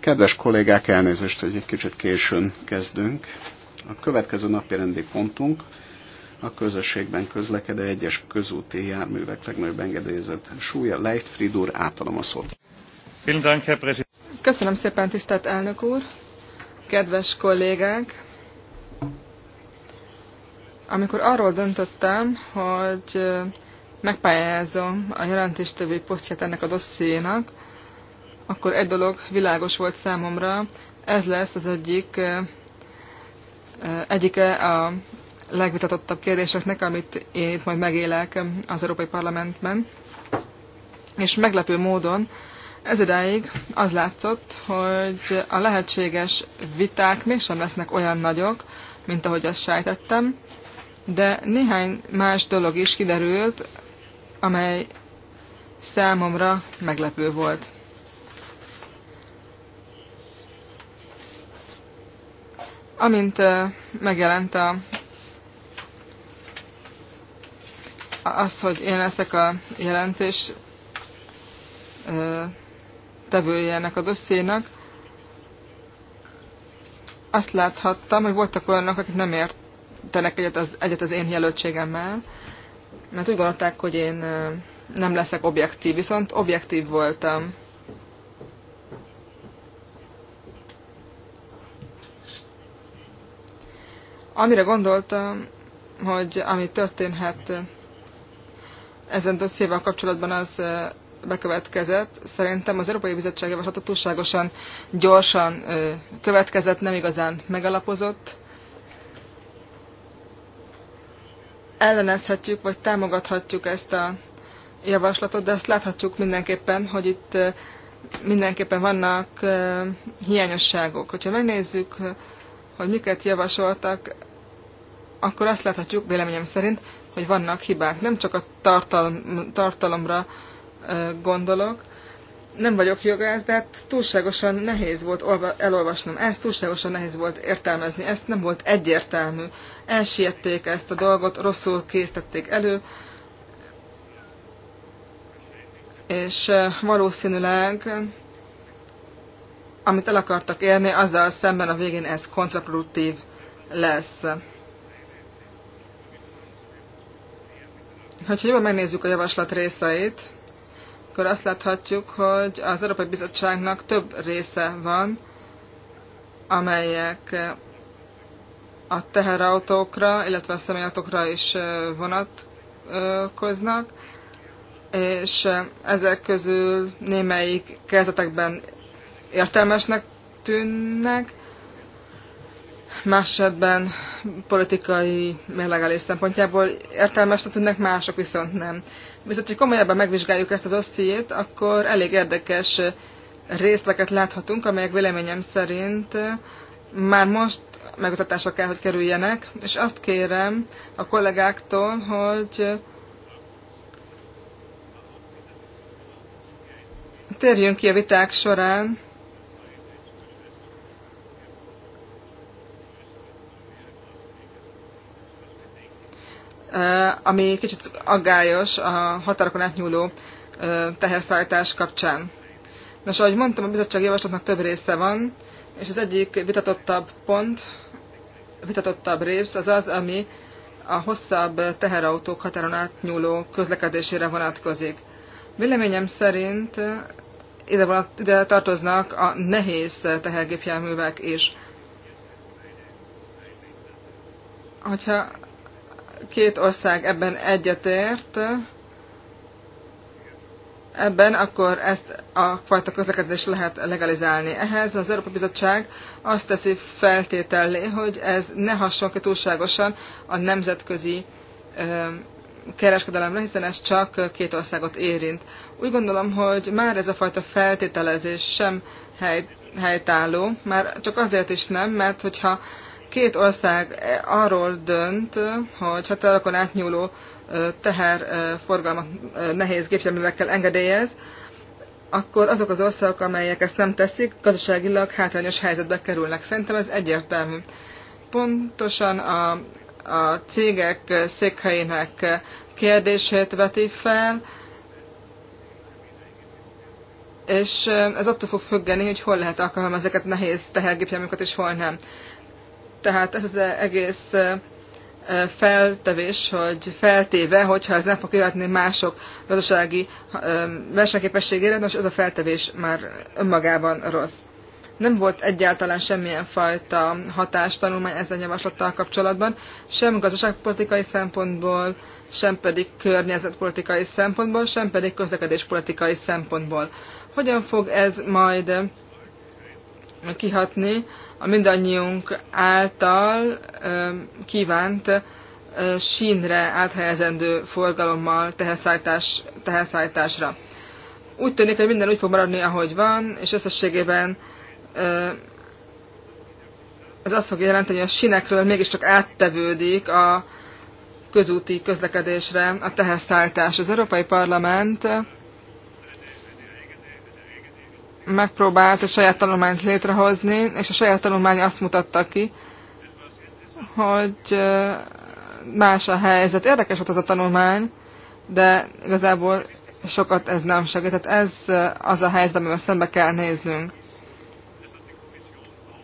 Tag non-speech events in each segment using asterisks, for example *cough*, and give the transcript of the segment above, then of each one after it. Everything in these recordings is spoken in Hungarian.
Kedves kollégák, elnézést, hogy egy kicsit későn kezdünk. A következő napirendi pontunk a közösségben közlekedő egyes közúti járművek legnagyobb engedélyezett súlya. Leichtfried úr, átadom a szót. Köszönöm szépen, tisztelt elnök úr! Kedves kollégák! Amikor arról döntöttem, hogy megpályázom a jelentéstevői posztját ennek a dossziénak, akkor egy dolog világos volt számomra, ez lesz az egyik egyike a legvitatottabb kérdéseknek, amit én itt majd megélek az Európai Parlamentben. És meglepő módon ez idáig az látszott, hogy a lehetséges viták mégsem lesznek olyan nagyok, mint ahogy azt sejtettem, de néhány más dolog is kiderült, amely számomra meglepő volt. Amint megjelent a, az, hogy én leszek a jelentés tevője ennek a dossziénak, azt láthattam, hogy voltak olyanok, akik nem értenek egyet az, egyet az én jelöltségemmel, mert úgy gondolták, hogy én nem leszek objektív, viszont objektív voltam. Amire gondoltam, hogy ami történhet ezen dossziéval kapcsolatban, az bekövetkezett. Szerintem az Európai Bizottság javaslatot túlságosan gyorsan következett, nem igazán megalapozott. ellenezhetjük, vagy támogathatjuk ezt a javaslatot, de azt láthatjuk mindenképpen, hogy itt mindenképpen vannak hiányosságok. Hogyha megnézzük, hogy miket javasoltak, akkor azt láthatjuk, véleményem szerint, hogy vannak hibák. Nem csak a tartalom, tartalomra gondolok, nem vagyok jogász, de hát túlságosan nehéz volt elolvasnom ezt, túlságosan nehéz volt értelmezni ezt, nem volt egyértelmű. Elsiették ezt a dolgot, rosszul készítették elő, és valószínűleg amit el akartak érni, azzal szemben a végén ez kontraproduktív lesz. Ha jobban megnézzük a javaslat részeit, akkor azt láthatjuk, hogy az Európai Bizottságnak több része van, amelyek a teherautókra, illetve a személyautókra is vonatkoznak, és ezek közül némelyik kezdetekben értelmesnek tűnnek, más esetben politikai mérlegelés szempontjából értelmesnek tűnnek, mások viszont nem. Viszont, hogy komolyabban megvizsgáljuk ezt a dossziét, akkor elég érdekes eh, részleket láthatunk, amelyek véleményem szerint eh, már most megutatásra kell, hogy kerüljenek, és azt kérem a kollégáktól, hogy eh, térjünk ki a viták során Eh, ami kicsit aggályos a határokon átnyúló eh, teherszállítás kapcsán. Nos, ahogy mondtam, a bizottság javaslatnak több része van, és az egyik vitatottabb pont, vitatottabb rész az az, ami a hosszabb teherautók határon átnyúló közlekedésére vonatkozik. Véleményem szerint eh, ide, van, ide tartoznak a nehéz tehergépjárművek is. Hogyha két ország ebben egyetért, ebben, akkor ezt a fajta közlekedést lehet legalizálni. Ehhez az Európai Bizottság azt teszi feltétellé, hogy ez ne hasson ki túlságosan a nemzetközi kereskedelemre, hiszen ez csak két országot érint. Úgy gondolom, hogy már ez a fajta feltételezés sem helytálló, már csak azért is nem, mert hogyha két ország eh, arról dönt, hogy határokon átnyúló eh, teherforgalmat eh, nehéz gépjárművekkel engedélyez, akkor azok az országok, amelyek ezt nem teszik, gazdaságilag hátrányos helyzetbe kerülnek. Szerintem ez egyértelmű. Pontosan a, a cégek székhelyének kérdését veti fel, és ez attól fog függeni, hogy hol lehet alkalmazni ezeket nehéz tehergépjárműket, és hol nem tehát ez az egész feltevés, hogy feltéve, hogyha ez nem fog kivetni mások gazdasági versenyképességére, nos ez a feltevés már önmagában rossz. Nem volt egyáltalán semmilyen fajta hatástanulmány ezen javaslattal kapcsolatban, sem gazdaságpolitikai szempontból, sem pedig környezetpolitikai szempontból, sem pedig közlekedéspolitikai szempontból. Hogyan fog ez majd kihatni a mindannyiunk által kívánt sínre áthelyezendő forgalommal teherszállítás, teherszállításra. Úgy tűnik, hogy minden úgy fog maradni, ahogy van, és összességében ez azt fog jelenteni, hogy a sinekről mégiscsak áttevődik a közúti közlekedésre a teherszállítás. Az Európai Parlament megpróbált a saját tanulmányt létrehozni, és a saját tanulmány azt mutatta ki, hogy eh, más a helyzet. Érdekes volt az a tanulmány, de igazából sokat ez nem segített. Ez eh, az a helyzet, amivel szembe kell néznünk.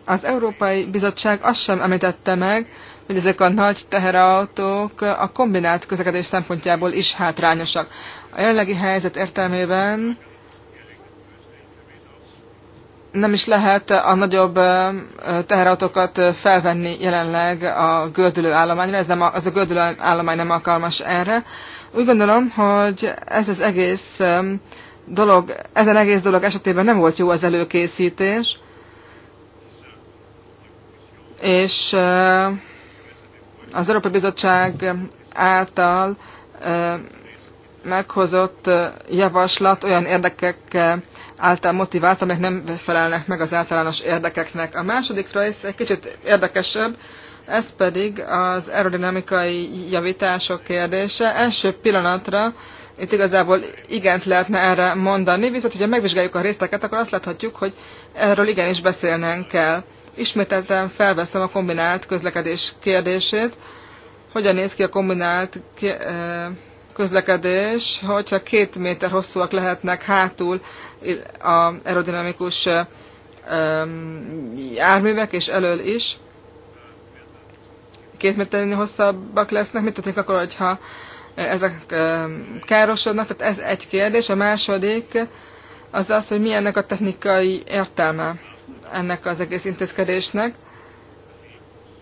Az Európai Bizottság azt sem említette meg, hogy ezek a nagy teherautók a kombinált közlekedés szempontjából is hátrányosak. A jelenlegi helyzet értelmében nem is lehet a nagyobb teherautókat felvenni jelenleg a gördülő állományra, ez, nem a, az a gördülő állomány nem alkalmas erre. Úgy gondolom, hogy ez az egész dolog, ezen egész dolog esetében nem volt jó az előkészítés, és az Európai Bizottság által meghozott javaslat olyan érdekek által motivált, amelyek nem felelnek meg az általános érdekeknek. A második rész egy kicsit érdekesebb, ez pedig az aerodinamikai javítások kérdése. Első pillanatra itt igazából igent lehetne erre mondani, viszont hogyha megvizsgáljuk a részleteket, akkor azt láthatjuk, hogy erről igenis beszélnünk kell. Ismételten felveszem a kombinált közlekedés kérdését. Hogyan néz ki a kombinált közlekedés, hogyha két méter hosszúak lehetnek hátul a aerodinamikus járművek, és elől is két méternél hosszabbak lesznek, mit tették akkor, hogyha ezek károsodnak, tehát ez egy kérdés. A második az az, hogy mi ennek a technikai értelme ennek az egész intézkedésnek,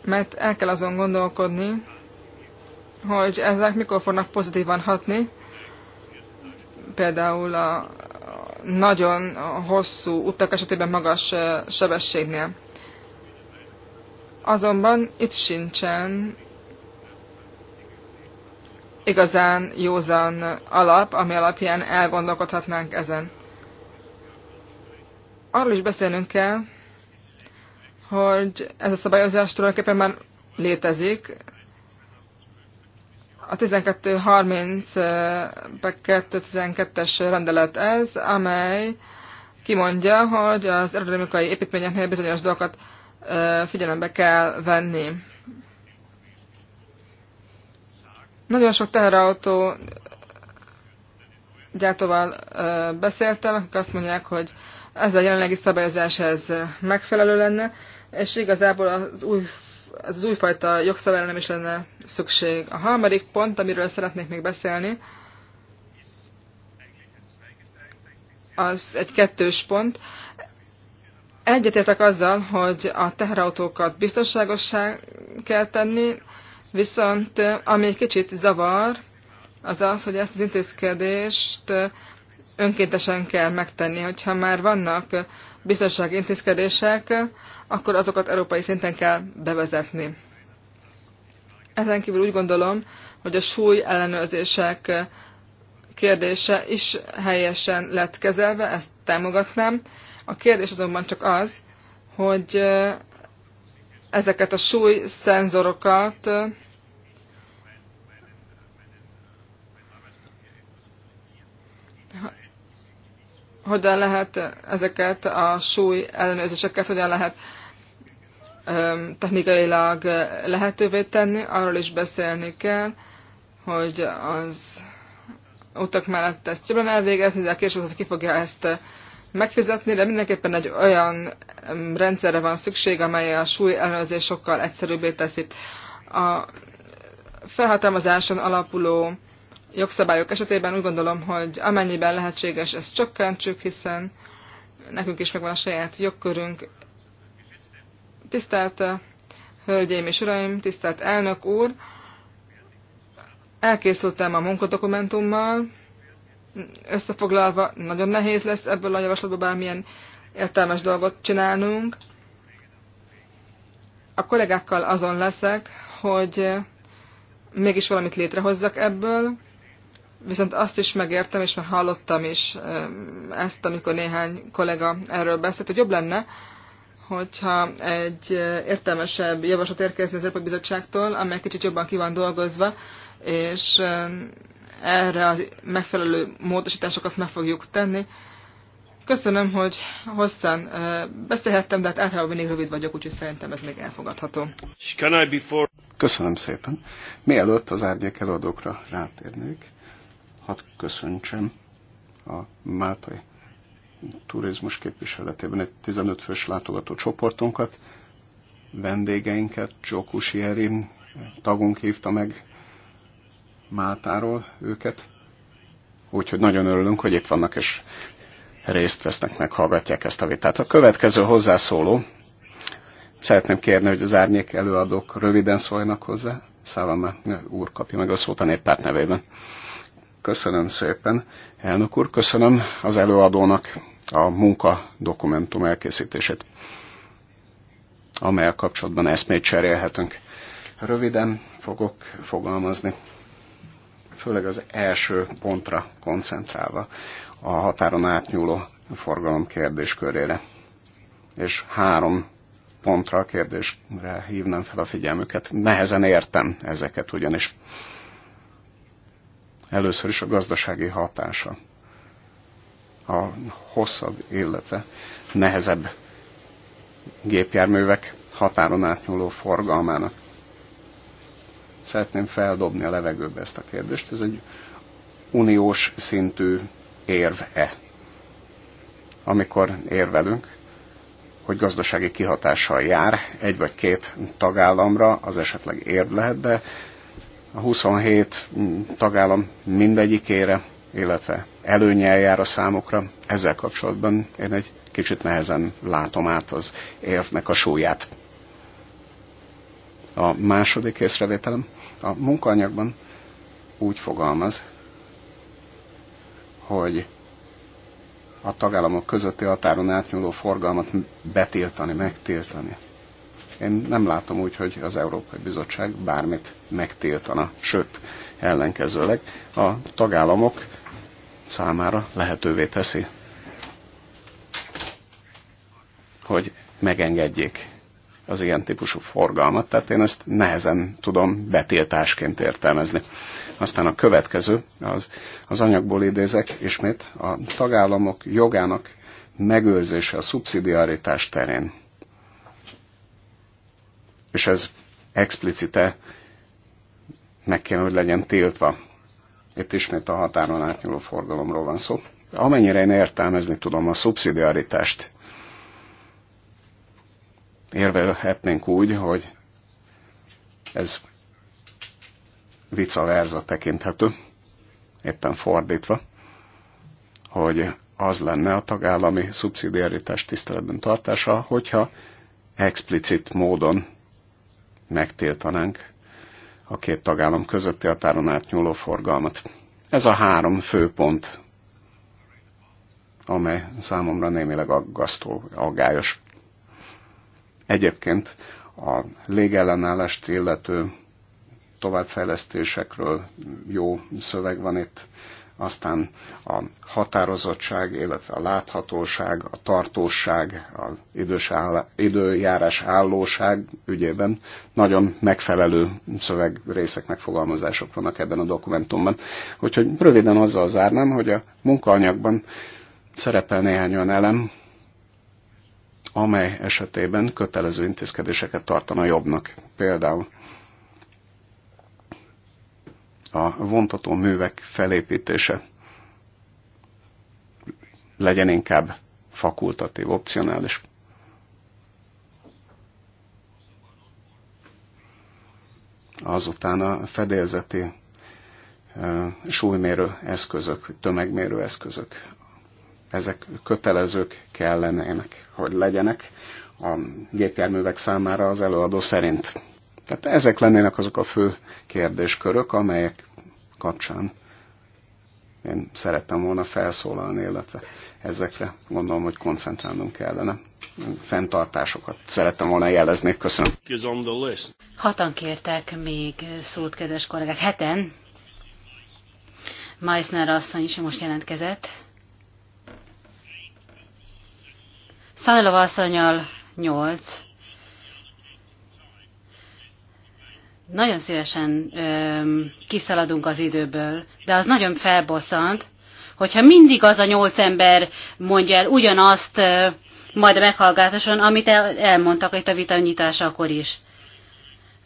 mert el kell azon gondolkodni, hogy ezek mikor fognak pozitívan hatni, például a nagyon hosszú utak esetében magas sebességnél. Azonban itt sincsen igazán józan alap, ami alapján elgondolkodhatnánk ezen. Arról is beszélnünk kell, hogy ez a szabályozás tulajdonképpen már létezik, a 1230 es rendelet ez, amely kimondja, hogy az aerodinamikai építményeknél bizonyos dolgokat figyelembe kell venni. Nagyon sok teherautó gyártóval beszéltem, akik azt mondják, hogy ez a jelenlegi szabályozás ez megfelelő lenne, és igazából az új ez az újfajta jogszabályra nem is lenne szükség. A harmadik pont, amiről szeretnék még beszélni, az egy kettős pont. Egyetértek azzal, hogy a teherautókat biztonságossá kell tenni, viszont ami egy kicsit zavar, az az, hogy ezt az intézkedést önkéntesen kell megtenni. Hogyha már vannak biztonsági intézkedések, akkor azokat európai szinten kell bevezetni. Ezen kívül úgy gondolom, hogy a súly ellenőrzések kérdése is helyesen lett kezelve, ezt támogatnám. A kérdés azonban csak az, hogy eh, ezeket a súly szenzorokat hogyan lehet ezeket a súly ellenőrzéseket, hogyan lehet technikailag lehetővé tenni, arról is beszélni kell, hogy az utak mellett ezt jobban elvégezni, de a később az ki fogja ezt megfizetni, de mindenképpen egy olyan rendszerre van szükség, amely a súly ellenőrzés sokkal egyszerűbbé teszi. A felhatalmazáson alapuló jogszabályok esetében úgy gondolom, hogy amennyiben lehetséges, ezt csökkentsük, hiszen nekünk is megvan a saját jogkörünk. Tisztelt eh, Hölgyeim és Uraim, tisztelt elnök úr! Elkészültem a munkadokumentummal, összefoglalva nagyon nehéz lesz ebből a javaslatból bármilyen értelmes dolgot csinálnunk. A kollégákkal azon leszek, hogy eh, mégis valamit létrehozzak ebből, Viszont azt is megértem, és már hallottam is ezt, amikor néhány kollega erről beszélt, hogy jobb lenne, hogyha egy értelmesebb javaslat érkezne az Európai Bizottságtól, amely kicsit jobban ki van dolgozva, és erre a megfelelő módosításokat meg fogjuk tenni. Köszönöm, hogy hosszan beszélhettem, de hát általában mindig rövid vagyok, úgyhogy szerintem ez még elfogadható. Köszönöm szépen. Mielőtt az árnyék előadókra rátérnék, hadd köszöntsem a Máltai turizmus képviseletében egy 15 fős látogató csoportunkat, vendégeinket, Csokus Erin, tagunk hívta meg Mátáról őket, úgyhogy nagyon örülünk, hogy itt vannak és részt vesznek, meghallgatják ezt a vitát. A következő hozzászóló, szeretném kérni, hogy az árnyék előadók röviden szóljanak hozzá. Szállamá úr kapja meg a szót a néppárt nevében. Köszönöm szépen, elnök úr, köszönöm az előadónak a munka dokumentum elkészítését, amelyel kapcsolatban eszmét cserélhetünk. Röviden fogok fogalmazni, főleg az első pontra koncentrálva a határon átnyúló forgalom kérdéskörére. És három pontra a kérdésre hívnám fel a figyelmüket. Nehezen értem ezeket ugyanis. Először is a gazdasági hatása. A hosszabb, illetve nehezebb gépjárművek határon átnyúló forgalmának. Szeretném feldobni a levegőbe ezt a kérdést. Ez egy uniós szintű érv-e? Amikor érvelünk, hogy gazdasági kihatással jár egy vagy két tagállamra, az esetleg érv lehet, de a 27 tagállam mindegyikére, illetve előnyel jár a számokra. Ezzel kapcsolatban én egy kicsit nehezen látom át az érvnek a súlyát. A második észrevételem a munkaanyagban úgy fogalmaz, hogy a tagállamok közötti határon átnyúló forgalmat betiltani, megtiltani. Én nem látom úgy, hogy az Európai Bizottság bármit megtiltana, sőt, ellenkezőleg a tagállamok számára lehetővé teszi, hogy megengedjék az ilyen típusú forgalmat, tehát én ezt nehezen tudom betiltásként értelmezni. Aztán a következő, az, az anyagból idézek ismét, a tagállamok jogának megőrzése a szubszidiaritás terén és ez explicite meg kell, hogy legyen tiltva. Itt ismét a határon átnyúló forgalomról van szó. Amennyire én értelmezni tudom a szubszidiaritást, érvelhetnénk úgy, hogy ez vice versa tekinthető, éppen fordítva, hogy az lenne a tagállami szubszidiaritás tiszteletben tartása, hogyha explicit módon megtiltanánk a két tagállam közötti határon átnyúló forgalmat. Ez a három fő pont, amely számomra némileg aggasztó, aggályos. Egyébként a légellenállást illető továbbfejlesztésekről jó szöveg van itt, aztán a határozottság, illetve a láthatóság, a tartóság, az idős áll, időjárás állóság ügyében nagyon megfelelő szövegrészek, megfogalmazások vannak ebben a dokumentumban. Úgyhogy röviden azzal zárnám, hogy a munkaanyagban szerepel néhány olyan elem, amely esetében kötelező intézkedéseket tartana jobbnak. Például a vontató művek felépítése legyen inkább fakultatív, opcionális. Azután a fedélzeti súlymérő eszközök, tömegmérő eszközök. Ezek kötelezők kellene, hogy legyenek a gépjárművek számára az előadó szerint. Tehát ezek lennének azok a fő kérdéskörök, amelyek kapcsán én szerettem volna felszólalni, illetve ezekre gondolom, hogy koncentrálnunk kellene. Fentartásokat szerettem volna jelezni. Köszönöm. Hatan kértek még szót, kedves kollégák. Heten. Meissner asszony is most jelentkezett. Szanelova asszonyal nyolc. Nagyon szívesen öm, kiszaladunk az időből, de az nagyon felbosszant, hogyha mindig az a nyolc ember mondja el ugyanazt ö, majd a meghallgatáson, amit el, elmondtak itt a vita nyitásakor is.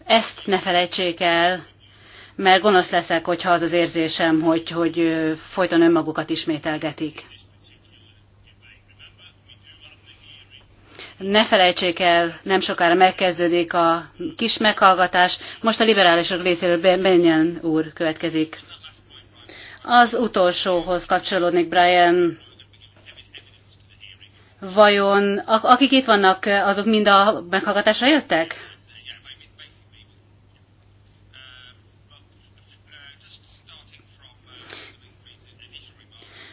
Ezt ne felejtsék el, mert gonosz leszek, hogyha az az érzésem, hogy, hogy folyton önmagukat ismételgetik. Ne felejtsék el, nem sokára megkezdődik a kis meghallgatás. Most a liberálisok részéről Benjen úr következik. Az utolsóhoz kapcsolódnék, Brian. Vajon akik itt vannak, azok mind a meghallgatásra jöttek?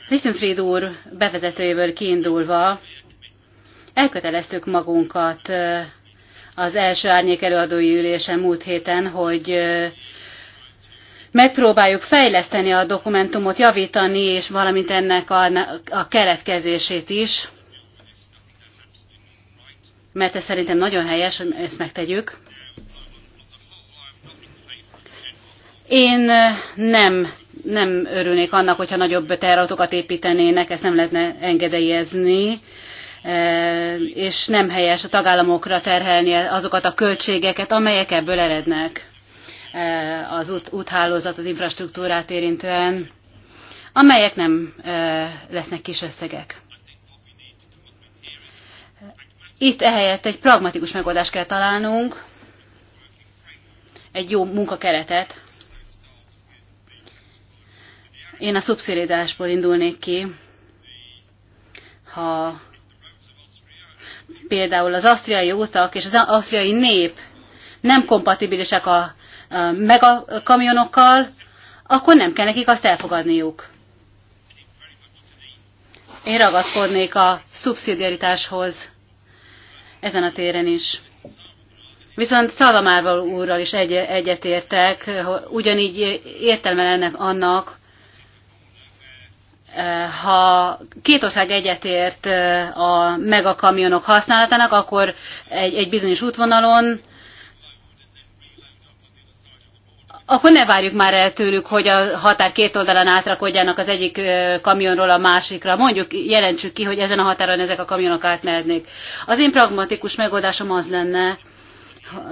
Listenfried úr bevezetőjéből kiindulva Elköteleztük magunkat az első árnyék előadói ülésen múlt héten, hogy megpróbáljuk fejleszteni a dokumentumot, javítani, és valamint ennek a, a keletkezését is, mert ez szerintem nagyon helyes, hogy ezt megtegyük. Én nem, nem örülnék annak, hogyha nagyobb terrautokat építenének, ezt nem lehetne engedélyezni és nem helyes a tagállamokra terhelni azokat a költségeket, amelyek ebből erednek az út, úthálózatot, infrastruktúrát érintően, amelyek nem lesznek kis összegek. Itt ehelyett egy pragmatikus megoldást kell találnunk, egy jó munkakeretet. Én a szubszidiásból indulnék ki, ha például az asztriai utak és az asztriai nép nem kompatibilisek a megakamionokkal, akkor nem kell nekik azt elfogadniuk. Én ragaszkodnék a szubszidiaritáshoz ezen a téren is. Viszont Szalvamárval úrral is egy, egyetértek, ugyanígy értelme ennek annak, ha két ország egyetért a megakamionok használatának, akkor egy, egy bizonyos útvonalon, akkor ne várjuk már el tőlük, hogy a határ két oldalán átrakodjanak az egyik kamionról a másikra. Mondjuk, jelentsük ki, hogy ezen a határon ezek a kamionok átmehetnék. Az én pragmatikus megoldásom az lenne,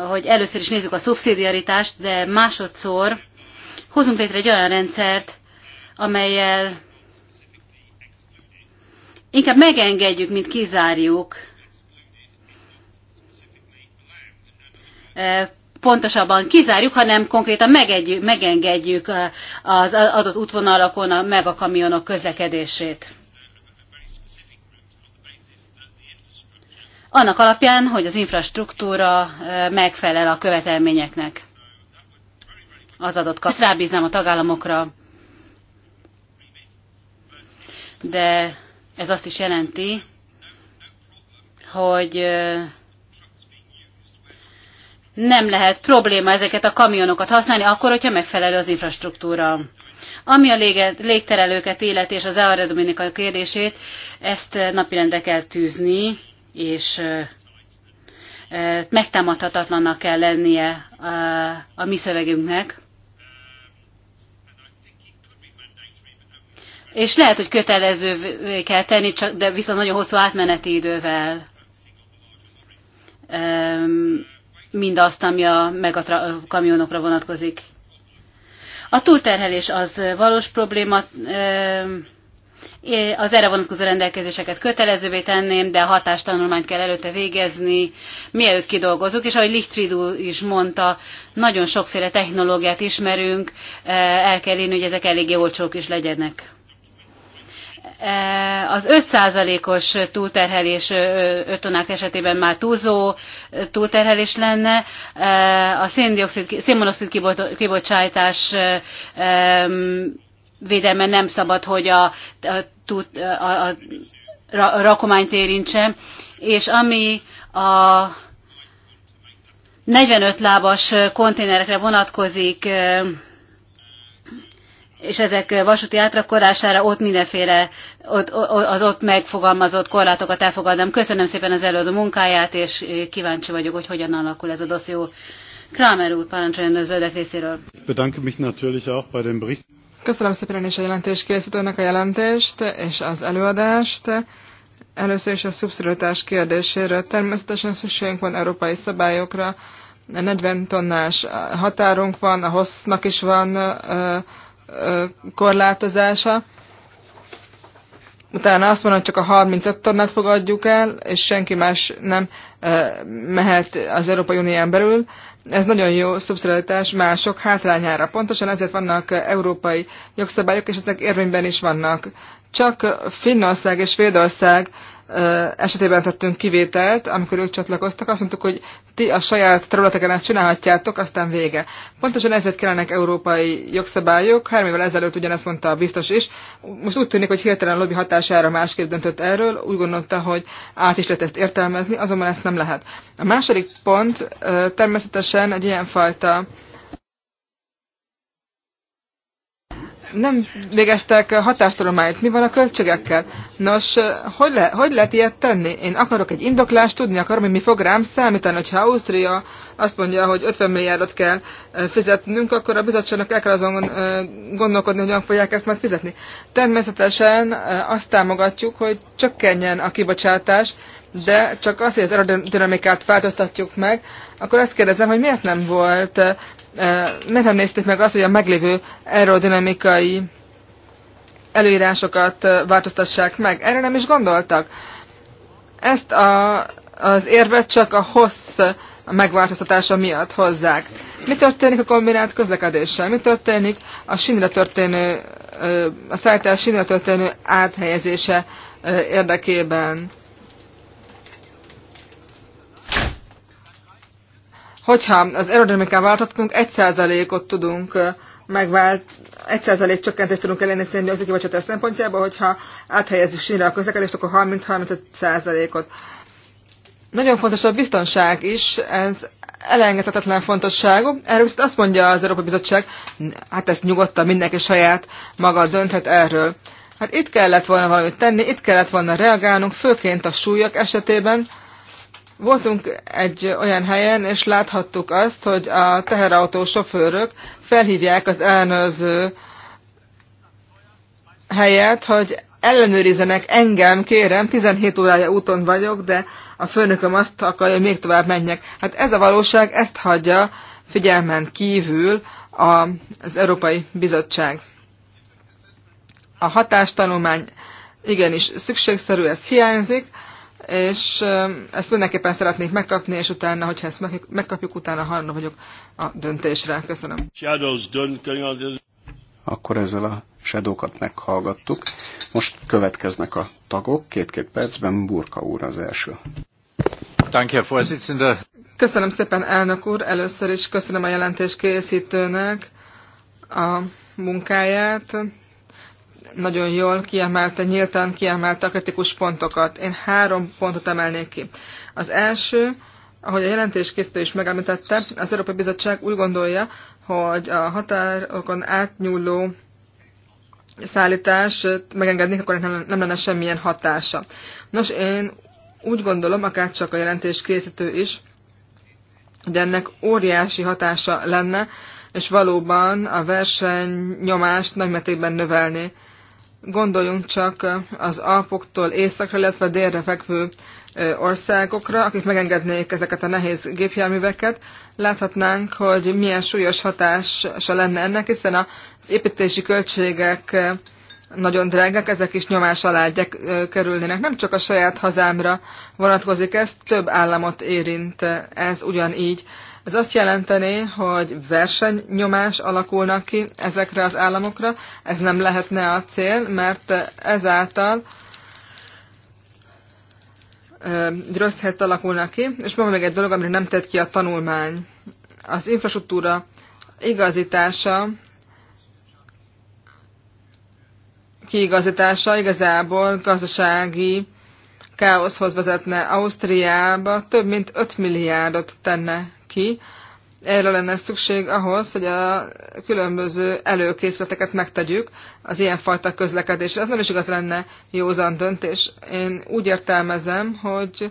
hogy először is nézzük a szubszidiaritást, de másodszor hozunk létre egy olyan rendszert, amelyel inkább megengedjük, mint kizárjuk. Pontosabban kizárjuk, hanem konkrétan megegyük, megengedjük az adott útvonalakon meg a kamionok közlekedését. Annak alapján, hogy az infrastruktúra megfelel a követelményeknek. Az adott kap. Ezt rábíznám a tagállamokra. De ez azt is jelenti, hogy nem lehet probléma ezeket a kamionokat használni, akkor, hogyha megfelelő az infrastruktúra. Ami a légterelőket élet és az aerodinamika kérdését, ezt napirendre kell tűzni, és megtámadhatatlannak kell lennie a mi szövegünknek. és lehet, hogy kötelezővé kell tenni, csak, de viszont nagyon hosszú átmeneti idővel ehm, mindazt, ami a megakamionokra kamionokra vonatkozik. A túlterhelés az valós probléma, ehm, az erre vonatkozó rendelkezéseket kötelezővé tenném, de a hatástanulmányt kell előtte végezni, mielőtt kidolgozunk, és ahogy Lichtfried is mondta, nagyon sokféle technológiát ismerünk, eh, el kell írni, hogy ezek eléggé olcsók is legyenek. Eh, az 5%-os túlterhelés 5 tonák esetében már túlzó túlterhelés lenne. Eh, a szénmonoxid kibocsátás eh, védelme nem szabad, hogy a, a, a, a rakományt érintse, és ami a 45 lábas konténerekre vonatkozik, és ezek vasúti átrakorására ott mindenféle ott, az ott megfogalmazott korlátokat elfogadom. Köszönöm szépen az előadó munkáját, és kíváncsi vagyok, hogy hogyan alakul ez a dosszió. Kramer úr, parancsoljon a zöldek részéről. Köszönöm szépen is a jelentés készítőnek a jelentést és az előadást. Először is a szubszidiaritás kérdéséről. Természetesen szükségünk van európai szabályokra. 40 tonnás határunk van, a hossznak is van korlátozása. Utána azt mondom, hogy csak a 35 tonnát fogadjuk el, és senki más nem mehet az Európai Unión belül. Ez nagyon jó szubszidiaritás mások hátrányára. Pontosan ezért vannak európai jogszabályok, és ezek érvényben is vannak. Csak Finnország és Svédország esetében tettünk kivételt, amikor ők csatlakoztak, azt mondtuk, hogy ti a saját területeken ezt csinálhatjátok, aztán vége. Pontosan ezért kellenek európai jogszabályok, három évvel ezelőtt ugyanezt mondta a biztos is. Most úgy tűnik, hogy hirtelen lobby hatására másképp döntött erről, úgy gondolta, hogy át is lehet ezt értelmezni, azonban ezt nem lehet. A második pont természetesen egy ilyenfajta fajta nem végeztek hatástudományt. Mi van a költségekkel? Nos, hogy, le, hogy lehet ilyet tenni? Én akarok egy indoklást, tudni akarom, hogy mi fog rám számítani, hogyha Ausztria azt mondja, hogy 50 milliárdot kell fizetnünk, akkor a bizottságnak el kell azon gondolkodni, hogyan fogják ezt majd fizetni. Természetesen azt támogatjuk, hogy csökkenjen a kibocsátás, de csak az, hogy az aerodinamikát változtatjuk meg, akkor azt kérdezem, hogy miért nem volt miért nem nézték meg azt, hogy a meglévő aerodinamikai előírásokat változtassák meg? Erre nem is gondoltak. Ezt a, az érvet csak a hossz megváltoztatása miatt hozzák. Mi történik a kombinált közlekedéssel? Mi történik a sínre történő, a szállítás sínre történő áthelyezése érdekében? Hogyha az aerodinamikán változtatunk, 1%-ot tudunk megvált, 1% csökkentést tudunk elérni az kibocsátás szempontjából, hogyha áthelyezzük sínre a közlekedést, akkor 30-35%-ot. Nagyon fontos a biztonság is, ez elengedhetetlen fontosságú. Erről viszont azt mondja az Európai Bizottság, hát ezt nyugodtan mindenki saját maga dönthet erről. Hát itt kellett volna valamit tenni, itt kellett volna reagálnunk, főként a súlyok esetében, Voltunk egy olyan helyen, és láthattuk azt, hogy a teherautó sofőrök felhívják az elnőző helyet, hogy ellenőrizenek engem, kérem, 17 órája úton vagyok, de a főnököm azt akarja, hogy még tovább menjek. Hát ez a valóság, ezt hagyja figyelmen kívül a, az Európai Bizottság. A hatástanulmány igenis szükségszerű, ez hiányzik, és ezt mindenképpen szeretnék megkapni, és utána, hogyha ezt megkapjuk, utána hajlandó vagyok a döntésre. Köszönöm. Akkor ezzel a shadowkat meghallgattuk. Most következnek a tagok, két-két percben Burka úr az első. Köszönöm szépen, elnök úr. Először is köszönöm a jelentés készítőnek a munkáját nagyon jól kiemelte, nyíltan kiemelte a kritikus pontokat. Én három pontot emelnék ki. Az első, ahogy a jelentéskészítő is megemlítette, az Európai Bizottság úgy gondolja, hogy a határokon átnyúló szállítás megengednék, akkor nem, nem lenne semmilyen hatása. Nos, én úgy gondolom, akár csak a jelentéskészítő is, hogy ennek óriási hatása lenne, és valóban a verseny nyomást nagymértékben növelni. Gondoljunk csak az Alpoktól északra, illetve délre fekvő országokra, akik megengednék ezeket a nehéz gépjárműveket. Láthatnánk, hogy milyen súlyos hatása lenne ennek, hiszen az építési költségek nagyon drágák, ezek is nyomás alá kerülnének. Nem csak a saját hazámra vonatkozik ez, több államot érint ez ugyanígy. Ez azt jelenteni, hogy versenynyomás alakulnak ki ezekre az államokra, ez nem lehetne a cél, mert ezáltal rossz helyet alakulnak ki, és van még egy dolog, amire nem tett ki a tanulmány. Az infrastruktúra igazítása, kiigazítása igazából gazdasági káoszhoz vezetne Ausztriába, több mint 5 milliárdot tenne ki. Erre lenne szükség ahhoz, hogy a különböző előkészületeket megtegyük az ilyenfajta közlekedésre. Ez nem is igaz lenne józan döntés. Én úgy értelmezem, hogy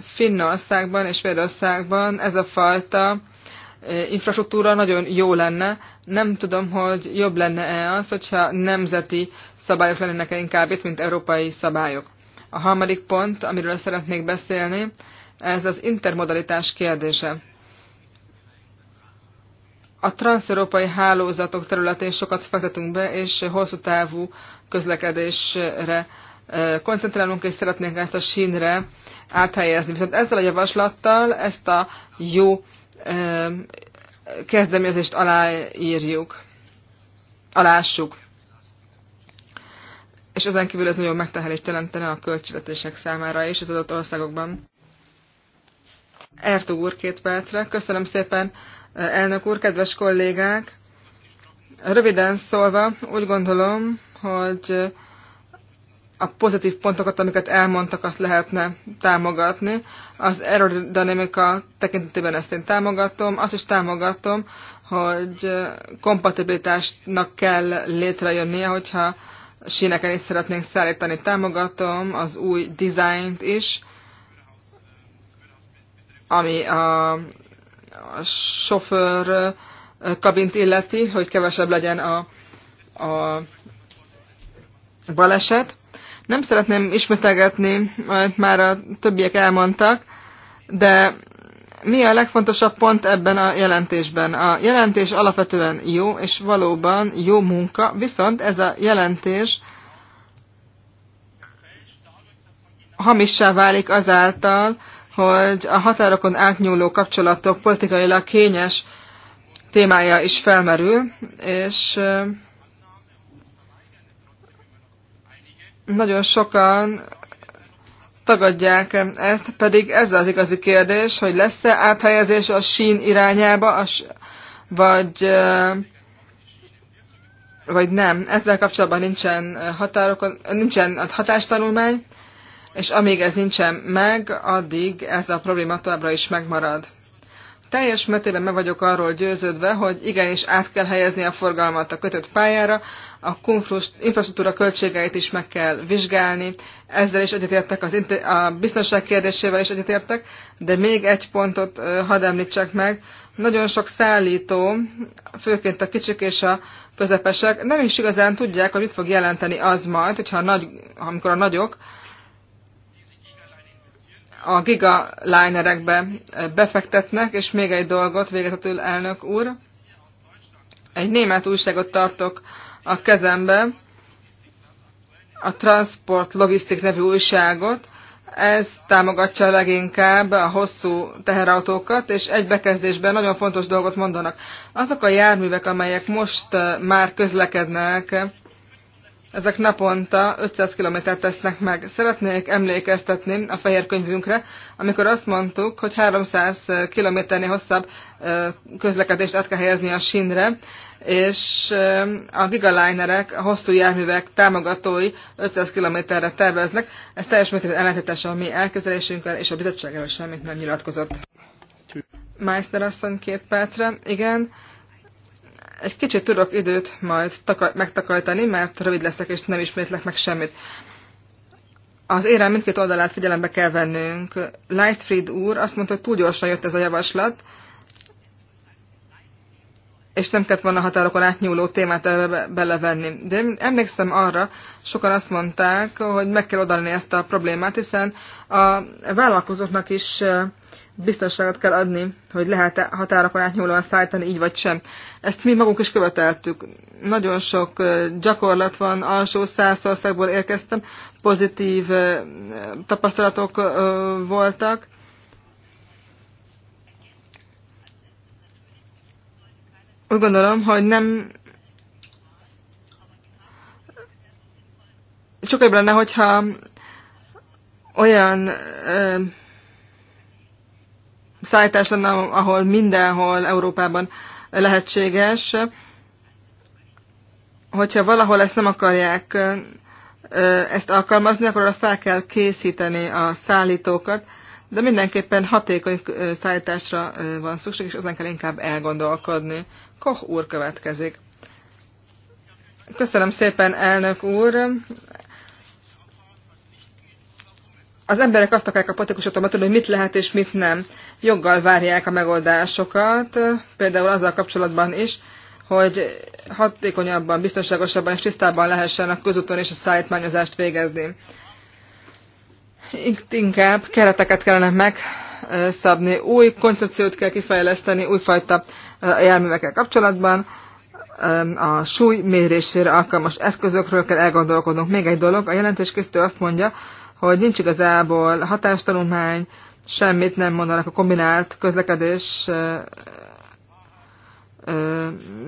Finnországban és Svédországban ez a fajta e, infrastruktúra nagyon jó lenne. Nem tudom, hogy jobb lenne-e az, hogyha nemzeti szabályok lennének -e inkább itt, mint európai szabályok. A harmadik pont, amiről szeretnék beszélni, ez az intermodalitás kérdése. A transzeurópai hálózatok területén sokat fektetünk be, és hosszú távú közlekedésre eh, koncentrálunk, és szeretnénk ezt a sínre áthelyezni. Viszont ezzel a javaslattal ezt a jó eh, kezdeményezést aláírjuk, alássuk. És ezen kívül ez nagyon megtehelést jelentene a költségvetések számára is az adott országokban. Ertug úr két percre. Köszönöm szépen, elnök úr, kedves kollégák! Röviden szólva, úgy gondolom, hogy a pozitív pontokat, amiket elmondtak, azt lehetne támogatni. Az aerodinamika tekintetében ezt én támogatom, azt is támogatom, hogy kompatibilitásnak kell létrejönnie, hogyha síneken is szeretnénk szállítani. Támogatom az új dizájnt is, ami a, a sofőr kabint illeti, hogy kevesebb legyen a, a baleset. Nem szeretném ismételgetni, mert már a többiek elmondtak, de mi a legfontosabb pont ebben a jelentésben? A jelentés alapvetően jó, és valóban jó munka, viszont ez a jelentés hamissá válik azáltal, hogy a határokon átnyúló kapcsolatok politikailag kényes témája is felmerül, és nagyon sokan tagadják ezt, pedig ez az igazi kérdés, hogy lesz-e áthelyezés a sín irányába, vagy, vagy nem. Ezzel kapcsolatban nincsen, határokon, nincsen hatástanulmány, és amíg ez nincsen meg, addig ez a probléma továbbra is megmarad. Teljes mértékben meg vagyok arról győződve, hogy igenis át kell helyezni a forgalmat a kötött pályára, a infrastruktúra költségeit is meg kell vizsgálni, ezzel is egyetértek, az, a biztonság kérdésével is egyetértek, de még egy pontot hadd említsek meg. Nagyon sok szállító, főként a kicsik és a közepesek nem is igazán tudják, hogy mit fog jelenteni az majd, hogyha a nagy, amikor a nagyok a giga linerekbe befektetnek, és még egy dolgot végezetül elnök úr. Egy német újságot tartok a kezembe, a Transport logisztik nevű újságot. Ez támogatja leginkább a hosszú teherautókat, és egy bekezdésben nagyon fontos dolgot mondanak. Azok a járművek, amelyek most eh, már közlekednek ezek naponta 500 kilométert tesznek meg. Szeretnék emlékeztetni a fehér könyvünkre, amikor azt mondtuk, hogy 300 kilométernél hosszabb közlekedést át kell helyezni a sinre, és a gigalinerek, a hosszú járművek támogatói 500 kilométerre terveznek. Ez teljes mértékben ellentétes a mi elképzelésünkkel, és a bizottság semmit nem nyilatkozott. Meister asszony két percre. Igen, egy kicsit tudok időt majd megtakarítani, mert rövid leszek, és nem ismétlek meg semmit. Az érem mindkét oldalát figyelembe kell vennünk. Lightfried úr azt mondta, hogy túl gyorsan jött ez a javaslat, és nem kellett volna határokon átnyúló témát be belevenni. De én emlékszem arra, sokan azt mondták, hogy meg kell odalni ezt a problémát, hiszen a vállalkozóknak is biztonságot kell adni, hogy lehet -e határokon átnyúlóan szállítani, így vagy sem. Ezt mi magunk is követeltük. Nagyon sok gyakorlat van, alsó száz országból érkeztem, pozitív tapasztalatok voltak. Úgy gondolom, hogy nem sokkal jobb lenne, hogyha olyan szállítás lenne, ahol mindenhol Európában lehetséges. Hogyha valahol ezt nem akarják ezt alkalmazni, akkor arra fel kell készíteni a szállítókat, de mindenképpen hatékony szállításra van szükség, és azon kell inkább elgondolkodni. Koch úr következik. Köszönöm szépen, elnök úr az emberek azt akarják a politikusoktól megtudni, hogy mit lehet és mit nem. Joggal várják a megoldásokat, például azzal kapcsolatban is, hogy hatékonyabban, biztonságosabban és tisztában lehessen a közúton és a szállítmányozást végezni. Itt inkább kereteket kellene megszabni, új koncepciót kell kifejleszteni, újfajta járművekkel kapcsolatban, a súly mérésére alkalmas eszközökről kell elgondolkodnunk. Még egy dolog, a jelentéskészítő azt mondja, hogy nincs igazából hatástanulmány, semmit nem mondanak a kombinált közlekedés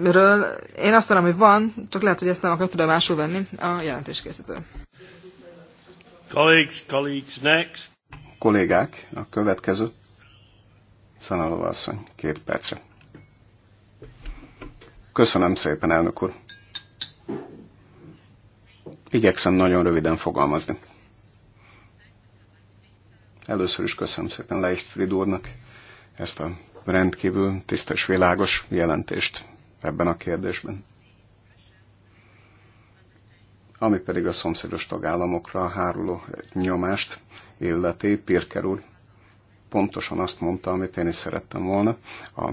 ről. Én azt mondom, hogy van, csak lehet, hogy ezt nem akarok tudomásul venni a jelentéskészítő. Colleagues, colleagues, next. Kollégák, a következő. Szanalova asszony, két percre. Köszönöm szépen, elnök úr. Igyekszem nagyon röviden fogalmazni. Először is köszönöm szépen Leichtfried úrnak ezt a rendkívül tisztes, világos jelentést ebben a kérdésben. Ami pedig a szomszédos tagállamokra háruló nyomást illeti, Pirker úr pontosan azt mondta, amit én is szerettem volna a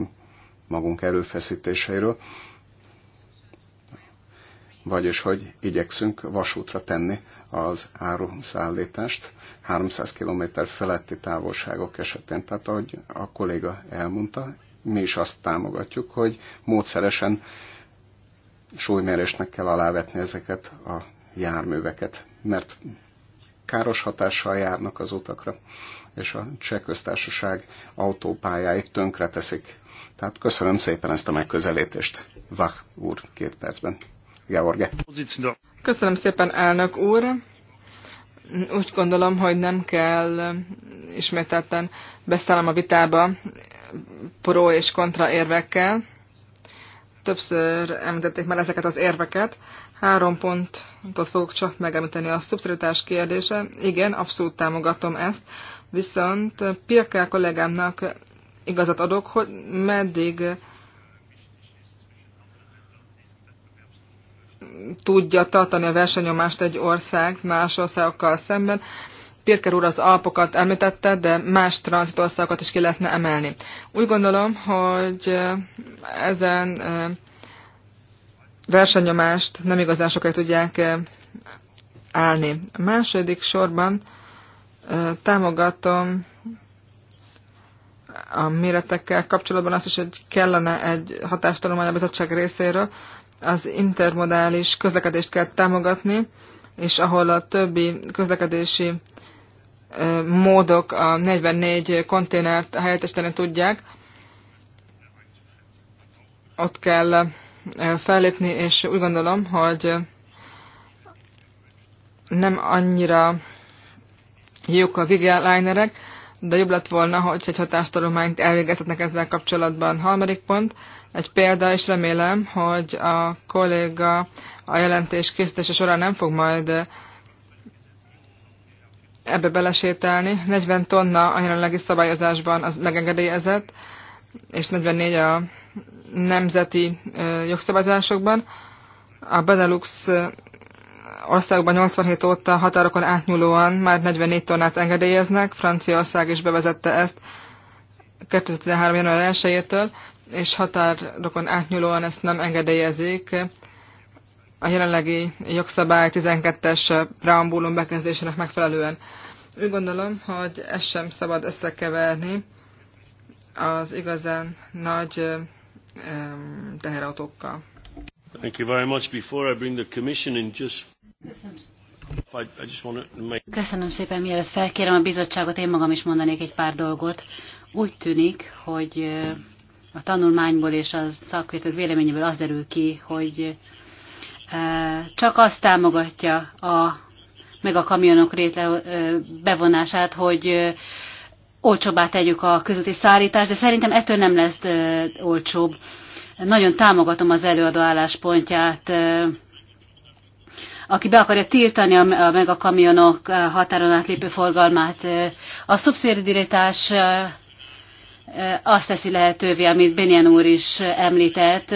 magunk erőfeszítéseiről vagyis hogy igyekszünk vasútra tenni az áruszállítást 300 km feletti távolságok esetén. Tehát ahogy a kolléga elmondta, mi is azt támogatjuk, hogy módszeresen súlymérésnek kell alávetni ezeket a járműveket, mert káros hatással járnak az utakra, és a cseh köztársaság autópályáit tönkreteszik. Tehát köszönöm szépen ezt a megközelítést. Vach úr, két percben. George. Köszönöm szépen, elnök úr. Úgy gondolom, hogy nem kell ismételten beszállnom a vitába pro és kontra érvekkel. Többször említették már ezeket az érveket. Három pontot fogok csak megemlíteni. A szubszidiaritás kérdése, igen, abszolút támogatom ezt, viszont Pirkel kollégámnak igazat adok, hogy meddig tudja tartani a versenyomást egy ország más országokkal szemben. Pirker úr az Alpokat említette, de más tranzitországokat is ki lehetne emelni. Úgy gondolom, hogy ezen versenyomást nem igazán sokáig tudják állni. A második sorban támogatom a méretekkel kapcsolatban azt is, hogy kellene egy hatástanulmány a bizottság részéről, az intermodális közlekedést kell támogatni, és ahol a többi közlekedési módok a 44 konténert helyettesíteni tudják, ott kell fellépni, és úgy gondolom, hogy nem annyira jók a linerek, de jobb lett volna, hogy egy hatástalományt elvégeztetnek ezzel kapcsolatban. Harmadik pont, egy példa, és remélem, hogy a kolléga a jelentés készítése során nem fog majd ebbe belesételni. 40 tonna a jelenlegi szabályozásban az megengedélyezett, és 44 a nemzeti jogszabályozásokban. A Benelux Országban 87 óta határokon átnyúlóan már 44 tonnát engedélyeznek, Franciaország is bevezette ezt 2013. január 1-től, és határokon átnyúlóan ezt nem engedélyezik. A jelenlegi jogszabály 12-es preambulum bekezdésének megfelelően. Úgy gondolom, hogy ezt sem szabad összekeverni az igazán nagy teherautókkal. Thank you very much. Before I bring the Commission in, just Köszönöm. szépen, mielőtt felkérem a bizottságot, én magam is mondanék egy pár dolgot. Úgy tűnik, hogy a tanulmányból és a szakértők véleményéből az derül ki, hogy csak azt támogatja a, meg a kamionok rétle bevonását, hogy olcsóbbá tegyük a közötti szállítást, de szerintem ettől nem lesz olcsóbb. Nagyon támogatom az előadó álláspontját, aki be akarja tiltani a, a, meg a kamionok határon átlépő forgalmát. A szubszidiaritás azt teszi lehetővé, amit Benyen úr is említett,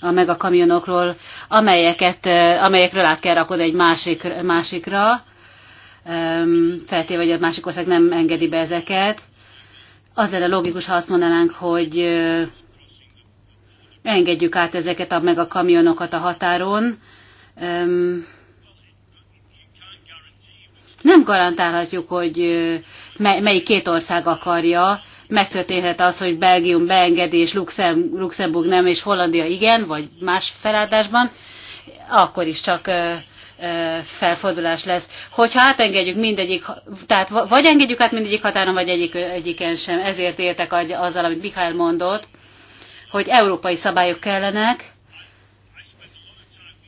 a meg a kamionokról, amelyeket, amelyekről át kell rakod egy másik, másikra, feltéve, hogy a másik ország nem engedi be ezeket. Az lenne logikus, ha azt mondanánk, hogy engedjük át ezeket a meg a kamionokat a határon, nem garantálhatjuk, hogy melyik két ország akarja. Megtörténhet az, hogy Belgium beengedi, és Luxemburg nem, és Hollandia igen, vagy más feladásban, akkor is csak felfordulás lesz. Hogyha átengedjük mindegyik, tehát vagy engedjük át mindegyik határon, vagy egyik, egyiken sem. Ezért értek azzal, amit Mikhail mondott, hogy európai szabályok kellenek,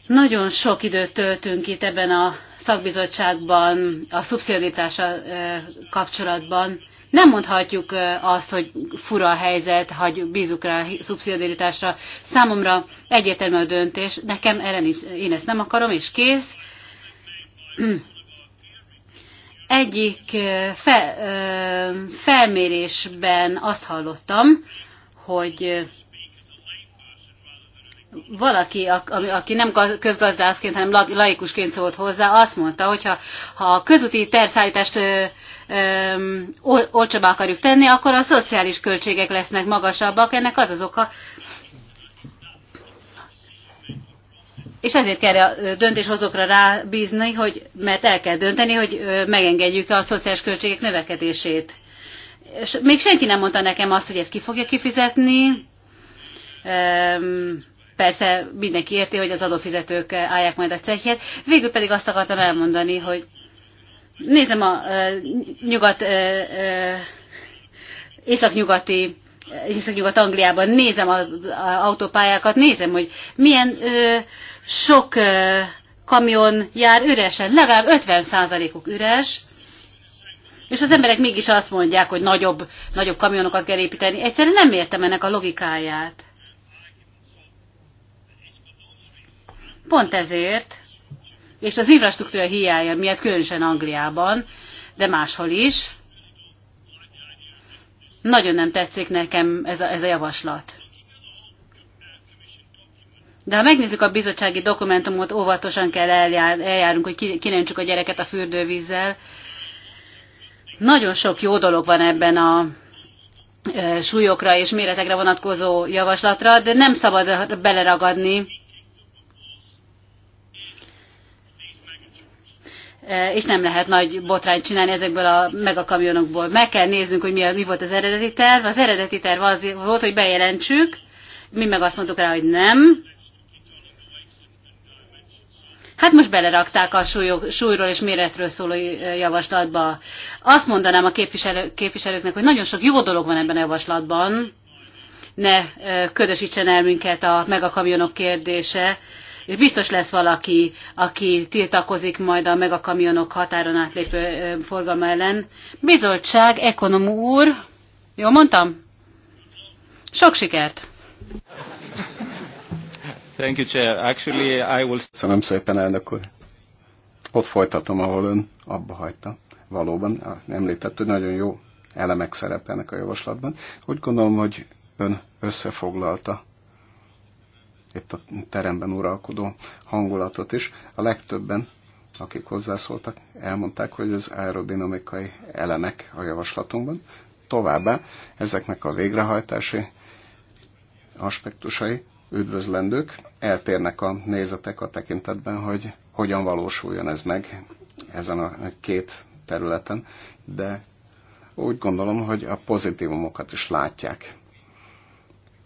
nagyon sok időt töltünk itt ebben a szakbizottságban, a szubszidiaritása eh, kapcsolatban. Nem mondhatjuk eh, azt, hogy fura a helyzet, hagy bízunk rá a szubszidiaritásra. Számomra egyértelmű a döntés, nekem ellen is, én ezt nem akarom, és kész. *clears throat* Egyik eh, fe, felmérésben azt hallottam, hogy valaki, aki nem közgazdászként, hanem laikusként szólt hozzá, azt mondta, hogy ha, ha a közúti terszállítást olcsóbbá akarjuk tenni, akkor a szociális költségek lesznek magasabbak. Ennek az az oka, És ezért kell a döntéshozókra rábízni, hogy, mert el kell dönteni, hogy megengedjük a szociális költségek növekedését. És még senki nem mondta nekem azt, hogy ezt ki fogja kifizetni. Um, Persze mindenki érti, hogy az adófizetők eh, állják majd a cehjét. Végül pedig azt akartam elmondani, hogy nézem a eh, nyugat, eh, északnyugati Észak-Nyugat-Angliában nézem az autópályákat, nézem, hogy milyen ö, sok ö, kamion jár üresen, legalább 50%-uk üres, és az emberek mégis azt mondják, hogy nagyobb, nagyobb kamionokat kell építeni. Egyszerűen nem értem ennek a logikáját. Pont ezért, és az infrastruktúra hiánya miatt különösen Angliában, de máshol is, nagyon nem tetszik nekem ez a, ez a javaslat. De ha megnézzük a bizottsági dokumentumot, óvatosan kell eljár, eljárnunk, hogy kinencsük a gyereket a fürdővízzel. Nagyon sok jó dolog van ebben a e, súlyokra és méretekre vonatkozó javaslatra, de nem szabad beleragadni és nem lehet nagy botrányt csinálni ezekből a megakamionokból. Meg kell néznünk, hogy mi, a, mi volt az eredeti terv. Az eredeti terv az volt, hogy bejelentsük, mi meg azt mondtuk rá, hogy nem. Hát most belerakták a súlyok, súlyról és méretről szóló javaslatba. Azt mondanám a képviselő, képviselőknek, hogy nagyon sok jó dolog van ebben a javaslatban. Ne ködösítsen el minket a megakamionok kérdése és biztos lesz valaki, aki tiltakozik majd a megakamionok határon átlépő forgalma ellen. Bizottság, ekonom úr, jól mondtam? Sok sikert! Thank you, Chair. Actually, I will... Köszönöm szépen, elnök úr. Ott folytatom, ahol ön abba hagyta. Valóban, említett, hogy nagyon jó elemek szerepelnek a javaslatban. Úgy gondolom, hogy ön összefoglalta itt a teremben uralkodó hangulatot is. A legtöbben, akik hozzászóltak, elmondták, hogy az aerodinamikai elemek a javaslatunkban. Továbbá ezeknek a végrehajtási aspektusai üdvözlendők, eltérnek a nézetek a tekintetben, hogy hogyan valósuljon ez meg ezen a két területen, de úgy gondolom, hogy a pozitívumokat is látják,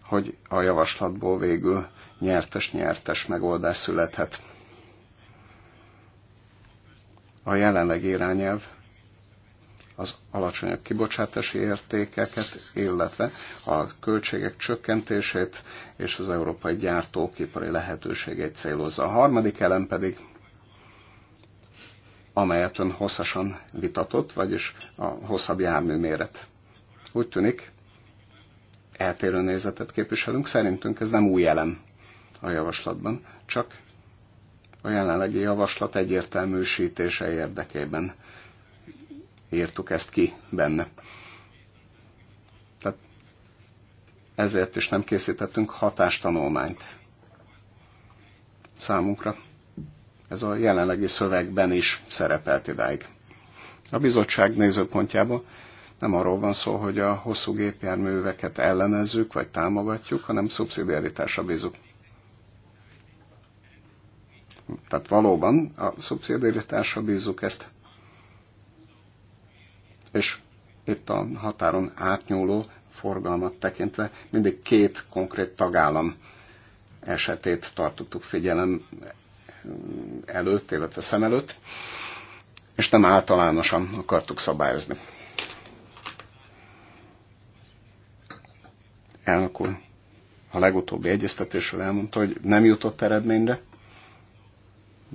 hogy a javaslatból végül nyertes-nyertes megoldás születhet. A jelenlegi irányelv az alacsonyabb kibocsátási értékeket, illetve a költségek csökkentését és az európai gyártók ipari lehetőségeit célozza. A harmadik elem pedig, amelyet ön hosszasan vitatott, vagyis a hosszabb jármű méret. Úgy tűnik, eltérő nézetet képviselünk, szerintünk ez nem új elem a javaslatban, csak a jelenlegi javaslat egyértelműsítése érdekében írtuk ezt ki benne. Tehát ezért is nem készítettünk hatástanulmányt számunkra. Ez a jelenlegi szövegben is szerepelt idáig. A bizottság nézőpontjából nem arról van szó, hogy a hosszú gépjárműveket ellenezzük vagy támogatjuk, hanem szubszidiaritásra bízunk. Tehát valóban a szubszidiaritásra bízzuk ezt. És itt a határon átnyúló forgalmat tekintve mindig két konkrét tagállam esetét tartottuk figyelem előtt, illetve szem előtt, és nem általánosan akartuk szabályozni. Elnök úr, a legutóbbi egyeztetésről elmondta, hogy nem jutott eredményre,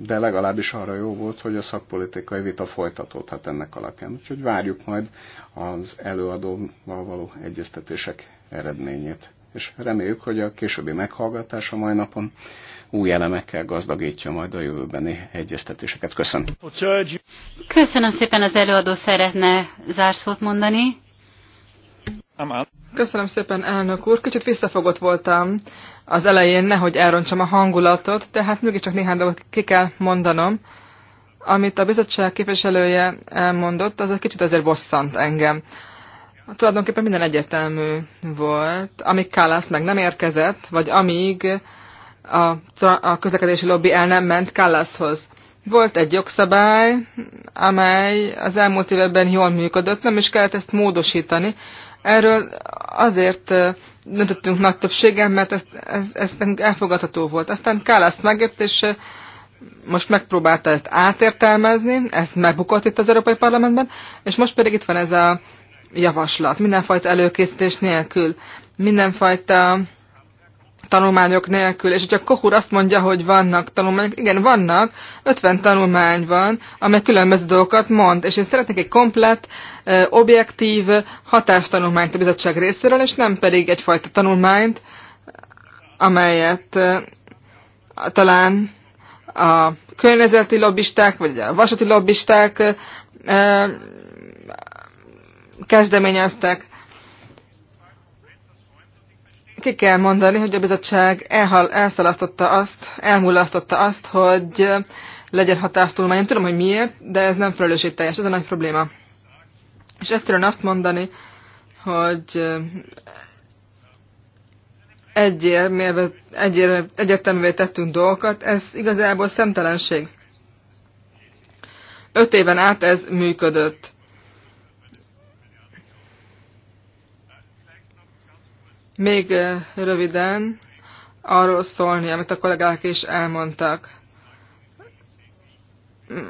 de legalábbis arra jó volt, hogy a szakpolitikai vita folytatódhat ennek alapján. Úgyhogy várjuk majd az előadóval való egyeztetések eredményét. És reméljük, hogy a későbbi a mai napon új elemekkel gazdagítja majd a jövőbeni egyeztetéseket. Köszönöm. Köszönöm szépen az előadó szeretne zárszót mondani. Köszönöm szépen, elnök úr. Kicsit visszafogott voltam az elején, nehogy elrontsam a hangulatot, de hát néhány dolgot ki kell mondanom. Amit a bizottság képviselője elmondott, az egy kicsit azért bosszant engem. Tulajdonképpen minden egyértelmű volt. Amíg Kálász meg nem érkezett, vagy amíg a, a közlekedési lobby el nem ment Kallaszhoz. Volt egy jogszabály, amely az elmúlt években jól működött, nem is kellett ezt módosítani, Erről azért döntöttünk nagy többséggel, mert ez, ez, ez elfogadható volt. Aztán Kál ezt megért, és most megpróbálta ezt átértelmezni, ezt megbukott itt az Európai Parlamentben, és most pedig itt van ez a javaslat, mindenfajta előkészítés nélkül, mindenfajta tanulmányok nélkül. És hogyha Kohur azt mondja, hogy vannak tanulmányok, igen, vannak, 50 tanulmány van, amely különböző dolgokat mond, és én szeretnék egy komplett, objektív hatástanulmányt a bizottság részéről, és nem pedig egyfajta tanulmányt, amelyet talán a környezeti lobbisták, vagy a vasati lobbisták kezdeményeztek ki kell mondani, hogy a bizottság elhal, elszalasztotta azt, elmulasztotta azt, hogy legyen hatástulmány. Nem tudom, hogy miért, de ez nem felelősségteljes, ez a nagy probléma. És egyszerűen azt mondani, hogy egyér, egyér, egyértelművé tettünk dolgokat, ez igazából szemtelenség. Öt éven át ez működött. Még röviden arról szólni, amit a kollégák is elmondtak.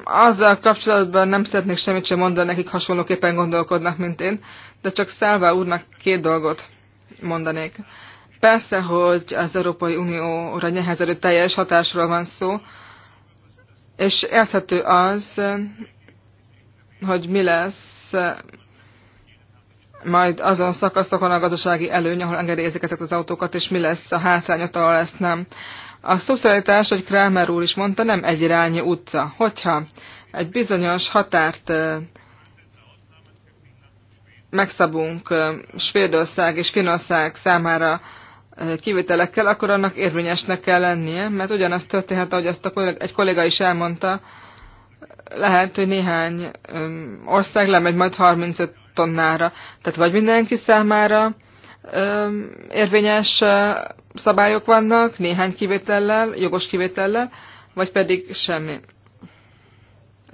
Azzal kapcsolatban nem szeretnék semmit sem mondani, nekik hasonlóképpen gondolkodnak, mint én, de csak Szálvá úrnak két dolgot mondanék. Persze, hogy az Európai Unióra nehezedő teljes hatásról van szó, és érthető az, hogy mi lesz majd azon szakaszokon a gazdasági előny, ahol engedélyezik ezeket az autókat, és mi lesz a hátrányot, ahol ezt nem. A szocialitás, hogy Kramer úr is mondta, nem egyirányú utca. Hogyha egy bizonyos határt megszabunk Svédország és Finország számára kivételekkel, akkor annak érvényesnek kell lennie, mert ugyanaz történhet, ahogy azt a kollega, egy kolléga is elmondta, lehet, hogy néhány ország lemegy majd 35 tonnára. Tehát vagy mindenki számára öm, érvényes szabályok vannak, néhány kivétellel, jogos kivétellel, vagy pedig semmi.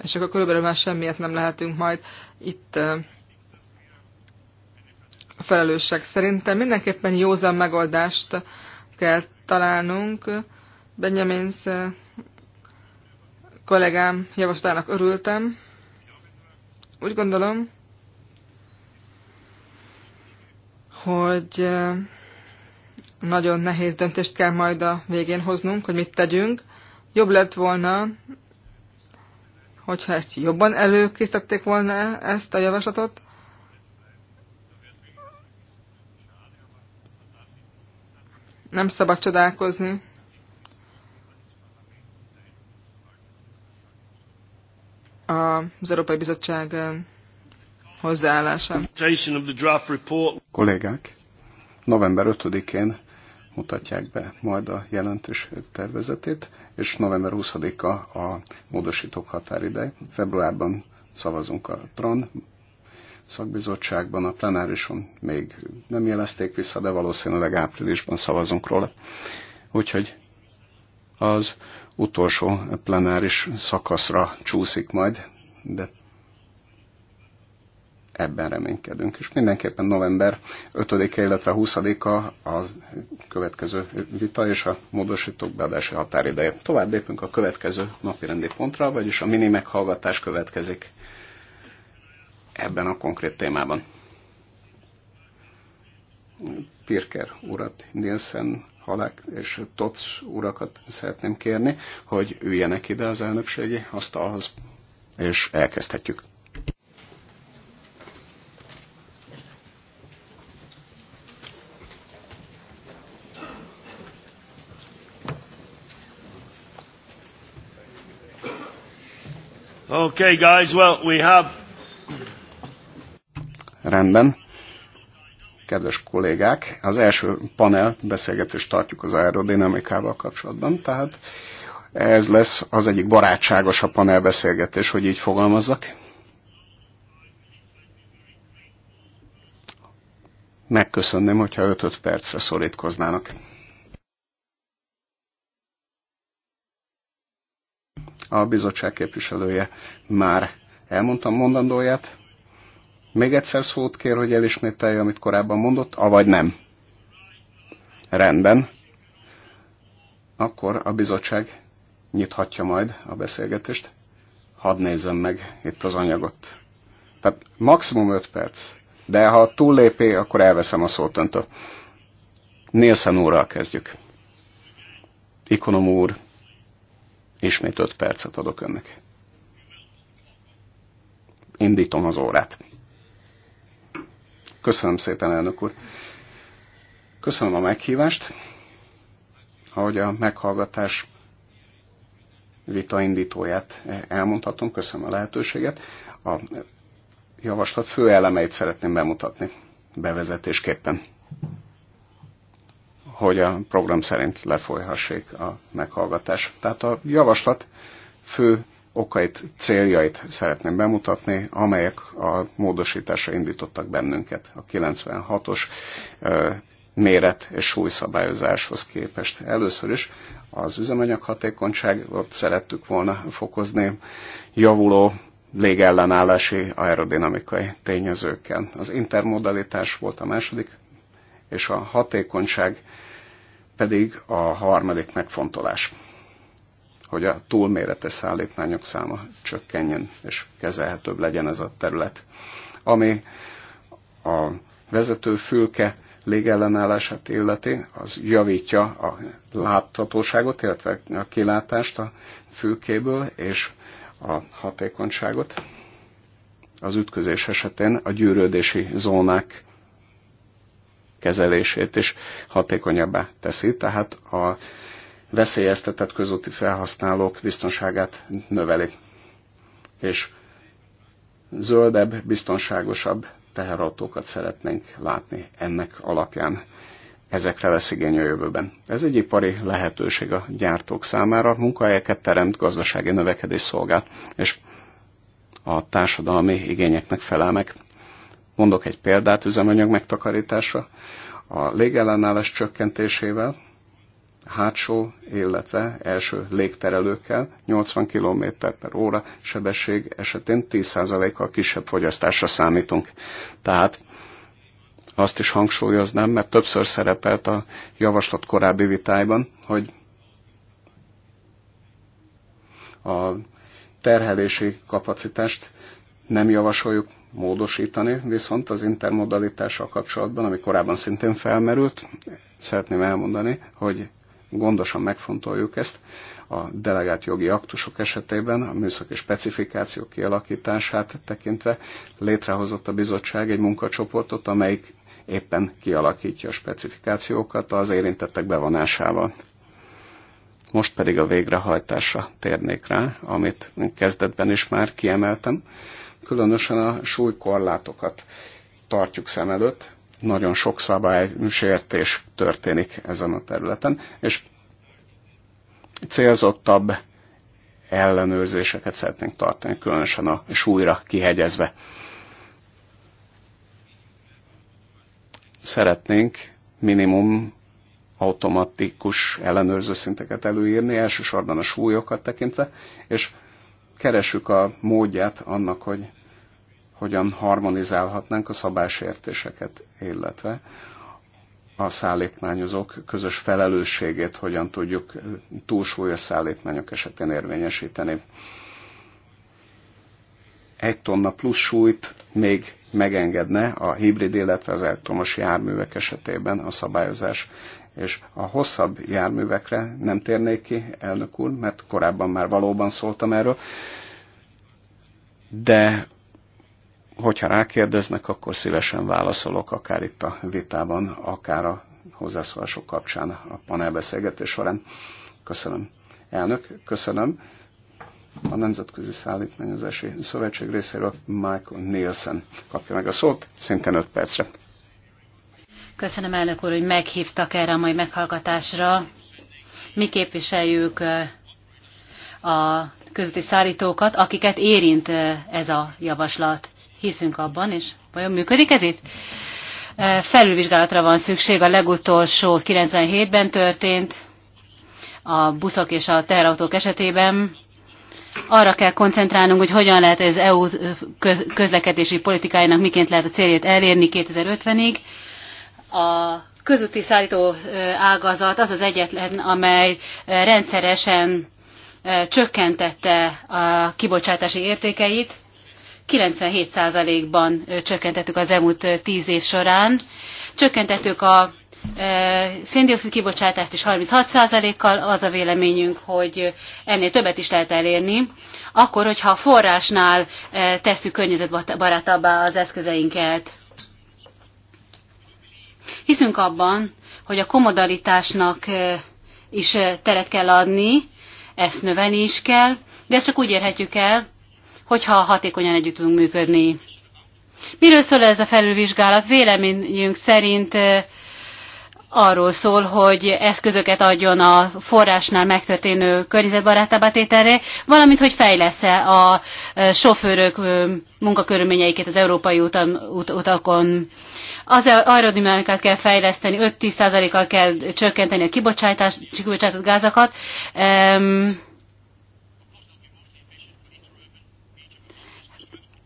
És akkor körülbelül már semmiért nem lehetünk majd itt felelősek. Szerintem mindenképpen józan megoldást kell találnunk. Benjamins kollégám javaslának örültem. Úgy gondolom, hogy nagyon nehéz döntést kell majd a végén hoznunk, hogy mit tegyünk. Jobb lett volna, hogyha ezt jobban előkészítették volna ezt a javaslatot. Nem szabad csodálkozni. Az Európai Bizottság hozzáállása. Kollégák, november 5-én mutatják be majd a jelentős tervezetét, és november 20-a a módosítók határideje. Februárban szavazunk a TRAN szakbizottságban, a plenárison még nem jelezték vissza, de valószínűleg áprilisban szavazunk róla. Úgyhogy az utolsó plenáris szakaszra csúszik majd, de ebben reménykedünk. És mindenképpen november 5-e, illetve 20-a a következő vita és a módosítók beadási határideje. Tovább lépünk a következő napi rendi pontra, vagyis a mini meghallgatás következik ebben a konkrét témában. Pirker urat, Nielsen Halák és Tots urakat szeretném kérni, hogy üljenek ide az elnökségi asztalhoz, és elkezdhetjük. Okay, guys, well, we have... Rendben. Kedves kollégák, az első panel beszélgetést tartjuk az aerodinamikával kapcsolatban, tehát ez lesz az egyik barátságosabb panel beszélgetés, hogy így fogalmazzak. Megköszönném, hogyha 5-5 percre szorítkoznának. A bizottság képviselője már elmondta mondandóját. Még egyszer szót kér, hogy elismételje, amit korábban mondott, avagy nem. Rendben. Akkor a bizottság nyithatja majd a beszélgetést. Hadd nézzem meg itt az anyagot. Tehát maximum 5 perc, de ha túllépé, akkor elveszem a szót öntől. Nielsen úrral kezdjük. Ikonom úr Ismét 5 percet adok önnek. Indítom az órát. Köszönöm szépen, elnök úr. Köszönöm a meghívást, ahogy a meghallgatás vita indítóját elmondhatom. Köszönöm a lehetőséget. A javaslat fő elemeit szeretném bemutatni bevezetésképpen hogy a program szerint lefolyhassék a meghallgatás. Tehát a javaslat fő okait, céljait szeretném bemutatni, amelyek a módosításra indítottak bennünket a 96-os méret és súlyszabályozáshoz képest. Először is az üzemanyag hatékonyságot szerettük volna fokozni, javuló légellenállási aerodinamikai tényezőkkel. Az intermodalitás volt a második, és a hatékonyság pedig a harmadik megfontolás, hogy a túlmérete szállítmányok száma csökkenjen, és kezelhetőbb legyen ez a terület. Ami a vezető fülke légellenállását illeti, az javítja a láthatóságot, illetve a kilátást a fülkéből, és a hatékonyságot. Az ütközés esetén a gyűrődési zónák kezelését is hatékonyabbá teszi, tehát a veszélyeztetett közúti felhasználók biztonságát növeli, és zöldebb, biztonságosabb teherautókat szeretnénk látni ennek alapján. Ezekre lesz igény a jövőben. Ez egy ipari lehetőség a gyártók számára, munkahelyeket teremt, gazdasági növekedés szolgál, és a társadalmi igényeknek felel meg. Mondok egy példát üzemanyag megtakarításra. A légellenállás csökkentésével hátsó, illetve első légterelőkkel 80 km per óra sebesség esetén 10%-kal kisebb fogyasztásra számítunk. Tehát azt is hangsúlyoznám, mert többször szerepelt a javaslat korábbi vitájban, hogy a terhelési kapacitást nem javasoljuk módosítani, viszont az intermodalitással kapcsolatban, ami korábban szintén felmerült, szeretném elmondani, hogy gondosan megfontoljuk ezt a delegált jogi aktusok esetében, a műszaki specifikációk kialakítását tekintve létrehozott a bizottság egy munkacsoportot, amelyik éppen kialakítja a specifikációkat az érintettek bevonásával. Most pedig a végrehajtásra térnék rá, amit kezdetben is már kiemeltem különösen a súlykorlátokat tartjuk szem előtt. Nagyon sok szabálysértés történik ezen a területen, és célzottabb ellenőrzéseket szeretnénk tartani, különösen a súlyra kihegyezve. Szeretnénk minimum automatikus ellenőrző szinteket előírni, elsősorban a súlyokat tekintve, és keresük a módját annak, hogy hogyan harmonizálhatnánk a szabásértéseket, illetve a szállítmányozók közös felelősségét hogyan tudjuk túlsúlyos szállítmányok esetén érvényesíteni. Egy tonna plusz súlyt még megengedne a hibrid, illetve az elektromos járművek esetében a szabályozás, és a hosszabb járművekre nem térnék ki, elnök úr, mert korábban már valóban szóltam erről, de hogyha rákérdeznek, akkor szívesen válaszolok, akár itt a vitában, akár a hozzászólások kapcsán a panelbeszélgetés során. Köszönöm. Elnök, köszönöm. A Nemzetközi Szállítmányozási Szövetség részéről Michael Nielsen kapja meg a szót, szintén 5 percre. Köszönöm elnök úr, hogy meghívtak erre a mai meghallgatásra. Mi képviseljük a közötti szállítókat, akiket érint ez a javaslat. Hiszünk abban, és vajon működik ez itt? Felülvizsgálatra van szükség, a legutolsó 97-ben történt, a buszok és a teherautók esetében. Arra kell koncentrálnunk, hogy hogyan lehet az EU közlekedési politikájának miként lehet a céljét elérni 2050-ig. A közúti szállító ágazat az az egyetlen, amely rendszeresen csökkentette a kibocsátási értékeit. 97%-ban csökkentettük az elmúlt 10 év során. Csökkentettük a széndiokszid kibocsátást is 36%-kal, az a véleményünk, hogy ennél többet is lehet elérni, akkor, hogyha a forrásnál tesszük környezetbarátabbá az eszközeinket. Hiszünk abban, hogy a komodalitásnak is teret kell adni, ezt növelni is kell, de ezt csak úgy érhetjük el, hogyha hatékonyan együtt tudunk működni. Miről szól ez a felülvizsgálat? Véleményünk szerint arról szól, hogy eszközöket adjon a forrásnál megtörténő környezetbarátabb ételre, valamint hogy fejlesz -e a sofőrök munkakörülményeiket az európai utakon. Az aerodinamikát kell fejleszteni, 5-10%-kal kell csökkenteni a kibocsátott gázakat.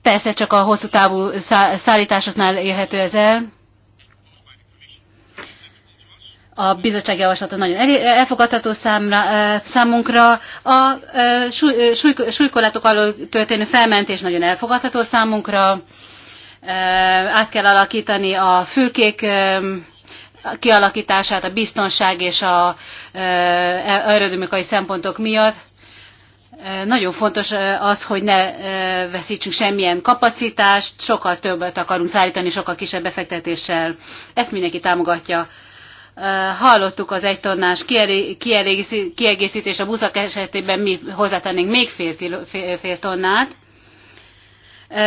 Persze csak a hosszú távú szállításoknál érhető ez el. A bizottság javaslata nagyon elfogadható számra, e, számunkra. A e, e, súly, súlykorlátok alól történő felmentés nagyon elfogadható számunkra át kell alakítani a fülkék kialakítását a biztonság és a e, aerodinamikai szempontok miatt. Nagyon fontos az, hogy ne veszítsünk semmilyen kapacitást, sokkal többet akarunk szállítani, sokkal kisebb befektetéssel. Ezt mindenki támogatja. Hallottuk az egy tonnás kiegészítés a buszak esetében, mi hozzátennénk még fél, fél tonnát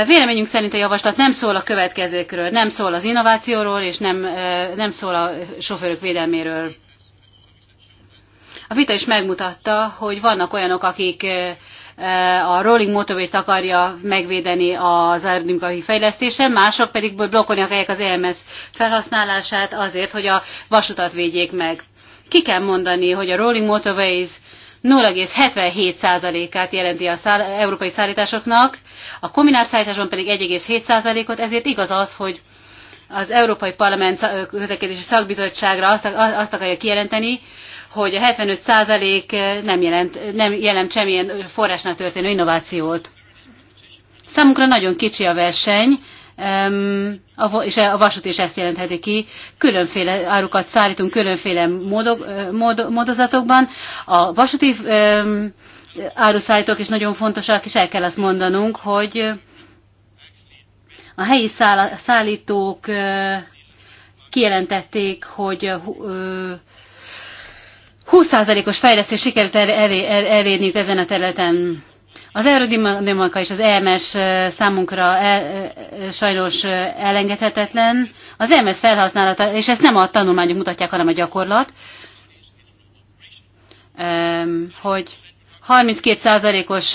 Véleményünk szerint a javaslat nem szól a következőkről, nem szól az innovációról, és nem, nem szól a sofőrök védelméről. A vita is megmutatta, hogy vannak olyanok, akik a Rolling Motorways-t akarja megvédeni az aerodinamikai fejlesztése, mások pedig blokkolni akarják az EMS felhasználását azért, hogy a vasutat védjék meg. Ki kell mondani, hogy a Rolling Motorways 0,77%-át jelenti a száll- európai szállításoknak, a kombinált szállításon pedig 1,7%-ot, ezért igaz az, hogy az Európai Parlament közlekedési szakbizottságra azt, azt akarja kijelenteni, hogy a 75% nem jelent, nem jelent semmilyen forrásnál történő innovációt. Számunkra nagyon kicsi a verseny, és a vasút is ezt jelentheti ki. Különféle árukat szállítunk különféle módok, mód, módozatokban. A vasúti áruszállítók is nagyon fontosak, és el kell azt mondanunk, hogy a helyi szállítók kijelentették, hogy 20%-os fejlesztés sikerült elérniük ezen a területen. Az aerodinamika és az EMS számunkra el, sajnos elengedhetetlen. Az EMS felhasználata, és ezt nem a tanulmányok mutatják, hanem a gyakorlat, hogy 32%-os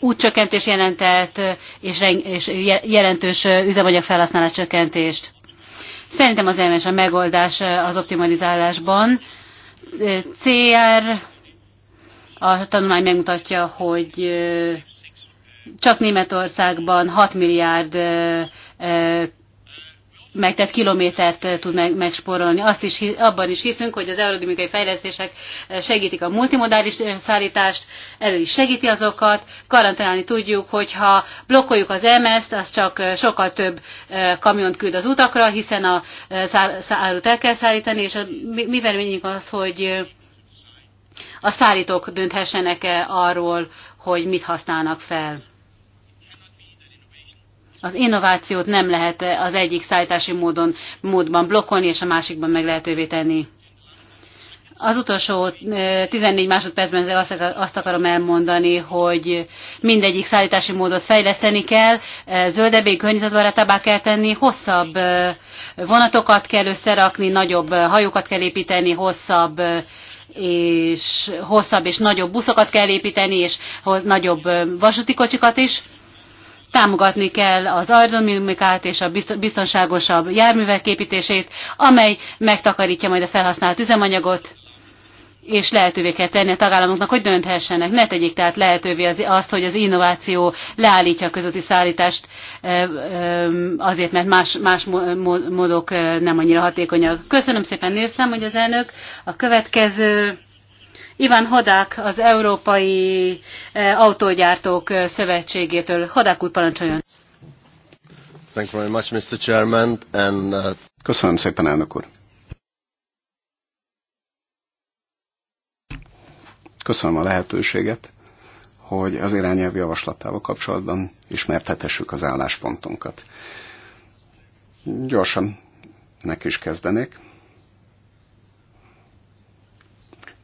útcsökkentés jelentett, és, és jelentős üzemanyag felhasználás csökkentést. Szerintem az EMS a megoldás az optimalizálásban. CR a tanulmány megmutatja, hogy csak Németországban 6 milliárd megtett kilométert tud meg, megsporolni. Azt is, abban is hiszünk, hogy az aerodinamikai fejlesztések segítik a multimodális szállítást, elő is segíti azokat. Garantálni tudjuk, hogy ha blokkoljuk az MS-t, az csak sokkal több kamiont küld az utakra, hiszen a szállót el kell szállítani, és a mi véleményünk az, hogy a szállítók dönthessenek-e arról, hogy mit használnak fel. Az innovációt nem lehet az egyik szállítási módon, módban blokkolni, és a másikban meg lehetővé tenni. Az utolsó 14 másodpercben azt akarom elmondani, hogy mindegyik szállítási módot fejleszteni kell, zöldebbé, környezetbarátabbá kell tenni, hosszabb vonatokat kell összerakni, nagyobb hajókat kell építeni, hosszabb és hosszabb és nagyobb buszokat kell építeni, és nagyobb vasúti kocsikat is. Támogatni kell az aerodinamikát és a biztonságosabb járművek építését, amely megtakarítja majd a felhasznált üzemanyagot, és lehetővé kell tenni a tagállamoknak, hogy dönthessenek. Ne tegyék tehát lehetővé az, azt, hogy az innováció leállítja a közötti szállítást azért, mert más, más módok nem annyira hatékonyak. Köszönöm szépen, nézem, hogy az elnök. A következő Iván Hodák, az Európai Autógyártók Szövetségétől. Hodák úr, parancsoljon! Thank you very much, Mr. Chairman, and, uh... Köszönöm szépen, elnök úr! Köszönöm a lehetőséget, hogy az irányelv javaslatával kapcsolatban ismertethessük az álláspontunkat. Gyorsan nek is kezdenék.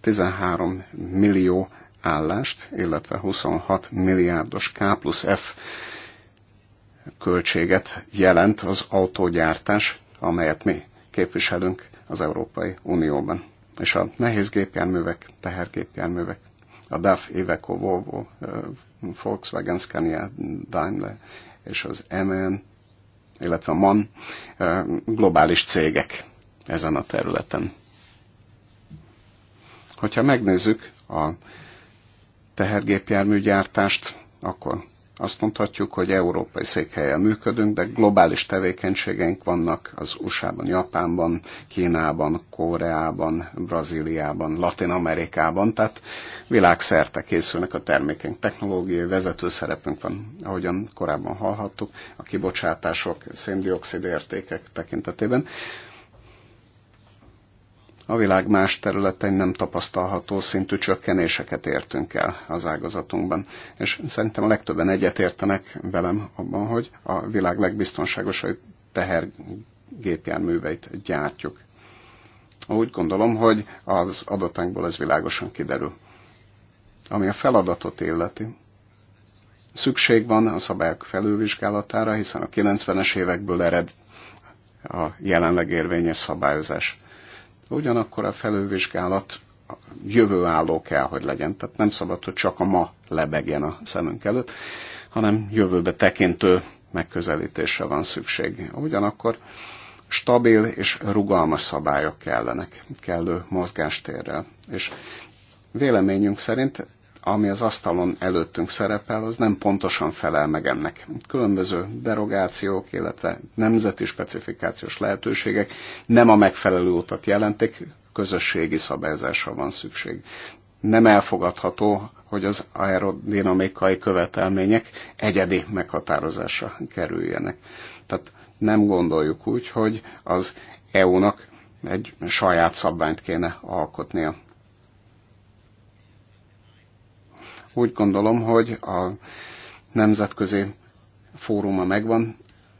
13 millió állást, illetve 26 milliárdos K plusz F költséget jelent az autógyártás, amelyet mi képviselünk az Európai Unióban és a nehéz gépjárművek, tehergépjárművek, a DAF, Iveco, Volvo, Volkswagen, Scania, Daimler és az MN, illetve a MAN globális cégek ezen a területen. Hogyha megnézzük a tehergépjárműgyártást, akkor azt mondhatjuk, hogy európai székhelyen működünk, de globális tevékenységeink vannak az USA-ban, Japánban, Kínában, Koreában, Brazíliában, Latin Amerikában, tehát világszerte készülnek a termékeink. Technológiai vezető szerepünk van, ahogyan korábban hallhattuk, a kibocsátások, széndiokszid értékek tekintetében a világ más területein nem tapasztalható szintű csökkenéseket értünk el az ágazatunkban. És szerintem a legtöbben egyetértenek velem abban, hogy a világ legbiztonságosabb tehergépjárműveit gyártjuk. Úgy gondolom, hogy az adatánkból ez világosan kiderül. Ami a feladatot illeti, szükség van a szabályok felülvizsgálatára, hiszen a 90-es évekből ered a jelenleg érvényes szabályozás Ugyanakkor a felővizsgálat jövő álló kell, hogy legyen. Tehát nem szabad, hogy csak a ma lebegjen a szemünk előtt, hanem jövőbe tekintő megközelítésre van szükség. Ugyanakkor stabil és rugalmas szabályok kellenek, kellő mozgástérrel. És véleményünk szerint ami az asztalon előttünk szerepel, az nem pontosan felel meg ennek. Különböző derogációk, illetve nemzeti specifikációs lehetőségek nem a megfelelő utat jelentik, közösségi szabályozásra van szükség. Nem elfogadható, hogy az aerodinamikai követelmények egyedi meghatározásra kerüljenek. Tehát nem gondoljuk úgy, hogy az EU-nak egy saját szabványt kéne alkotnia Úgy gondolom, hogy a nemzetközi fóruma megvan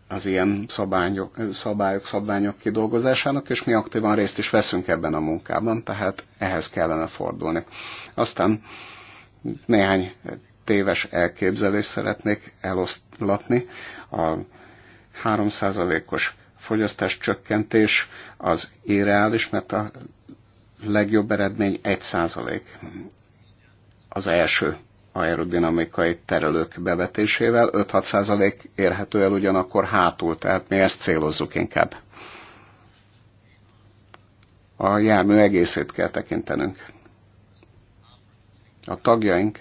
az ilyen szabályok, szabályok, szabványok kidolgozásának, és mi aktívan részt is veszünk ebben a munkában, tehát ehhez kellene fordulni. Aztán néhány téves elképzelést szeretnék eloszlatni. A 3%-os fogyasztás csökkentés az irreális, mert a legjobb eredmény 1 százalék az első aerodinamikai terelők bevetésével, 5-6% érhető el ugyanakkor hátul, tehát mi ezt célozzuk inkább. A jármű egészét kell tekintenünk. A tagjaink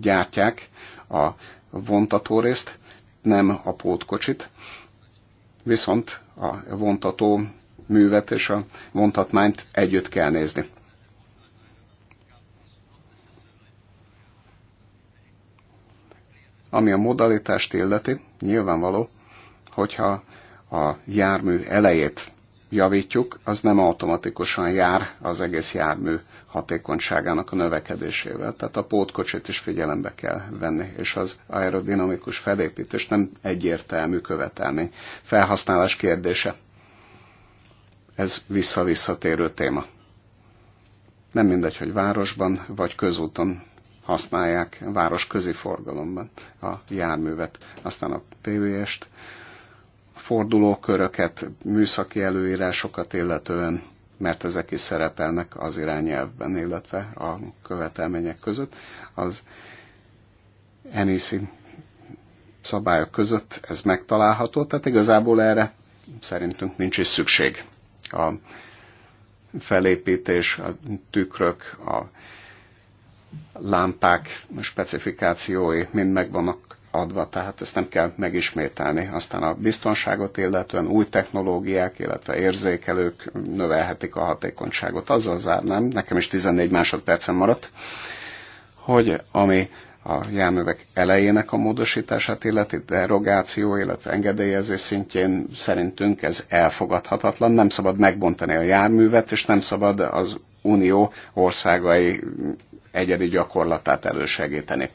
gyártják a vontató részt, nem a pótkocsit, viszont a vontató művet és a vontatmányt együtt kell nézni Ami a modalitást illeti, nyilvánvaló, hogyha a jármű elejét javítjuk, az nem automatikusan jár az egész jármű hatékonyságának a növekedésével. Tehát a pótkocsit is figyelembe kell venni, és az aerodinamikus felépítés nem egyértelmű követelmény. Felhasználás kérdése. Ez vissza-visszatérő téma. Nem mindegy, hogy városban vagy közúton használják városközi forgalomban a járművet, aztán a PVS-t, fordulóköröket, műszaki előírásokat illetően, mert ezek is szerepelnek az irányelvben, illetve a követelmények között. Az NEC szabályok között ez megtalálható, tehát igazából erre szerintünk nincs is szükség. A felépítés, a tükrök, a lámpák specifikációi mind megvannak adva, tehát ezt nem kell megismételni. Aztán a biztonságot illetően új technológiák, illetve érzékelők növelhetik a hatékonyságot. Azzal zárnám, nekem is 14 másodpercen maradt, hogy ami a járművek elejének a módosítását illeti, derogáció, illetve engedélyezés szintjén szerintünk ez elfogadhatatlan. Nem szabad megbontani a járművet, és nem szabad az unió országai egyedi gyakorlatát elősegíteni.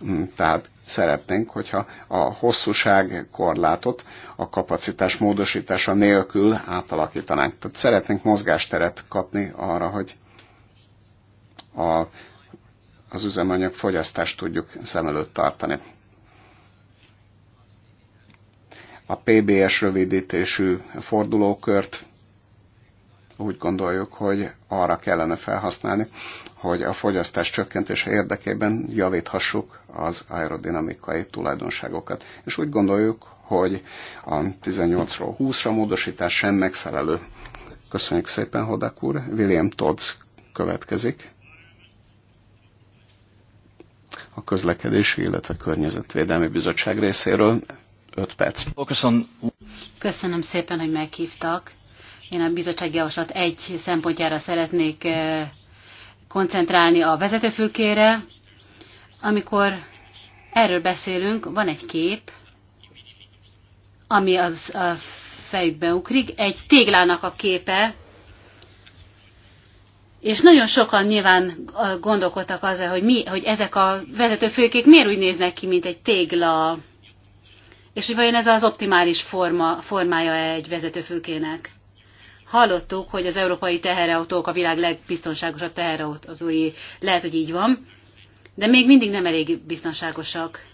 Hm, tehát szeretnénk, hogyha a hosszúság korlátot a kapacitás módosítása nélkül átalakítanánk. Tehát szeretnénk mozgásteret kapni arra, hogy a, az üzemanyag fogyasztást tudjuk szem előtt tartani. A PBS rövidítésű fordulókört úgy gondoljuk, hogy arra kellene felhasználni, hogy a fogyasztás csökkentése érdekében javíthassuk az aerodinamikai tulajdonságokat. És úgy gondoljuk, hogy a 18-ról 20-ra módosítás sem megfelelő. Köszönjük szépen, Hodak úr. William Todds következik. A közlekedési, illetve környezetvédelmi bizottság részéről 5 perc. Köszönöm szépen, hogy meghívtak én a bizottsági javaslat egy szempontjára szeretnék eh, koncentrálni a vezetőfülkére. Amikor erről beszélünk, van egy kép, ami az a fejükbe ukrik, egy téglának a képe, és nagyon sokan nyilván eh, gondolkodtak azzal, hogy, mi, hogy ezek a vezetőfőkék miért úgy néznek ki, mint egy tégla, és hogy vajon ez az optimális forma, formája egy vezetőfülkének. Hallottuk, hogy az európai teherautók a világ legbiztonságosabb teherautói. Lehet, hogy így van, de még mindig nem elég biztonságosak.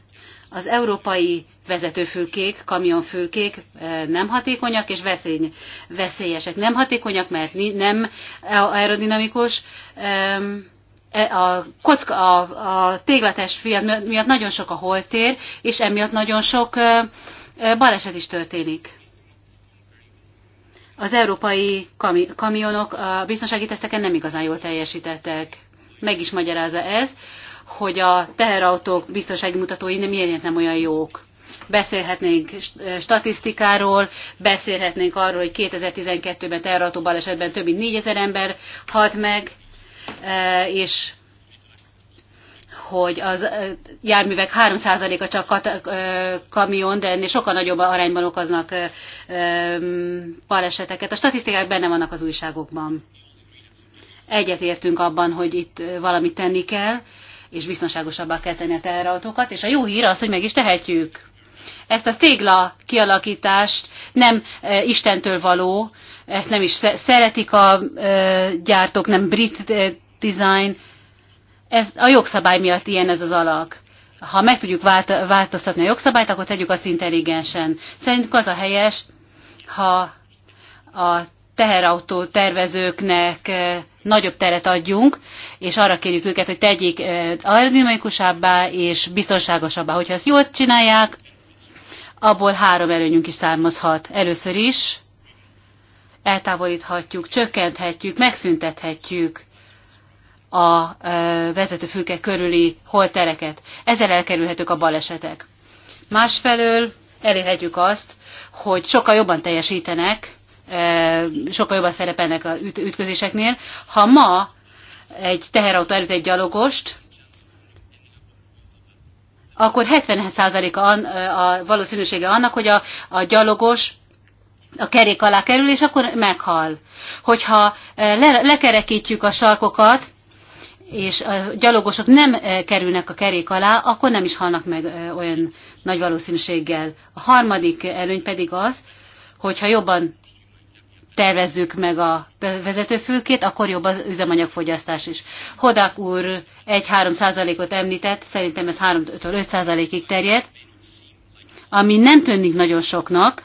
Az európai vezetőfülkék, kamionfülkék eh, nem hatékonyak és veszélyesek. Nem hatékonyak, mert nem aerodinamikus. E, a, kocka, a, a téglates miatt nagyon sok a holtér, és emiatt nagyon sok eh, eh, baleset is történik az európai kami- kamionok a biztonsági teszteken nem igazán jól teljesítettek. Meg is magyarázza ez, hogy a teherautók biztonsági mutatói nem miért nem olyan jók. Beszélhetnénk statisztikáról, beszélhetnénk arról, hogy 2012-ben teherautó balesetben több mint 4000 ember halt meg, e, és hogy az járművek 3%-a csak kamion, de ennél sokkal nagyobb arányban okoznak baleseteket. A statisztikák benne vannak az újságokban. Egyetértünk abban, hogy itt valamit tenni kell, és biztonságosabbá kell tenni a teherautókat, és a jó hír az, hogy meg is tehetjük. Ezt a tégla kialakítást nem e, Istentől való, ezt nem is szeretik a e, gyártók, nem brit e, design, ez a jogszabály miatt ilyen ez az alak. Ha meg tudjuk változtatni a jogszabályt, akkor tegyük azt intelligensen. Szerintük az a helyes, ha a teherautó tervezőknek eh, nagyobb teret adjunk, és arra kérjük őket, hogy tegyék eh, aerodinamikusabbá és biztonságosabbá. Hogyha ezt jól csinálják, abból három előnyünk is származhat. Először is eltávolíthatjuk, csökkenthetjük, megszüntethetjük a vezetőfülke körüli holtereket. Ezzel elkerülhetők a balesetek. Másfelől elérhetjük azt, hogy sokkal jobban teljesítenek, sokkal jobban szerepelnek az ütközéseknél. Ha ma egy teherautó előtt egy gyalogost, akkor 70%-a a valószínűsége annak, hogy a, a gyalogos a kerék alá kerül, és akkor meghal. Hogyha le, lekerekítjük a sarkokat, és a gyalogosok nem kerülnek a kerék alá, akkor nem is halnak meg olyan nagy valószínűséggel. A harmadik előny pedig az, hogyha jobban tervezzük meg a vezetőfülkét, akkor jobb az üzemanyagfogyasztás is. Hodák úr 1-3 százalékot említett, szerintem ez 3-5 százalékig terjed, ami nem tűnik nagyon soknak,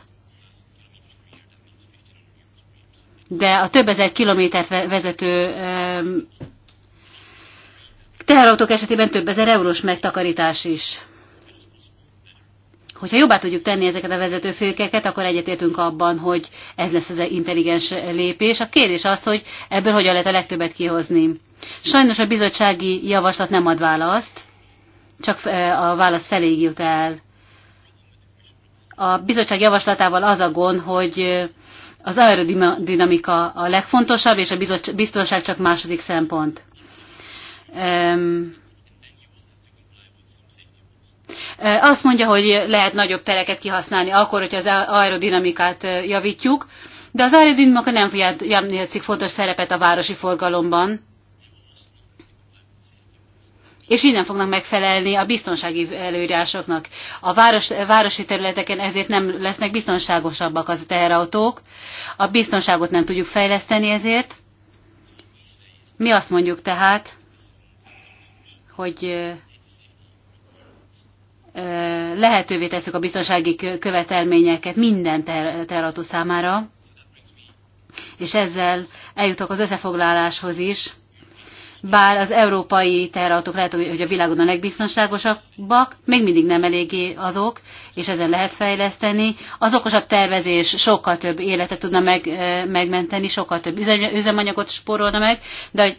de a több ezer kilométert vezető teherautók esetében több ezer eurós megtakarítás is. Hogyha jobbá tudjuk tenni ezeket a vezetőfélkeket, akkor egyetértünk abban, hogy ez lesz az intelligens lépés. A kérdés az, hogy ebből hogyan lehet a legtöbbet kihozni. Sajnos a bizottsági javaslat nem ad választ, csak a válasz felé jut el. A bizottság javaslatával az a gond, hogy az aerodinamika a legfontosabb, és a biztonság csak második szempont. E, azt mondja, hogy lehet nagyobb tereket kihasználni akkor, hogyha az aerodinamikát e, javítjuk, de az aerodinamika nem játszik fontos szerepet a városi forgalomban, és így nem fognak megfelelni a biztonsági előírásoknak. A város, városi területeken ezért nem lesznek biztonságosabbak az teherautók, a biztonságot nem tudjuk fejleszteni ezért. Mi azt mondjuk tehát, hogy lehetővé teszük a biztonsági követelményeket minden ter terrató számára, és ezzel eljutok az összefoglaláshoz is. Bár az európai teherautók lehet, hogy a világon a legbiztonságosabbak, még mindig nem eléggé azok, és ezen lehet fejleszteni. Az okosabb tervezés sokkal több életet tudna meg, megmenteni, sokkal több üzemanyagot spórolna meg, de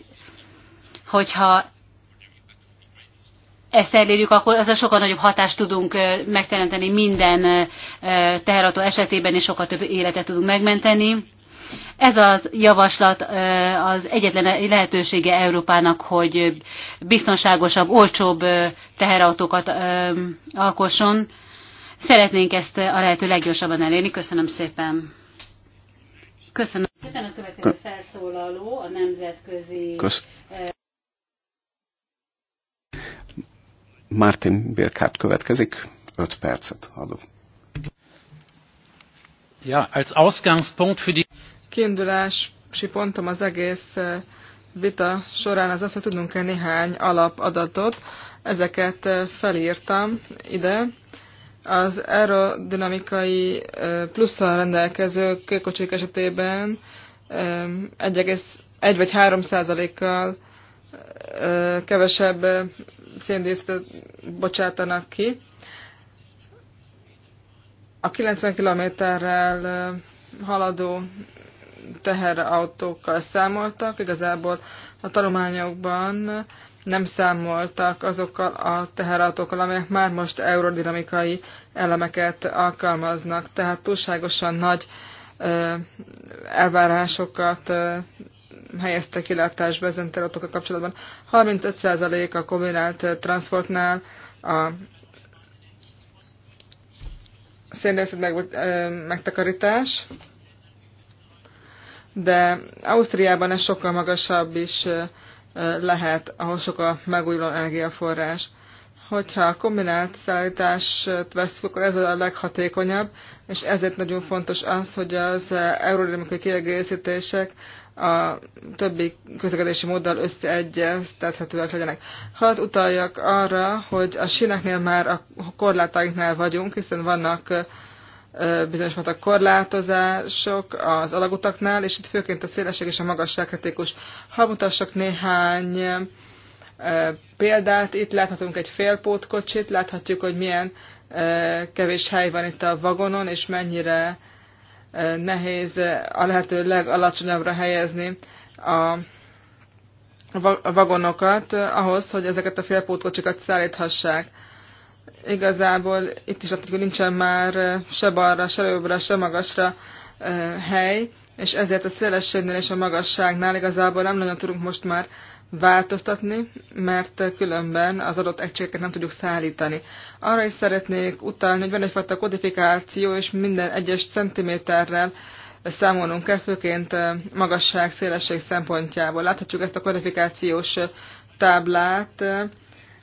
hogyha ezt elérjük, akkor a sokkal nagyobb hatást tudunk megteremteni minden teherautó esetében, és sokkal több életet tudunk megmenteni. Ez az javaslat az egyetlen lehetősége Európának, hogy biztonságosabb, olcsóbb teherautókat alkosson. Szeretnénk ezt a lehető leggyorsabban elérni. Köszönöm szépen. Köszönöm szépen a következő felszólaló a nemzetközi Kösz. Martin Birkhardt következik, 5 percet adok. Ja, als Ausgangspunkt für die... Kiindulási pontom az egész eh, vita során az az, hogy tudnunk-e néhány alapadatot. Ezeket eh, felírtam ide. Az aerodinamikai eh, plusszal rendelkező kőkocsik esetében 1,1 vagy 3 százalékkal kevesebb széndíszet bocsátanak ki. A 90 kilométerrel haladó teherautókkal számoltak, igazából a tanulmányokban nem számoltak azokkal a teherautókkal, amelyek már most eurodinamikai elemeket alkalmaznak, tehát túlságosan nagy elvárásokat helyezte kilátásba ezen területokkal kapcsolatban. 35% a kombinált eh, transportnál, a széndiokszid meg, eh, megtakarítás, de Ausztriában ez sokkal magasabb is eh, lehet, ahol sok a megújuló energiaforrás. Hogyha a kombinált szállítást veszük, akkor ez a leghatékonyabb, és ezért nagyon fontos az, hogy az eurodinamikai kiegészítések a többi közlekedési móddal összeegyeztethetőek legyenek. Hadd utaljak arra, hogy a síneknél már a korlátainknál vagyunk, hiszen vannak bizonyos a korlátozások az alagutaknál, és itt főként a szélesség és a magasság kritikus. Ha mutassak néhány példát, itt láthatunk egy félpótkocsit, láthatjuk, hogy milyen kevés hely van itt a vagonon, és mennyire nehéz a lehető legalacsonyabbra helyezni a vagonokat ahhoz, hogy ezeket a félpótkocsikat szállíthassák. Igazából itt is látjuk, hogy nincsen már eh, se balra, se jobbra, se magasra eh, hely, és ezért a szélességnél és a magasságnál igazából nem nagyon tudunk most már változtatni, mert különben az adott egységeket nem tudjuk szállítani. Arra is szeretnék utalni, hogy van egyfajta kodifikáció, és minden egyes centiméterrel számolnunk kell, főként eh, magasság, szélesség szempontjából. Láthatjuk ezt a kodifikációs eh, táblát. Eh,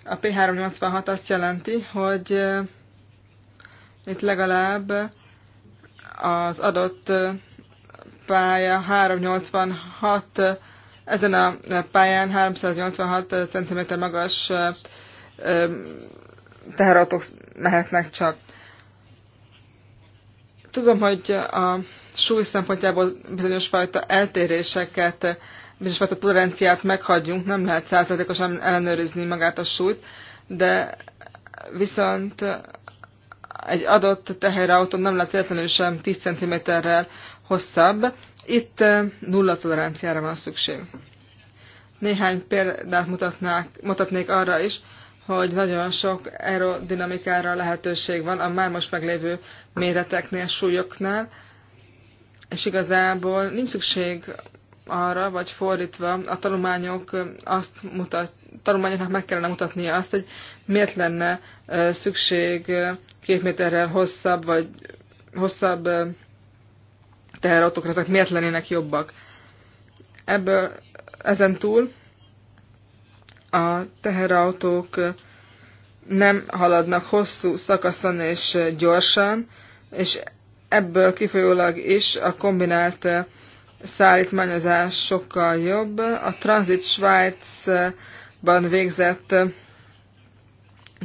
a P386 azt jelenti, hogy itt legalább az adott pálya 386 ezen a pályán 386 cm magas teherautók mehetnek csak. Tudom, hogy a súly szempontjából bizonyos fajta eltéréseket, bizonyos fajta toleranciát meghagyjunk, nem lehet százalékosan ellenőrizni magát a súlyt, de viszont egy adott teherautó nem lehet véletlenül sem 10 cm-rel hosszabb, itt nulla toleranciára van szükség. Néhány példát mutatnák, mutatnék arra is, hogy nagyon sok aerodinamikára lehetőség van a már most meglévő méreteknél, súlyoknál, és igazából nincs szükség arra, vagy fordítva, a tanulmányok azt mutat, tanulmányoknak meg kellene mutatnia azt, hogy miért lenne szükség két méterrel hosszabb, vagy hosszabb teherautókra, ezek miért lennének jobbak. Ebből ezen túl a teherautók nem haladnak hosszú szakaszon és gyorsan, és ebből kifolyólag is a kombinált szállítmányozás sokkal jobb. A Transit Svájcban végzett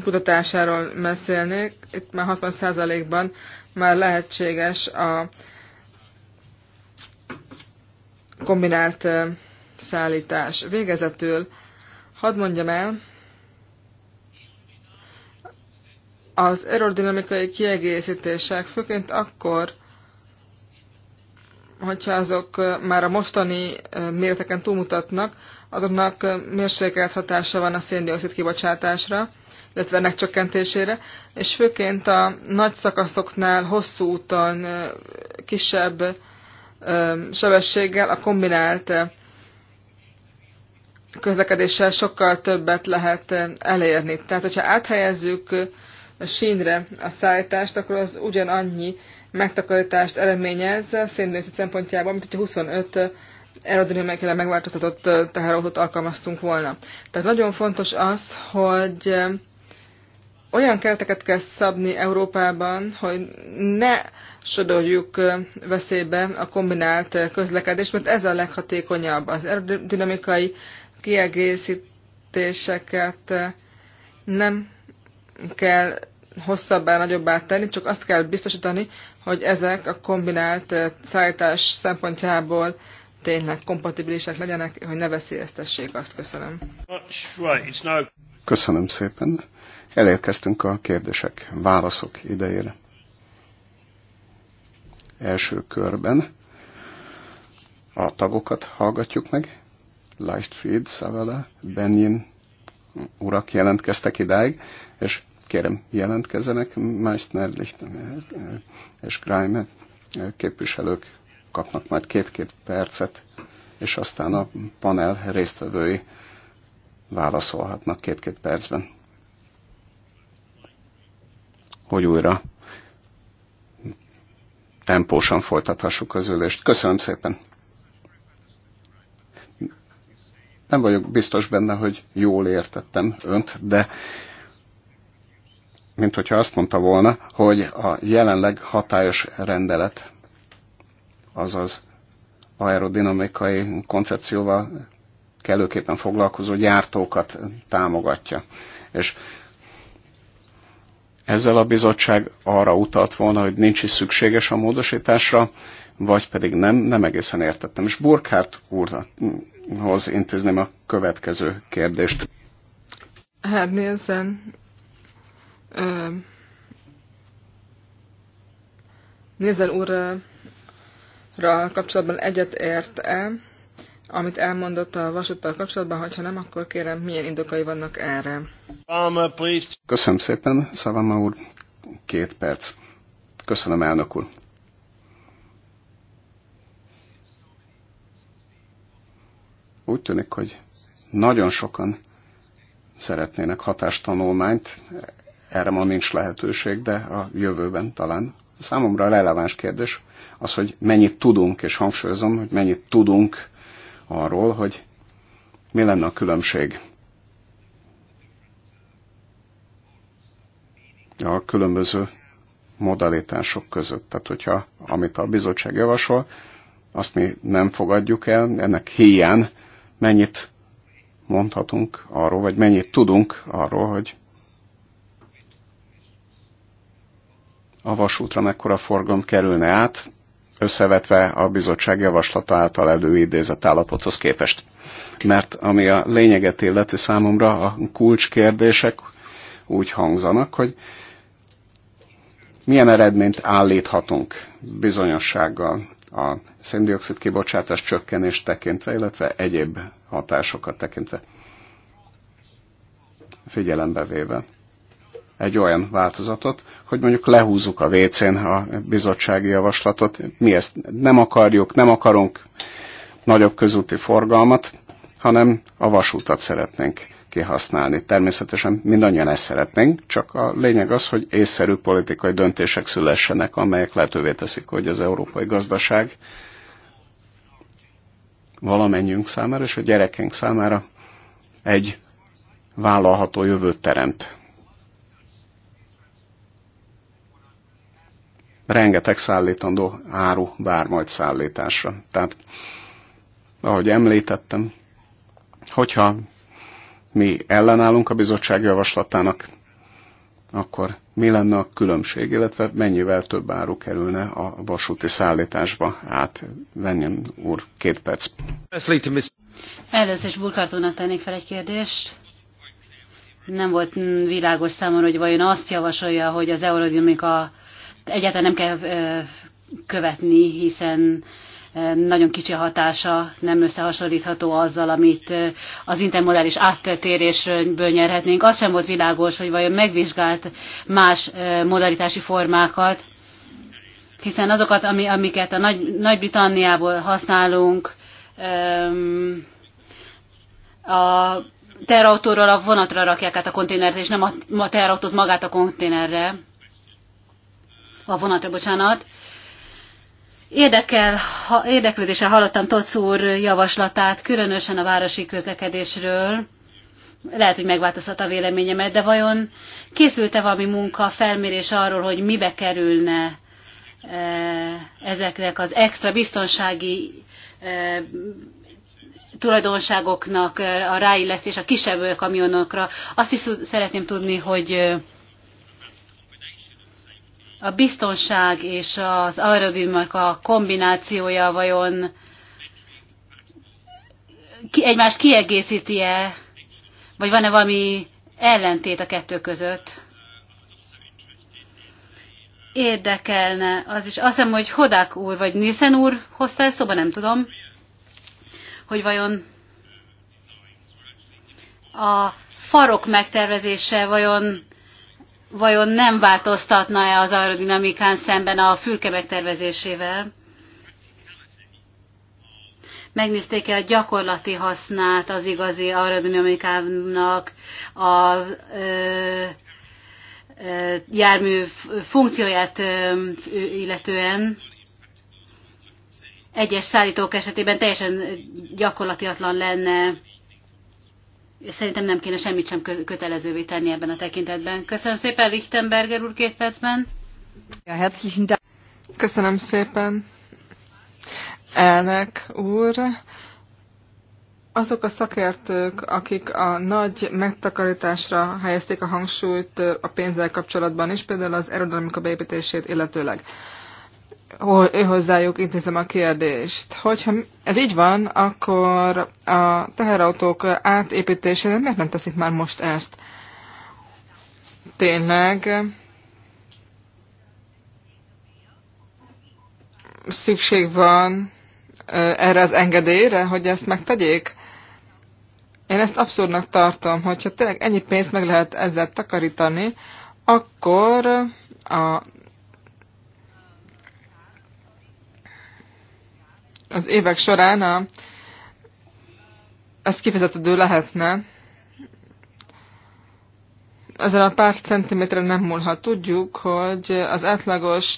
kutatásáról beszélnék. Itt már 60%-ban már lehetséges a kombinált szállítás. Végezetül hadd mondjam el, az aerodinamikai kiegészítések, főként akkor, hogyha azok már a mostani méreteken túlmutatnak, azoknak mérsékelt hatása van a széndiokszid kibocsátásra, illetve ennek csökkentésére, és főként a nagy szakaszoknál hosszú úton kisebb sebességgel, a kombinált közlekedéssel sokkal többet lehet elérni. Tehát, hogyha áthelyezzük a sínre a szállítást, akkor az ugyanannyi megtakarítást eredményez széndiokszid szempontjából, mint hogyha 25 aerodinamikailag megváltoztatott teherautót alkalmaztunk volna. Tehát nagyon fontos az, hogy olyan kereteket kell szabni Európában, hogy ne sodorjuk veszélybe a kombinált közlekedést, mert ez a leghatékonyabb. Az aerodinamikai kiegészítéseket nem kell hosszabbá, nagyobbá tenni, csak azt kell biztosítani, hogy ezek a kombinált szállítás szempontjából tényleg kompatibilisek legyenek, hogy ne veszélyeztessék azt. Köszönöm. Köszönöm szépen. Elérkeztünk a kérdések, válaszok idejére. Első körben a tagokat hallgatjuk meg. Lightfeed, Savela, Benin urak jelentkeztek idáig, és kérem, jelentkezenek Meissner, Lichtenberg és Grime képviselők kapnak majd két-két percet, és aztán a panel résztvevői válaszolhatnak két-két percben hogy újra tempósan folytathassuk az ülést. Köszönöm szépen! Nem vagyok biztos benne, hogy jól értettem önt, de mint hogyha azt mondta volna, hogy a jelenleg hatályos rendelet, azaz aerodinamikai koncepcióval kellőképpen foglalkozó gyártókat támogatja. És ezzel a bizottság arra utalt volna, hogy nincs is szükséges a módosításra, vagy pedig nem, nem egészen értettem. És Burkhardt úrhoz intézném a következő kérdést. Hát nézzen, nézzen úrra kapcsolatban egyet ért-e, amit elmondott a vasúttal kapcsolatban, hogyha nem, akkor kérem, milyen indokai vannak erre. Köszönöm szépen, Szavama úr. Két perc. Köszönöm, elnök úr. Úgy tűnik, hogy nagyon sokan szeretnének hatástanulmányt, erre ma nincs lehetőség, de a jövőben talán. Számomra releváns kérdés az, hogy mennyit tudunk, és hangsúlyozom, hogy mennyit tudunk arról, hogy mi lenne a különbség a különböző modalitások között. Tehát, hogyha amit a bizottság javasol, azt mi nem fogadjuk el, ennek híján mennyit mondhatunk arról, vagy mennyit tudunk arról, hogy a vasútra mekkora forgalom kerülne át, összevetve a bizottság javaslata által előidézett állapothoz képest. Mert ami a lényeget illeti számomra, a kulcskérdések úgy hangzanak, hogy milyen eredményt állíthatunk bizonyossággal a széndiokszid kibocsátás csökkenést tekintve, illetve egyéb hatásokat tekintve figyelembe véve egy olyan változatot, hogy mondjuk lehúzzuk a WC-n a bizottsági javaslatot, mi ezt nem akarjuk, nem akarunk nagyobb közúti forgalmat, hanem a vasútat szeretnénk kihasználni. Természetesen mindannyian ezt szeretnénk, csak a lényeg az, hogy észszerű politikai döntések szülessenek, amelyek lehetővé teszik, hogy az európai gazdaság valamennyünk számára és a gyerekeink számára egy vállalható jövőt teremt. rengeteg szállítandó áru vár majd szállításra. Tehát, ahogy említettem, hogyha mi ellenállunk a bizottság javaslatának, akkor mi lenne a különbség, illetve mennyivel több áru kerülne a vasúti szállításba át? Venjen úr, két perc. Először is Burkartónak tennék fel egy kérdést. Nem volt világos számomra, hogy vajon azt javasolja, hogy az eurodinamika egyáltalán nem kell követni, hiszen nagyon kicsi hatása, nem összehasonlítható azzal, amit az intermodális áttérésből nyerhetnénk. Az sem volt világos, hogy vajon megvizsgált más modalitási formákat, hiszen azokat, ami, amiket a Nagy, Nagy-Britanniából használunk, a terautóról a vonatra rakják át a konténert, és nem a, a magát a konténerre a vonatra, bocsánat. Érdekel, ha, érdeklődéssel hallottam Tocz úr javaslatát, különösen a városi közlekedésről. Lehet, hogy megváltoztat a véleményemet, de vajon készült-e valami munka, felmérés arról, hogy mibe kerülne e, ezeknek az extra biztonsági e, tulajdonságoknak e, a ráillesztés a kisebb kamionokra. Azt is szeretném tudni, hogy e, a biztonság és az aerodinamika kombinációja vajon ki, egymást kiegészíti-e, vagy van-e valami ellentét a kettő között? Érdekelne az is. Azt hiszem, hogy Hodák úr vagy Nielsen úr hozta ezt szóba, nem tudom, hogy vajon a farok megtervezése vajon vajon nem változtatna-e az aerodinamikán szemben a fülke megtervezésével? Megnézték-e a gyakorlati hasznát az igazi aerodinamikának a ö, ö, jármű funkcióját ö, illetően? Egyes szállítók esetében teljesen gyakorlatiatlan lenne Szerintem nem kéne semmit sem kötelezővé tenni ebben a tekintetben. Köszönöm szépen, Lichtenberger úr, két percben. Köszönöm szépen, elnök úr. Azok a szakértők, akik a nagy megtakarításra helyezték a hangsúlyt a pénzzel kapcsolatban is, például az aerodinamika beépítését illetőleg hozzájuk intézem a kérdést. Hogyha ez így van, akkor a teherautók átépítésére miért nem teszik már most ezt? Tényleg szükség van erre az engedélyre, hogy ezt megtegyék? Én ezt abszurdnak tartom, hogyha tényleg ennyi pénzt meg lehet ezzel takarítani, akkor a az évek során a, ez kifejezetődő lehetne. Ezen a pár centiméteren nem múlhat. Tudjuk, hogy az átlagos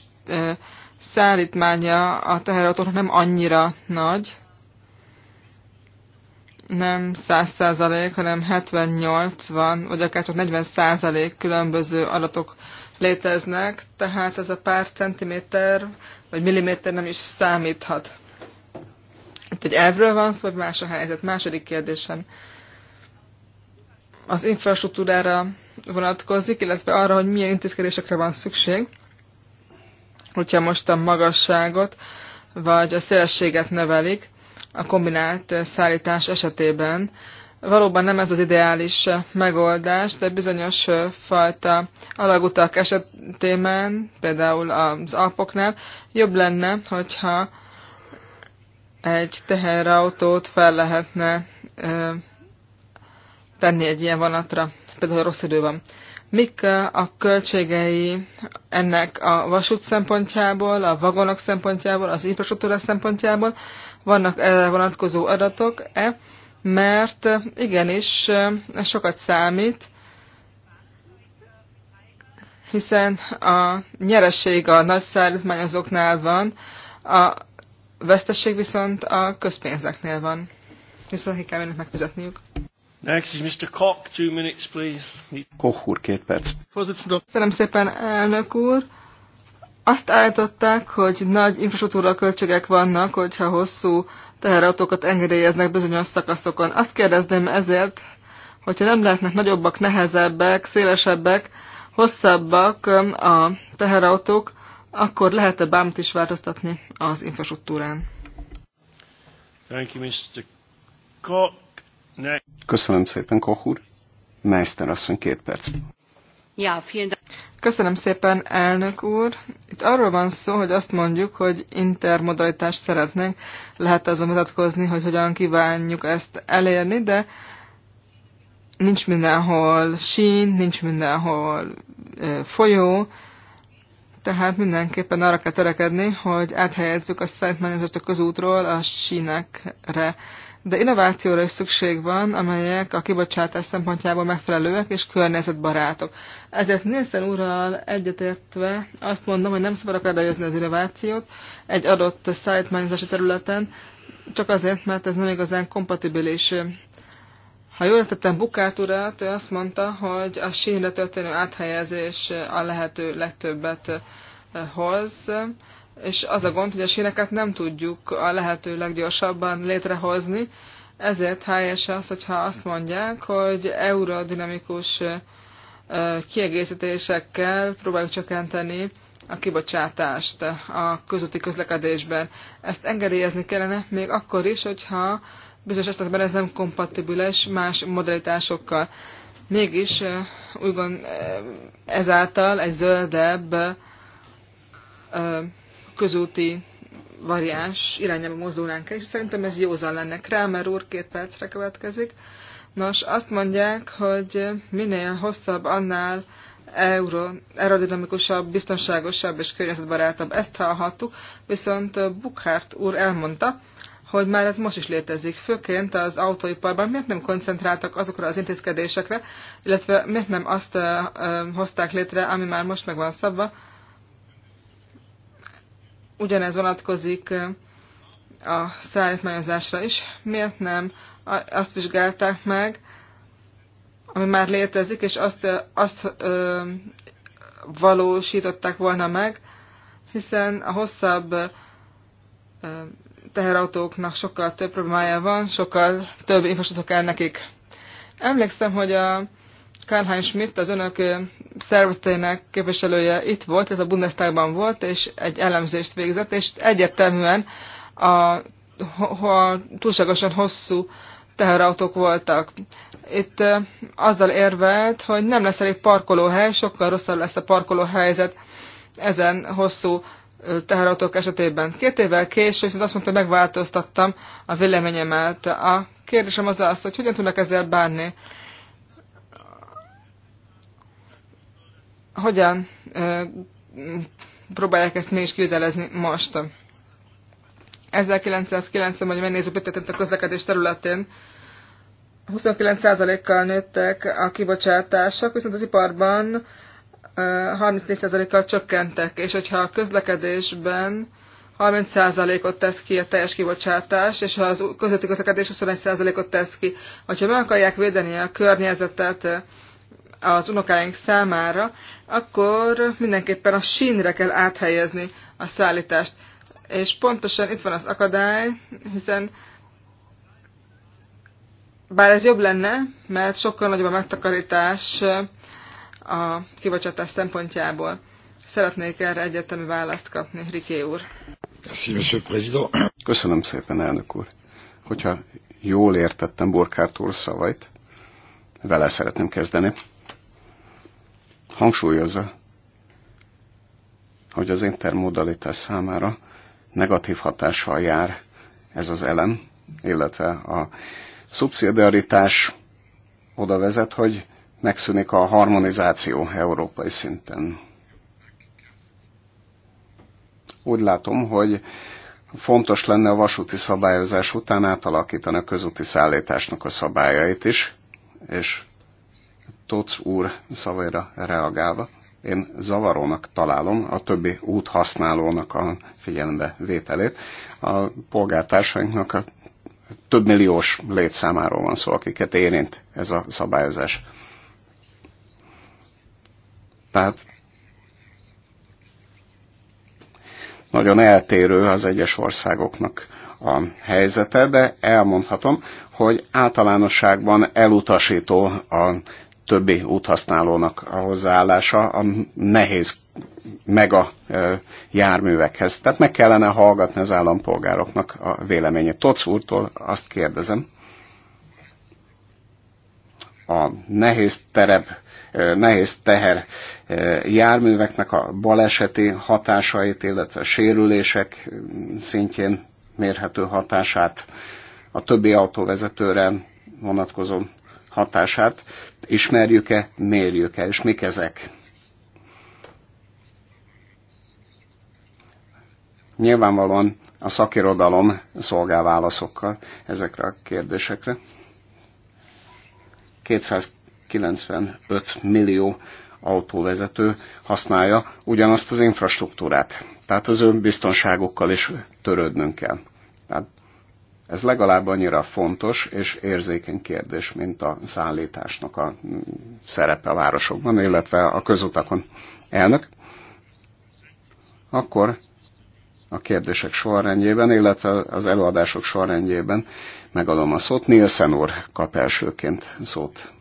szállítmánya a teherautóknak nem annyira nagy, nem 100%, hanem 70-80, vagy akár csak 40% különböző adatok léteznek, tehát ez a pár centiméter vagy milliméter nem is számíthat. Itt egy elvről van szó, vagy más a helyzet? Második kérdésem az infrastruktúrára vonatkozik, illetve arra, hogy milyen intézkedésekre van szükség, hogyha most a magasságot vagy a szélességet növelik a kombinált szállítás esetében. Valóban nem ez az ideális megoldás, de bizonyos fajta alagutak esetében, például az Alpoknál, jobb lenne, hogyha egy teherautót fel lehetne ö, tenni egy ilyen vonatra, például rossz idő van. Mik a költségei ennek a vasút szempontjából, a vagonok szempontjából, az infrastruktúra szempontjából? Vannak erre vonatkozó adatok-e? Mert igenis, ez sokat számít, hiszen a nyereség a nagy szállítmányozóknál van, a vesztesség viszont a közpénzeknél van, Viszont ki kell mindent megfizetniük. Next is Mr. Koch, two minutes, please. Koch úr, két perc. Köszönöm szépen, elnök úr. Azt állították, hogy nagy infrastruktúra költségek vannak, hogyha hosszú teherautókat engedélyeznek bizonyos szakaszokon. Azt kérdezném ezért, hogyha nem lehetnek nagyobbak, nehezebbek, szélesebbek, hosszabbak um, a teherautók, akkor lehet-e bámit is változtatni az infrastruktúrán? Thank you, Mr. Koch. Ne- Köszönöm szépen, Koch úr. Meister asszony, két perc. Ja, vielen Dank. Köszönöm szépen, elnök úr. Itt arról van szó, hogy azt mondjuk, hogy intermodalitást szeretnénk. Lehet azon mutatkozni, hogy hogyan kívánjuk ezt elérni, de nincs mindenhol sín, nincs mindenhol folyó, tehát mindenképpen arra kell törekedni, hogy áthelyezzük a szállítmányozást a közútról a sínekre. De innovációra is szükség van, amelyek a kibocsátás szempontjából megfelelőek és környezetbarátok. Ezért Nielsen úrral egyetértve azt mondom, hogy nem szabad akadályozni az innovációt egy adott szállítmányozási területen, csak azért, mert ez nem igazán kompatibilis ha jól értettem Bukát urat, ő azt mondta, hogy a sínre történő áthelyezés a lehető legtöbbet eh, hoz, és az a gond, hogy a síneket nem tudjuk a lehető leggyorsabban létrehozni, ezért helyes az, hogyha azt mondják, hogy eurodinamikus eh, kiegészítésekkel próbáljuk csökkenteni a kibocsátást a közúti közlekedésben. Ezt engedélyezni kellene még akkor is, hogyha bizonyos esetekben ez nem kompatibilis más modalitásokkal. Mégis úgy gond, ezáltal egy zöldebb közúti variáns irányába mozdulnánk el, és szerintem ez józan lenne. Kramer úr két percre következik. Nos, azt mondják, hogy minél hosszabb, annál euro, aerodinamikusabb, biztonságosabb és környezetbarátabb. Ezt hallhattuk, viszont Bukhárt úr elmondta, hogy már ez most is létezik, főként az autóiparban. Miért nem koncentráltak azokra az intézkedésekre, illetve miért nem azt hozták létre, ami már most meg van szabva? Ugyanez vonatkozik a szállítmányozásra is. Miért nem azt vizsgálták meg, ami már létezik, és azt, azt ö, valósították volna meg, hiszen a hosszabb ö, teherautóknak sokkal több problémája van, sokkal több infrastruktúra kell nekik. Emlékszem, hogy a Karlheinz Schmidt, az önök szervezetének képviselője itt volt, ez a Bundestagban volt, és egy elemzést végzett, és egyértelműen a, a túlságosan hosszú teherautók voltak. Itt azzal érvelt, hogy nem lesz elég parkolóhely, sokkal rosszabb lesz a parkolóhelyzet ezen hosszú teherautók esetében. Két évvel később viszont azt mondta, hogy megváltoztattam a véleményemet. A kérdésem az az, hogy hogyan tudnak ezzel bánni. Hogyan ö, próbálják ezt mégis kivitelezni most? 1990-ben, hogy megnézzük, mit a közlekedés területén, 29%-kal nőttek a kibocsátások, viszont az iparban 34%-kal csökkentek, és hogyha a közlekedésben 30%-ot tesz ki a teljes kibocsátás, és ha az közötti közlekedés 21%-ot tesz ki. hogyha meg akarják védeni a környezetet az unokáink számára, akkor mindenképpen a sínre kell áthelyezni a szállítást. És pontosan itt van az akadály, hiszen bár ez jobb lenne, mert sokkal nagyobb a megtakarítás a kibocsátás szempontjából. Szeretnék erre egyetemi választ kapni, Riké úr. Köszönöm szépen, elnök úr. Hogyha jól értettem Borkárt úr szavait, vele szeretném kezdeni. Hangsúlyozza, hogy az intermodalitás számára negatív hatással jár ez az elem, illetve a szubszidiaritás oda vezet, hogy megszűnik a harmonizáció európai szinten. Úgy látom, hogy fontos lenne a vasúti szabályozás után átalakítani a közúti szállításnak a szabályait is, és Tóc úr szavaira reagálva, én zavarónak találom a többi úthasználónak a figyelembe vételét. A polgártársainknak a több milliós létszámáról van szó, akiket érint ez a szabályozás. Tehát nagyon eltérő az egyes országoknak a helyzete, de elmondhatom, hogy általánosságban elutasító a többi úthasználónak a hozzáállása a nehéz mega járművekhez. Tehát meg kellene hallgatni az állampolgároknak a véleményét. Tocz úrtól azt kérdezem, a nehéz terep nehéz teher járműveknek a baleseti hatásait, illetve sérülések mm, szintjén mérhető hatását, a többi autóvezetőre vonatkozó hatását ismerjük-e, mérjük-e, és mik ezek? Nyilvánvalóan a szakirodalom szolgál válaszokkal ezekre a kérdésekre. 200 95 millió autóvezető használja ugyanazt az infrastruktúrát. Tehát az önbiztonságokkal is törődnünk kell. Tehát ez legalább annyira fontos és érzékeny kérdés, mint a szállításnak a szerepe a városokban, illetve a közutakon. Elnök, akkor a kérdések sorrendjében, illetve az előadások sorrendjében megadom a szót. Nielsen úr kap elsőként szót.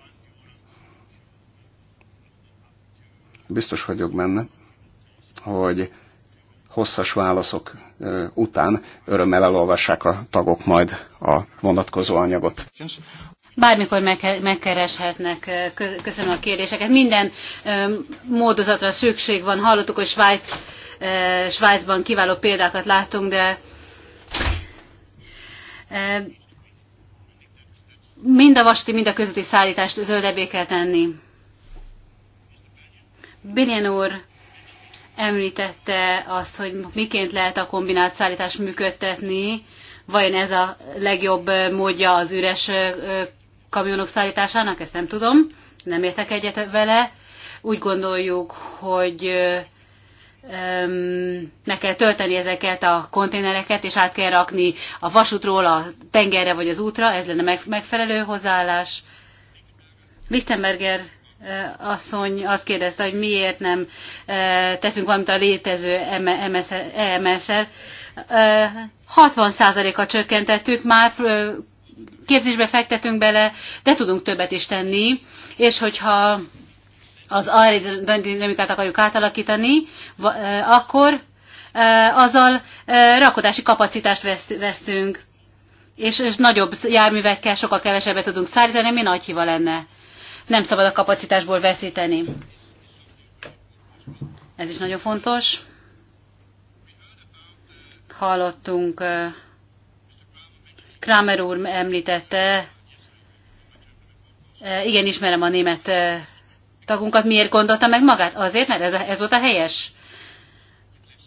biztos vagyok benne, hogy hosszas válaszok után örömmel elolvassák a tagok majd a vonatkozó anyagot. Bármikor megkereshetnek, köszönöm a kérdéseket. Minden módozatra szükség van. Hallottuk, hogy Svájc, Svájcban kiváló példákat láttunk, de mind a vasti, mind a közötti szállítást zöldebbé kell tenni. Bilén úr említette azt, hogy miként lehet a kombinált szállítást működtetni, vajon ez a legjobb módja az üres kamionok szállításának, ezt nem tudom, nem értek egyet vele. Úgy gondoljuk, hogy meg kell tölteni ezeket a konténereket, és át kell rakni a vasútról a tengerre vagy az útra, ez lenne megfelelő hozzáállás. Lichtenberger Eh, asszony azt kérdezte, hogy miért nem eh, teszünk valamit a létező EMS-el. 60 a csökkentettük, már eh, képzésbe fektetünk bele, de tudunk többet is tenni, és hogyha az aerodinamikát akarjuk átalakítani, akkor azzal rakodási kapacitást vesztünk, és, és nagyobb járművekkel sokkal kevesebbet tudunk szállítani, ami nagy hiva lenne nem szabad a kapacitásból veszíteni. Ez is nagyon fontos. Hallottunk, Kramer úr említette, igen, ismerem a német tagunkat, miért gondolta meg magát? Azért, mert ez, ez volt a helyes.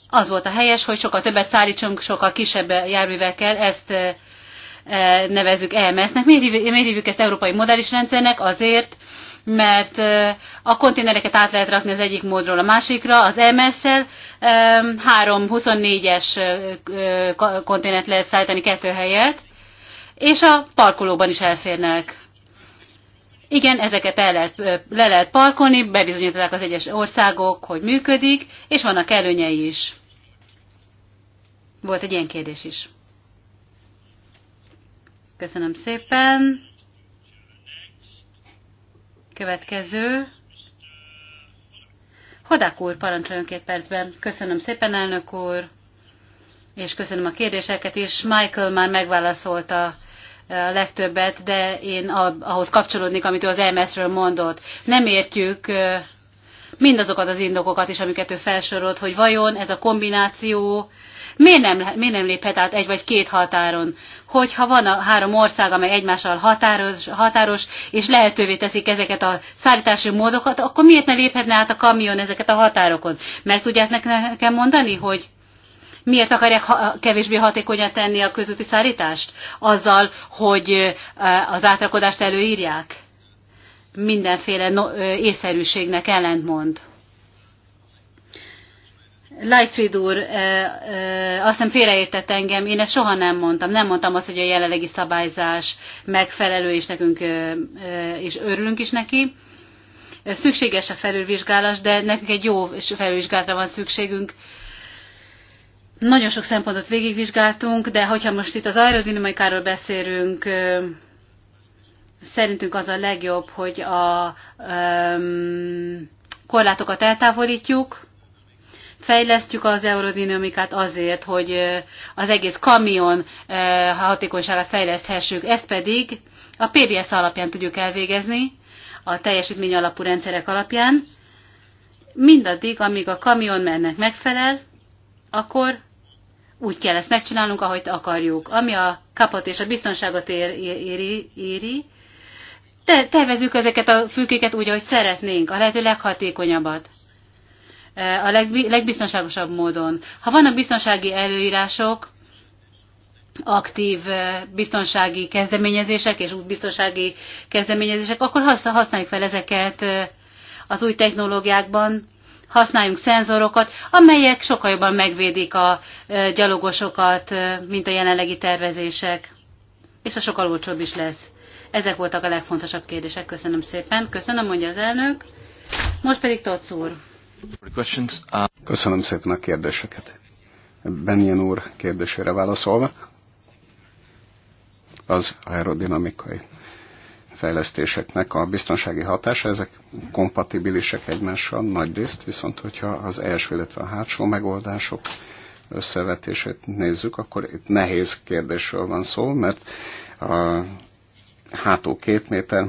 Az volt a helyes, hogy sokkal többet szállítsunk, sokkal kisebb járművekkel, ezt nevezzük EMS-nek. Miért, miért hívjuk ezt európai modális rendszernek? Azért, mert a konténereket át lehet rakni az egyik módról a másikra, az e MS-sel 3-24-es konténert lehet szállítani kettő helyet, és a parkolóban is elférnek. Igen, ezeket el lehet, le lehet parkolni, bebizonyították az egyes országok, hogy működik, és vannak előnyei is. Volt egy ilyen kérdés is. Köszönöm szépen. Következő. Hodák úr, parancsoljon két percben. Köszönöm szépen, elnök úr, és köszönöm a kérdéseket is. Michael már megválaszolta eh, a legtöbbet, de én ahhoz kapcsolódnék, amit ő az e MS-ről mondott. Nem értjük eh, mindazokat az indokokat is, amiket ő felsorolt, hogy vajon ez a kombináció miért nem, miért nem léphet át egy vagy két határon, hogyha van a három ország, amely egymással határos, határos és lehetővé teszik ezeket a szállítási módokat, akkor miért ne léphetne át a kamion ezeket a határokon? Meg tudják nekem mondani, hogy miért akarják ha- kevésbé hatékonyan tenni a közúti szállítást? Azzal, hogy az átrakodást előírják? mindenféle no, észszerűségnek ellentmond. Lightfried úr, azt hiszem félreértett engem, én ezt soha nem mondtam. Nem mondtam azt, hogy a jelenlegi szabályzás megfelelő, és nekünk, és örülünk is neki. Szükséges a felülvizsgálás, de nekünk egy jó felülvizsgálatra van szükségünk. Nagyon sok szempontot végigvizsgáltunk, de hogyha most itt az aerodinamikáról beszélünk, szerintünk az a legjobb, hogy a um, korlátokat eltávolítjuk, fejlesztjük az aerodinamikát azért, hogy az egész kamion hatékonyságát fejleszthessük, ezt pedig a PBS alapján tudjuk elvégezni, a teljesítmény alapú rendszerek alapján. Mindaddig, amíg a kamion ennek megfelel, akkor úgy kell ezt megcsinálnunk, ahogy akarjuk. Ami a kapot és a biztonságot éri, éri, éri, te, tervezzük ezeket a fülkéket úgy, ahogy szeretnénk, a lehető leghatékonyabbat, e, a leg, legbiztonságosabb módon. Ha vannak biztonsági előírások, aktív e, biztonsági kezdeményezések és útbiztonsági kezdeményezések, akkor használjuk fel ezeket e, az új technológiákban, használjunk szenzorokat, amelyek sokkal jobban megvédik a gyalogosokat, mint a jelenlegi tervezések, és a sokkal olcsóbb is lesz. Ezek voltak a legfontosabb kérdések. Köszönöm szépen. Köszönöm, mondja az elnök. Most pedig Tocz úr. Uh, Köszönöm szépen a kérdéseket. Benjen úr kérdésére válaszolva, az aerodinamikai fejlesztéseknek a biztonsági hatása, ezek kompatibilisek egymással Nagy részt, viszont hogyha az első, illetve a hátsó megoldások összevetését nézzük, akkor itt nehéz kérdésről van szó, mert a hátul két méter,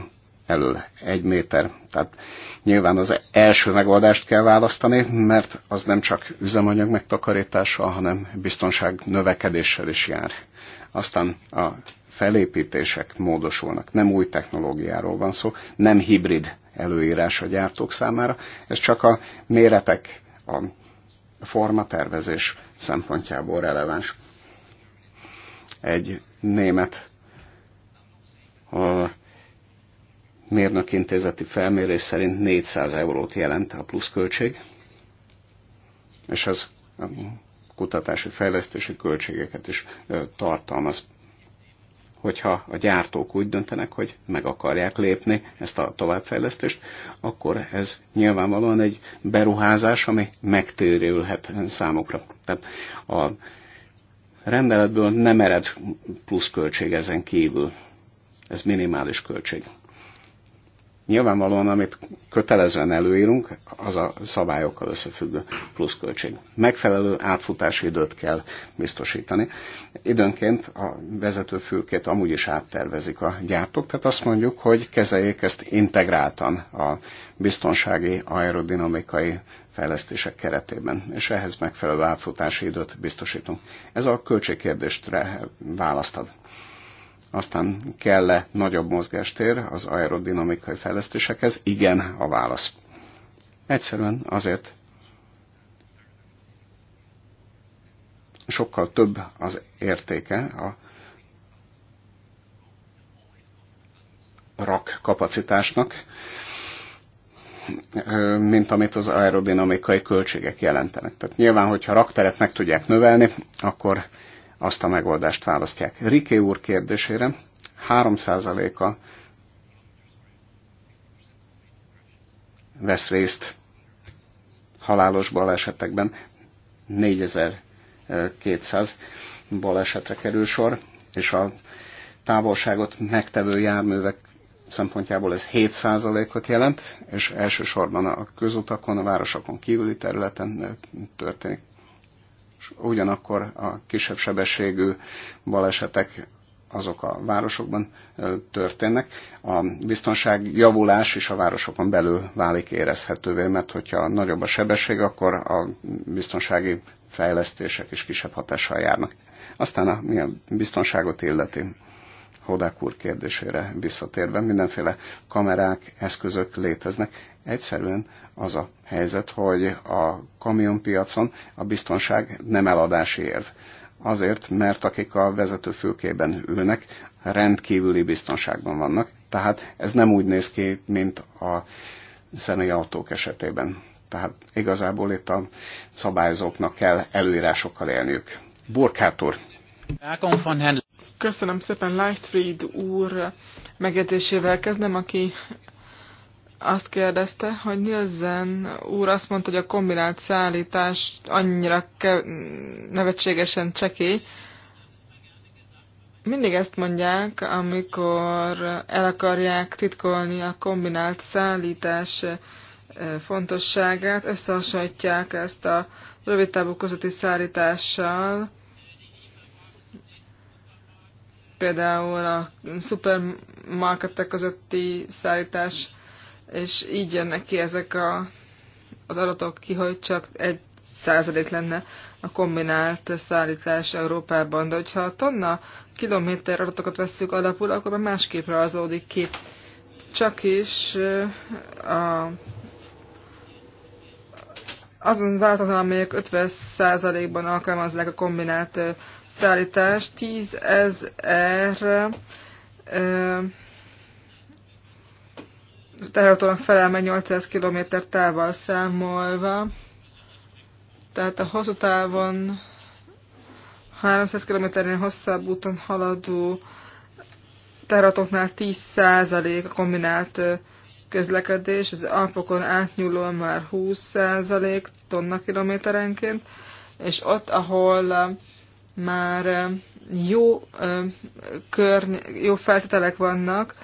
elől egy méter. Tehát nyilván az első megoldást kell választani, mert az nem csak üzemanyag megtakarítással, hanem biztonság növekedéssel is jár. Aztán a felépítések módosulnak, nem új technológiáról van szó, nem hibrid előírás a gyártók számára, ez csak a méretek, a formatervezés szempontjából releváns. Egy német a mérnökintézeti felmérés szerint 400 eurót jelent a pluszköltség, és ez a kutatási fejlesztési költségeket is tartalmaz. Hogyha a gyártók úgy döntenek, hogy meg akarják lépni ezt a továbbfejlesztést, akkor ez nyilvánvalóan egy beruházás, ami megtérülhet számukra. Tehát a rendeletből nem ered pluszköltség ezen kívül. Ez minimális költség. Nyilvánvalóan, amit kötelezően előírunk, az a szabályokkal összefüggő pluszköltség. Megfelelő átfutási időt kell biztosítani. Időnként a vezetőfülkét amúgy is áttervezik a gyártók, tehát azt mondjuk, hogy kezeljék ezt integráltan a biztonsági aerodinamikai fejlesztések keretében, és ehhez megfelelő átfutási időt biztosítunk. Ez a költségkérdést választad. Aztán kell-e nagyobb mozgástér az aerodinamikai fejlesztésekhez? Igen a válasz. Egyszerűen azért sokkal több az értéke a rak kapacitásnak, mint amit az aerodinamikai költségek jelentenek. Tehát nyilván, hogyha rakteret meg tudják növelni, akkor azt a megoldást választják. Riké úr kérdésére 3%-a vesz részt halálos balesetekben, 4200 balesetre kerül sor, és a távolságot megtevő járművek szempontjából ez 7%-ot jelent, és elsősorban a közutakon, a városokon kívüli területen történik és ugyanakkor a kisebb sebességű balesetek azok a városokban történnek. A biztonság javulás is a városokon belül válik érezhetővé, mert hogyha nagyobb a sebesség, akkor a biztonsági fejlesztések is kisebb hatással járnak. Aztán a, mi a biztonságot illeti. Hodák úr kérdésére visszatérve, mindenféle kamerák, eszközök léteznek. Egyszerűen az a helyzet, hogy a kamionpiacon a biztonság nem eladási érv. Azért, mert akik a vezetőfülkében ülnek, rendkívüli biztonságban vannak. Tehát ez nem úgy néz ki, mint a személyautók esetében. Tehát igazából itt a szabályozóknak kell előírásokkal élniük. Burkhardt úr. Köszönöm szépen Leichtfried úr megjegyzésével kezdem, aki azt kérdezte, hogy Nielsen úr azt mondta, hogy a kombinált szállítás annyira nevetségesen csekély. Mindig ezt mondják, amikor el akarják titkolni a kombinált szállítás fontosságát, összehasonlítják ezt a rövidtávú közötti szállítással, például a szupermarketek közötti szállítás, és így jönnek ki ezek a, az adatok ki, hogy csak egy százalék lenne a kombinált szállítás Európában. De hogyha a tonna kilométer adatokat veszük alapul, akkor már másképp rajzódik ki. Csak is a azon vállalatoknál, amelyek 50%-ban alkalmazzák a kombinált szállítást, 10 ezer teherautónak felel meg 800 km távval számolva. Tehát a hosszú távon 300 km-nél hosszabb úton haladó teherautóknál 10% a kombinált közlekedés, az Alpokon átnyúló már 20% tonna kilométerenként, és ott, ahol már jó, körny- jó feltételek vannak,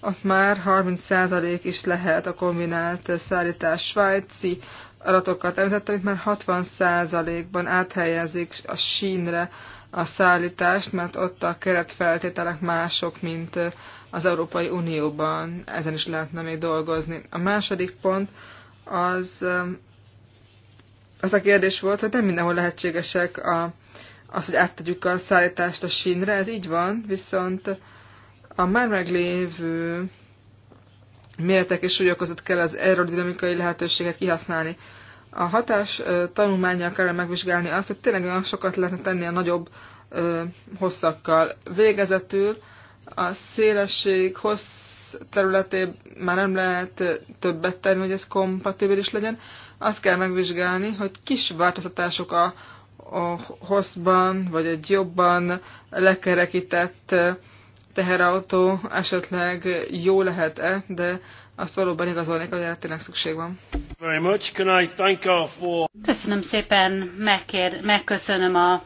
ott már 30% is lehet a kombinált szállítás svájci adatokat említettem, itt már 60%-ban áthelyezik a sínre a szállítást, mert ott a keretfeltételek mások, mint az Európai Unióban. Ezen is lehetne még dolgozni. A második pont az, um, az a kérdés volt, hogy nem mindenhol lehetségesek a, az, hogy áttegyük a szállítást a sínre. Ez így van, viszont a már meglévő méretek és súlyok között kell az aerodinamikai lehetőséget kihasználni. A hatás tanulmányjal kell megvizsgálni azt, hogy tényleg olyan sokat lehetne tenni a nagyobb ö, hosszakkal. Végezetül a szélesség hossz területé már nem lehet többet tenni, hogy ez kompatibilis legyen. Azt kell megvizsgálni, hogy kis változtatások a, a hosszban, vagy egy jobban lekerekített teherautó esetleg jó lehet-e, de azt valóban igazolnék, hogy erre tényleg szükség van. Köszönöm szépen, megkér, megköszönöm a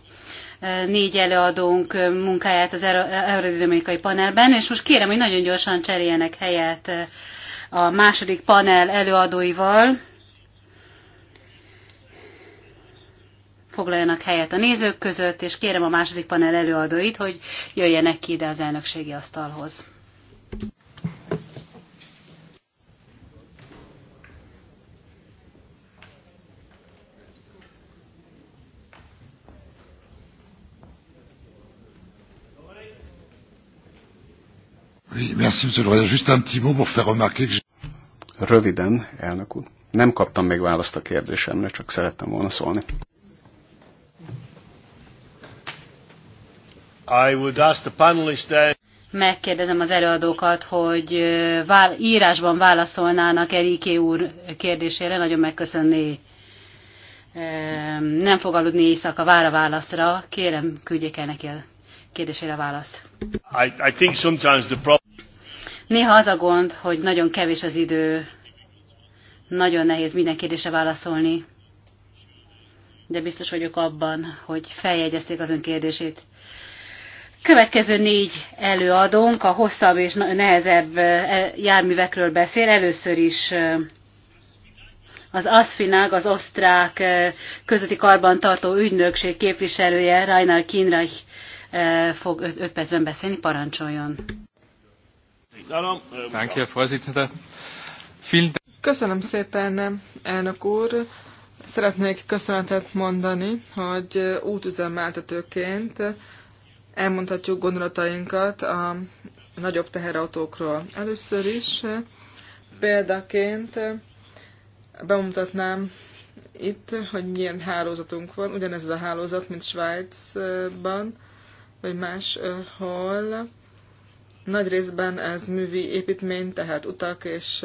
négy előadónk munkáját az aerodinamikai panelben, és most kérem, hogy nagyon gyorsan cseréljenek helyet a második panel előadóival. Foglaljanak helyet a nézők között, és kérem a második panel előadóit, hogy jöjjenek ki ide az elnökségi asztalhoz. Röviden, elnök úr. Nem kaptam még választ a kérdésemre, csak szerettem volna szólni. I would ask the panelists megkérdezem az előadókat, hogy vál, írásban válaszolnának Eriké úr kérdésére, nagyon megköszönné. Nem fog aludni éjszaka, vár a válaszra. Kérem, küldjék el neki a kérdésére a választ. I, I think sometimes the problem... Néha az a gond, hogy nagyon kevés az idő, nagyon nehéz minden kérdésre válaszolni, de biztos vagyok abban, hogy feljegyezték az ön kérdését. Következő négy előadónk a hosszabb és nehezebb e, járművekről beszél. Először is az ASFINAG, az osztrák közötti karbantartó ügynökség képviselője Rainer Kinreich fog 5 percben beszélni. Parancsoljon! Köszönöm szépen, elnök úr. Szeretnék köszönetet mondani, hogy útüzemeltetőként elmondhatjuk gondolatainkat a nagyobb teherautókról. Először is példaként bemutatnám itt, hogy milyen hálózatunk van. Ugyanez a hálózat, mint Svájcban, vagy máshol. Nagy részben ez művi építmény, tehát utak és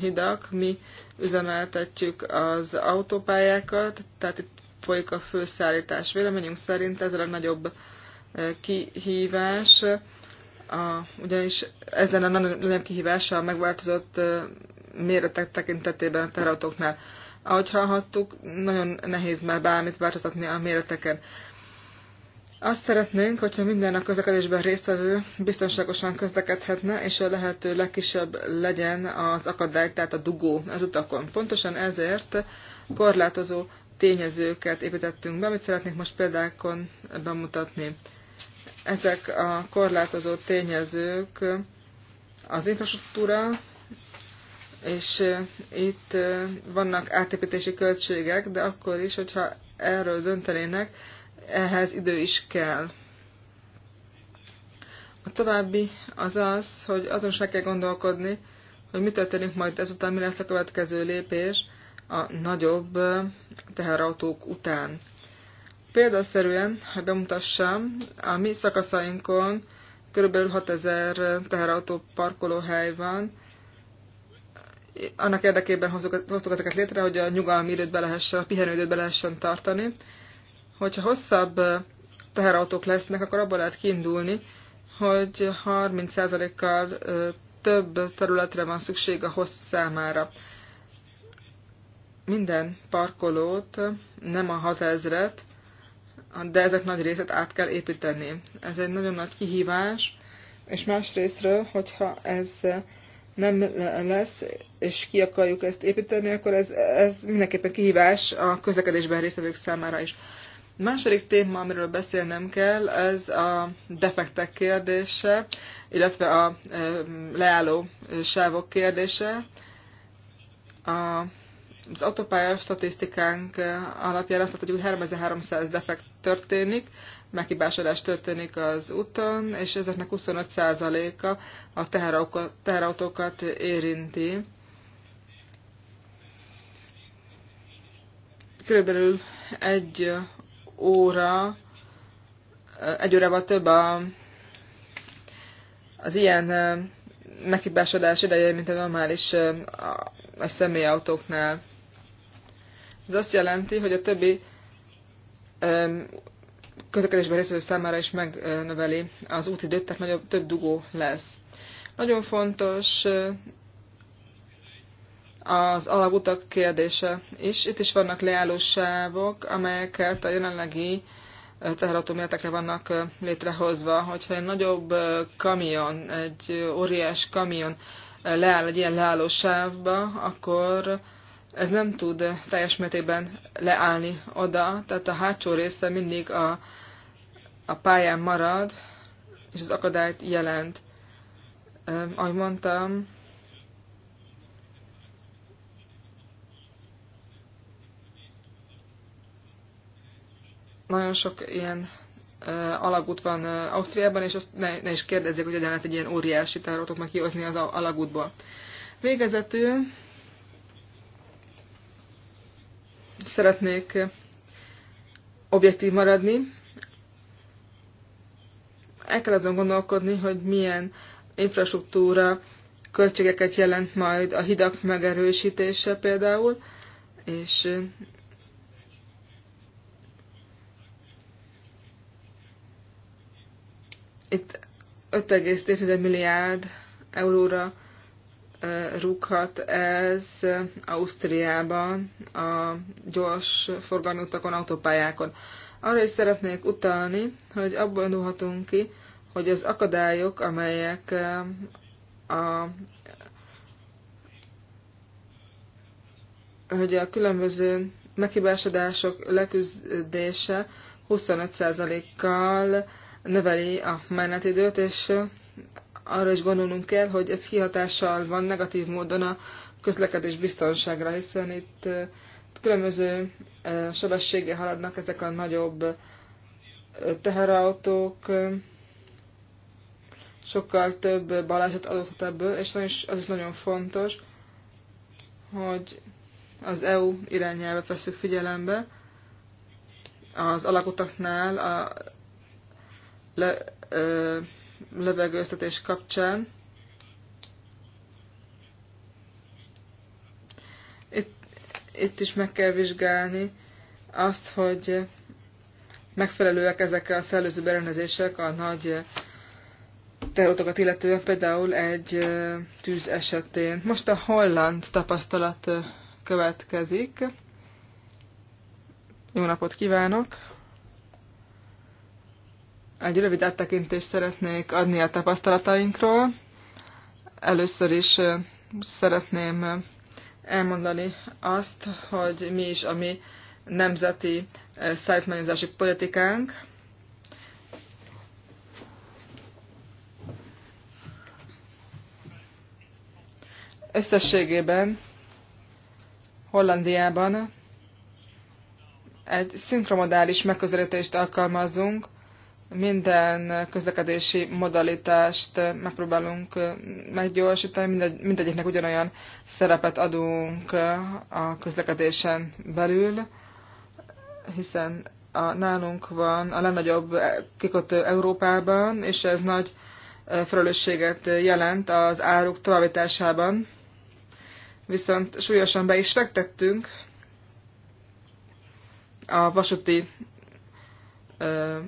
hidak. Mi üzemeltetjük az autópályákat, tehát itt folyik a főszállítás. Véleményünk szerint ez a nagyobb kihívás, a, ugyanis ez lenne a nagyobb kihívás a megváltozott méretek tekintetében a terautóknál. Ahogy hallhattuk, nagyon nehéz már bármit változtatni a méreteken. Azt szeretnénk, hogyha minden a közlekedésben résztvevő biztonságosan közlekedhetne, és a lehető legkisebb legyen az akadály, tehát a dugó az utakon. Pontosan ezért korlátozó tényezőket építettünk be, amit szeretnék most példákon bemutatni. Ezek a korlátozó tényezők az infrastruktúra, és itt vannak átépítési költségek, de akkor is, hogyha erről döntenének, ehhez idő is kell. A további az az, hogy azon is kell gondolkodni, hogy mi történik majd ezután, mi lesz a következő lépés a nagyobb teherautók után. Példaszerűen, ha bemutassam, a mi szakaszainkon kb. 6000 teherautó parkolóhely van. Annak érdekében hoztuk, hoztuk ezeket létre, hogy a nyugalmi időt be lehessen, a pihenőidőt be lehessen tartani hogyha hosszabb teherautók lesznek, akkor abból lehet kiindulni, hogy 30%-kal több területre van szükség a hossz számára. Minden parkolót, nem a 6000-et, de ezek nagy részét át kell építeni. Ez egy nagyon nagy kihívás, és másrésztről, hogyha ez nem lesz, és ki akarjuk ezt építeni, akkor ez, ez mindenképpen kihívás a közlekedésben részvevők számára is. Második téma, amiről beszélnem kell, ez a defektek kérdése, illetve a leálló sávok kérdése. A, az autópálya statisztikánk alapján azt mondjuk, hogy 3300 defekt történik, meghibásodás történik az úton, és ezeknek 25%-a a teherautókat érinti. Körülbelül egy óra, egy órával több a, az ilyen meghibásodás ideje, mint a normális a, a személyautóknál. Ez azt jelenti, hogy a többi közlekedésben részvevő számára is megnöveli az útidőt, tehát nagyobb, több dugó lesz. Nagyon fontos az alagutak kérdése is. Itt is vannak leállóságok, amelyeket a jelenlegi eh, teherautó méretekre vannak eh, létrehozva. Hogyha egy nagyobb eh, kamion, egy óriás kamion leáll egy ilyen leállósávba, akkor ez nem tud teljes mértékben leállni oda, tehát a hátsó része mindig a, a pályán marad, és az akadályt jelent. Ahogy mondtam, Nagyon sok ilyen alagút van Ausztriában, és azt ne, ne is kérdezzék, hogy hogyan lehet egy ilyen óriási tárotot meg kihozni az alagútból. Végezetül szeretnék objektív maradni. El kell azon gondolkodni, hogy milyen infrastruktúra költségeket jelent majd a hidak megerősítése például, és itt 5,4 milliárd euróra rúghat ez Ausztriában a gyors forgalmi utakon, autópályákon. Arra is szeretnék utalni, hogy abból indulhatunk ki, hogy az akadályok, amelyek a, hogy a különböző meghibásodások leküzdése 25%-kal növeli a menetidőt, és arra is gondolnunk kell, hogy ez kihatással van negatív módon a közlekedés biztonságra, hiszen itt különböző sebességgel haladnak ezek a nagyobb teherautók, sokkal több baleset adódhat ebből, és az is nagyon fontos, hogy az EU irányelvet veszük figyelembe, az alakutaknál a le, ö, levegőztetés kapcsán. Itt, itt is meg kell vizsgálni azt, hogy megfelelőek ezek a szellőző berendezések a nagy terrotokat illetően, például egy tűz esetén. Most a holland tapasztalat következik. Jó napot kívánok! Egy rövid áttekintést szeretnék adni a tapasztalatainkról. Először is szeretném elmondani azt, hogy mi is a mi nemzeti szájtmányozási politikánk. Összességében Hollandiában egy szinkromodális megközelítést alkalmazunk minden közlekedési modalitást megpróbálunk meggyorsítani, mindegy, mindegyiknek ugyanolyan szerepet adunk a közlekedésen belül, hiszen a, nálunk van a legnagyobb kikötő Európában, és ez nagy felelősséget jelent az áruk továbbításában. Viszont súlyosan be is fektettünk a vasúti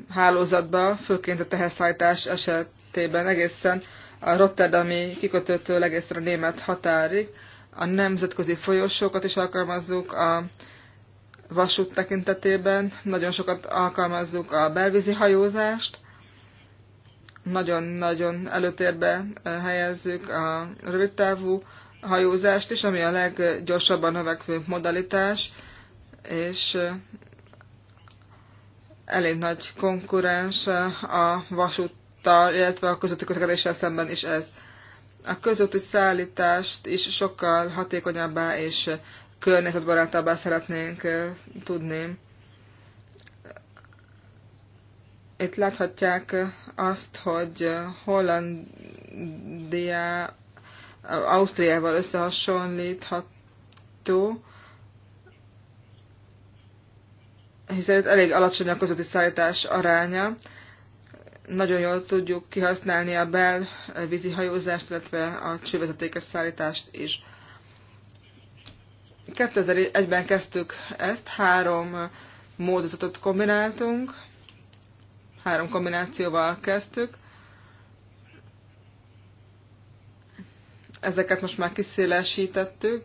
hálózatba, főként a teherszállítás esetében egészen a Rotterdami kikötőtől egészen a német határig. A nemzetközi folyosókat is alkalmazzuk a vasút tekintetében, nagyon sokat alkalmazzuk a belvízi hajózást, nagyon-nagyon előtérbe helyezzük a rövidtávú hajózást is, ami a leggyorsabban növekvő modalitás, és elég nagy konkurens eh, a vasúttal, illetve a közötti közlekedéssel szemben is ez. A közötti szállítást is sokkal hatékonyabbá és környezetbarátabbá szeretnénk eh, tudni. Itt láthatják eh, azt, hogy Hollandia Ausztriával összehasonlítható, hiszen itt elég alacsony a közötti szállítás aránya. Nagyon jól tudjuk kihasználni a belvízi hajózást, illetve a csővezetékes szállítást is. 2001-ben kezdtük ezt, három módozatot kombináltunk, három kombinációval kezdtük. Ezeket most már kiszélesítettük,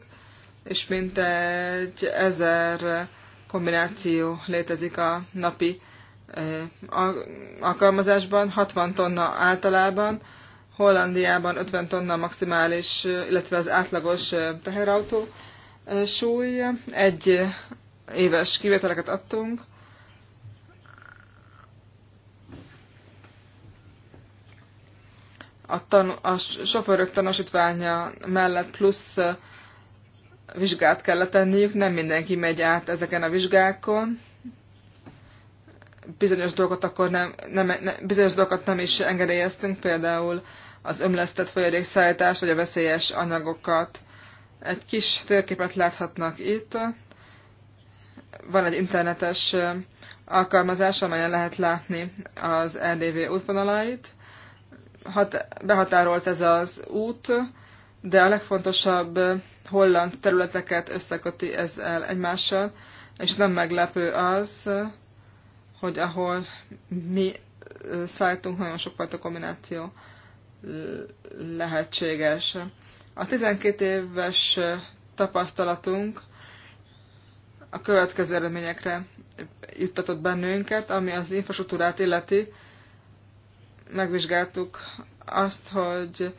és mintegy ezer kombináció létezik a napi alkalmazásban, 60 tonna általában, Hollandiában 50 tonna maximális, illetve az átlagos teherautó súly. Egy éves kivételeket adtunk. A, tan- a sofőrök tanúsítványa mellett plusz vizsgát kell tenniük, nem mindenki megy át ezeken a vizsgákon. Bizonyos dolgokat akkor nem, nem, nem bizonyos dolgokat nem is engedélyeztünk, például az ömlesztett folyadékszállítást, vagy a veszélyes anyagokat. Egy kis térképet láthatnak itt. Van egy internetes alkalmazás, amelyen lehet látni az LDV útvonalait. Hat, behatárolt ez az út, de a legfontosabb holland területeket összeköti ezzel egymással, és nem meglepő az, hogy ahol mi szálltunk, nagyon sokfajta kombináció lehetséges. A 12 éves tapasztalatunk a következő eredményekre juttatott bennünket, ami az infrastruktúrát illeti. Megvizsgáltuk azt, hogy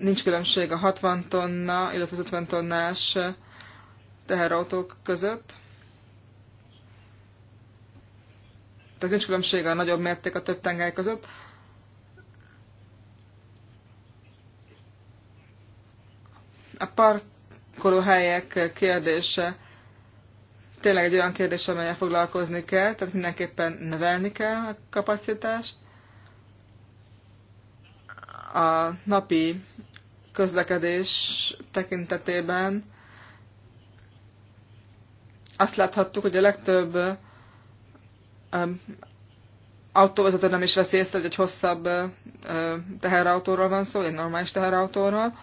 nincs különbség a 60 tonna, illetve az 50 tonnás teherautók között. Tehát nincs különbség a nagyobb mérték a több tengely között. A parkolóhelyek kérdése tényleg egy olyan kérdés, amelyel foglalkozni kell, tehát mindenképpen növelni kell a kapacitást. A napi közlekedés tekintetében azt láthattuk, hogy a legtöbb um, autóvezető nem is veszi észre, hogy egy hosszabb teherautóról van szó, egy normális teherautóról.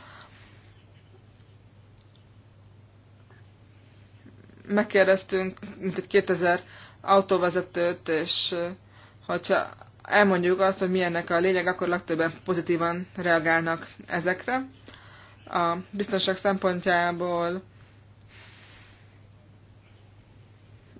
Megkérdeztünk mintegy 2000 autóvezetőt, és hogyha elmondjuk azt, hogy milyennek a lényeg, akkor legtöbben pozitívan reagálnak ezekre a biztonság szempontjából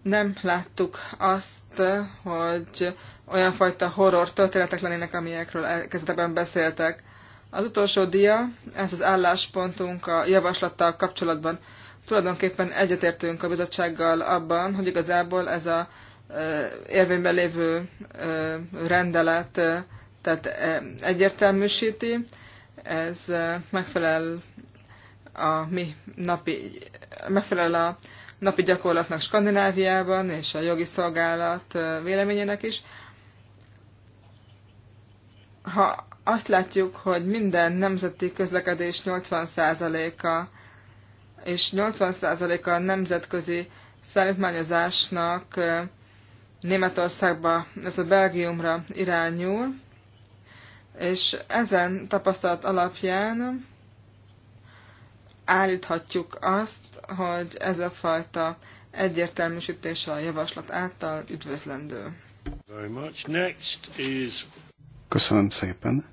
nem láttuk azt, hogy olyan fajta horror történetek lennének, amilyekről e- kezdetben beszéltek. Az utolsó dia, ez az álláspontunk a javaslattal kapcsolatban. Tulajdonképpen egyetértünk a bizottsággal abban, hogy igazából ez a érvényben lévő rendelet tehát egyértelműsíti, ez megfelel a mi napi, megfelel a napi gyakorlatnak Skandináviában és a jogi szolgálat véleményének is. Ha azt látjuk, hogy minden nemzeti közlekedés 80%-a és 80%-a nemzetközi szállítmányozásnak Németországba, ez a Belgiumra irányul, és ezen tapasztalat alapján állíthatjuk azt, hogy ez a fajta egyértelműsítése a javaslat által üdvözlendő. Köszönöm szépen.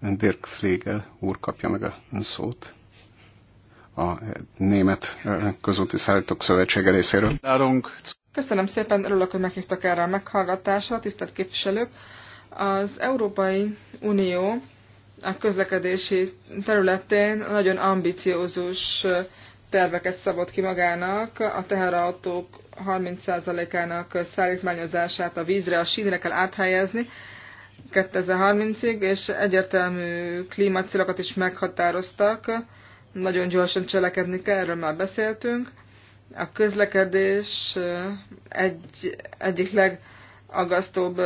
Dirk Flegel úr kapja meg a szót a Német Közúti Szállítók Szövetsége részéről. Köszönöm szépen, örülök, hogy meghívtak erre a meghallgatásra, tisztelt képviselők. Az Európai Unió a közlekedési területén nagyon ambiciózus terveket szabott ki magának, a teherautók 30%-ának szállítmányozását a vízre, a sínre kell áthelyezni 2030-ig, és egyértelmű klímacélokat is meghatároztak, nagyon gyorsan cselekedni kell, erről már beszéltünk. A közlekedés egy, egyik legagasztóbb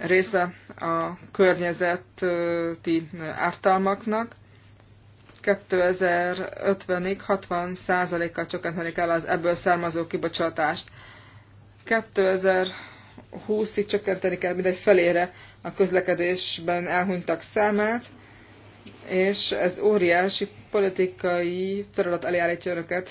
része a környezeti ártalmaknak. 2050-ig 60%-kal csökkenteni kell az ebből származó kibocsátást. 2020-ig csökkenteni kell mindegy felére a közlekedésben elhunytak számát, és ez óriási politikai feladat elé állítja önöket,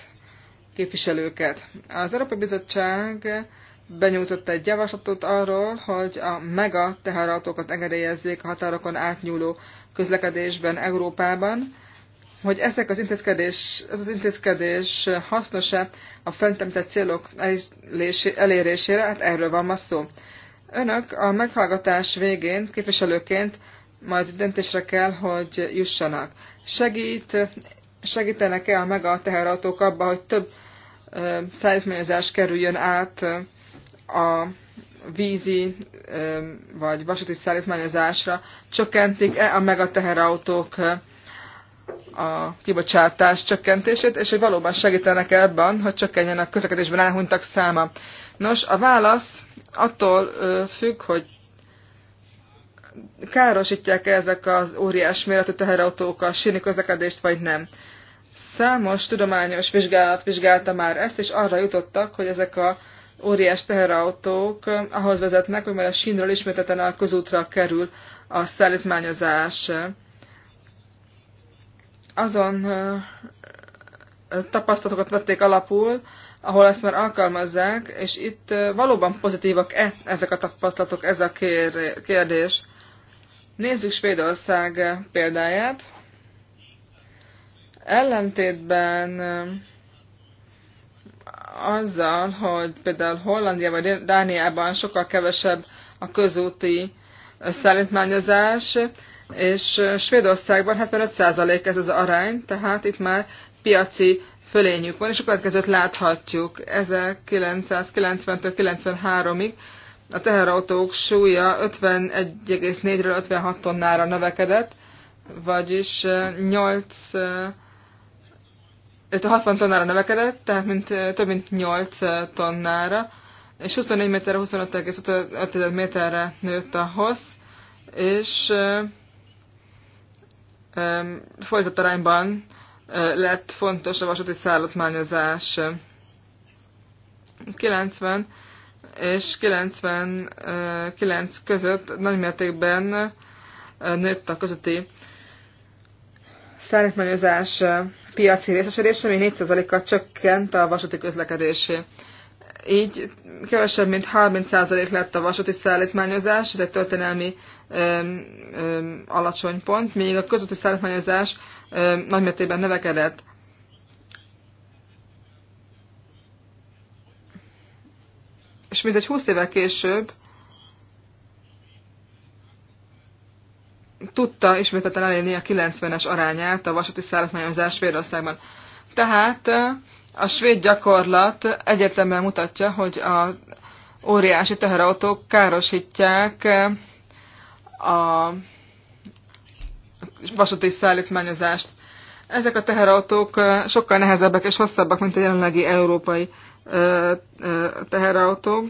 képviselőket. Az Európai Bizottság benyújtott egy javaslatot arról, hogy a mega teherautókat engedélyezzék a határokon átnyúló közlekedésben Európában, hogy ezek az intézkedés, ez az intézkedés hasznos-e a fentemtett célok elérésére, hát erről van ma szó. Önök a meghallgatás végén képviselőként majd döntésre kell, hogy jussanak. Segít, segítenek-e a mega teherautók abba, hogy több szállítmányozás kerüljön át a vízi vagy vasúti szállítmányozásra csökkentik-e a megateherautók eh, a kibocsátás csökkentését, és hogy valóban segítenek -e ebben, hogy csökkenjen a közlekedésben elhunytak száma. Nos, a válasz attól függ, hogy károsítják -e ezek az óriás méretű teherautók a sírni közlekedést, vagy nem. Számos tudományos vizsgálat vizsgálta már ezt, és arra jutottak, hogy ezek a óriás teherautók ahhoz vezetnek, hogy már a sínről ismételten a közútra kerül a szállítmányozás. Azon tapasztalatokat vették alapul, ahol ezt már alkalmazzák, és itt valóban pozitívak-e ezek a tapasztalatok, ez a kérdés. Nézzük Svédország példáját. Ellentétben azzal, hogy például Hollandiában vagy Dániában sokkal kevesebb a közúti szállítmányozás, és Svédországban 75% ez az arány, tehát itt már piaci fölényük van, és a következőt láthatjuk. 1990-től 93-ig a teherautók súlya 51,4-ről 56 tonnára növekedett, vagyis 8 itt 60 tonnára növekedett, tehát mint, több mint 8 tonnára, és 24 méterre, 25,5 méterre nőtt a hossz, és folytott arányban lett fontos a vasúti szállatmányozás 90 és 99 között nagymértékben nőtt a közötti szállítmányozás piaci részesedés, ami 4%-kal csökkent a vasúti közlekedésé. Így kevesebb, mint 30% lett a vasúti szállítmányozás, ez egy történelmi öm, öm, alacsony pont, míg a közúti szállítmányozás öm, nagymértékben növekedett. És mintegy 20 évvel később tudta ismételten elérni a 90-es arányát a vasúti szállatmányozás Svédországban. Tehát eh, a svéd gyakorlat egyértelműen mutatja, hogy a óriási teherautók károsítják eh, a vasúti szállítmányozást. Ezek a teherautók eh, sokkal nehezebbek és hosszabbak, mint a jelenlegi európai teherautók,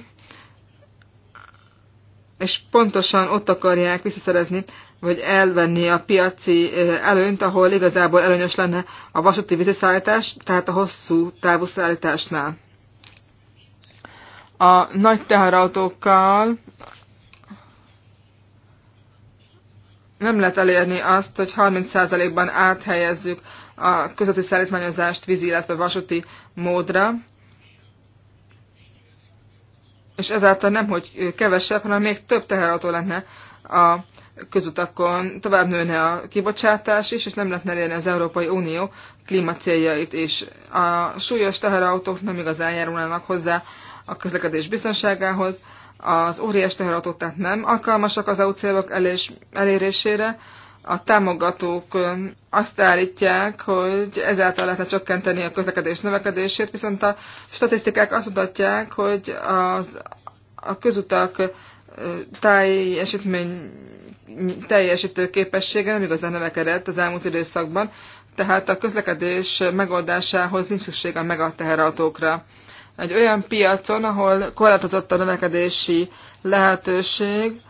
és pontosan ott akarják visszaszerezni vagy elvenni a piaci előnyt, ahol igazából előnyös lenne a vasúti víziszállítás, tehát a hosszú távú szállításnál. A nagy teherautókkal nem lehet elérni azt, hogy 30%-ban áthelyezzük a közötti szállítmányozást vízi, illetve vasúti módra, és ezáltal nem, hogy kevesebb, hanem még több teherautó lenne a közutakon tovább nőne a kibocsátás is, és nem lehetne elérni az Európai Unió klímacéljait is. A súlyos teherautók nem igazán járulnának hozzá a közlekedés biztonságához, az óriás teherautók tehát nem alkalmasak az EU célok elérésére, a támogatók azt állítják, hogy ezáltal lehetne csökkenteni a közlekedés növekedését, viszont a statisztikák azt mutatják, hogy az, a közutak teljesítmény teljesítő képessége nem igazán növekedett az elmúlt időszakban, tehát a közlekedés megoldásához nincs szükség a megateherautókra. Egy olyan piacon, ahol korlátozott a növekedési lehetőség,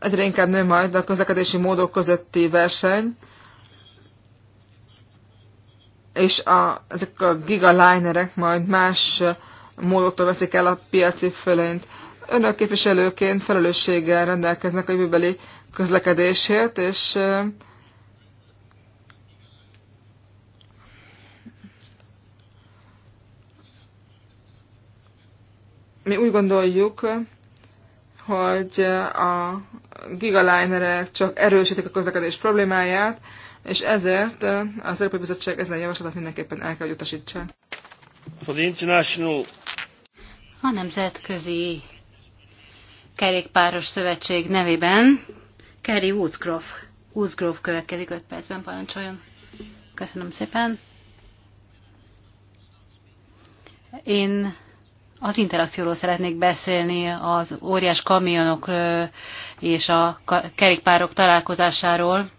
egyre inkább nő majd a közlekedési módok közötti verseny, és a, ezek a gigalinerek majd más módoktól veszik el a piaci fölényt önök képviselőként felelősséggel rendelkeznek a jövőbeli közlekedésért, és mi úgy gondoljuk, hogy a gigalinerek csak erősítik a közlekedés problémáját, és ezért az Európai Bizottság ezen a javaslatot mindenképpen el kell, hogy utasítsa. A nemzetközi Kerékpáros Szövetség nevében Kerry Woodgrove. Woodgrove következik 5 percben, parancsoljon. Köszönöm szépen. Én az interakcióról szeretnék beszélni, az óriás kamionok és a kerékpárok találkozásáról.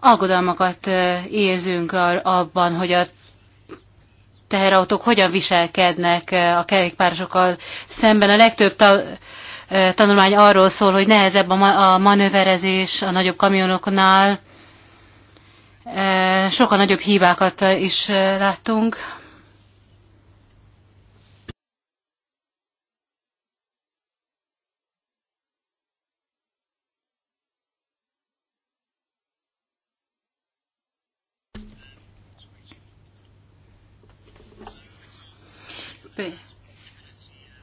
Aggodalmakat érzünk abban, hogy a teherautók hogyan viselkednek eh, a kerékpárosokkal szemben. A legtöbb ta, eh, tanulmány arról szól, hogy nehezebb a, a manőverezés a nagyobb kamionoknál. Eh, sokkal nagyobb hibákat is láttunk.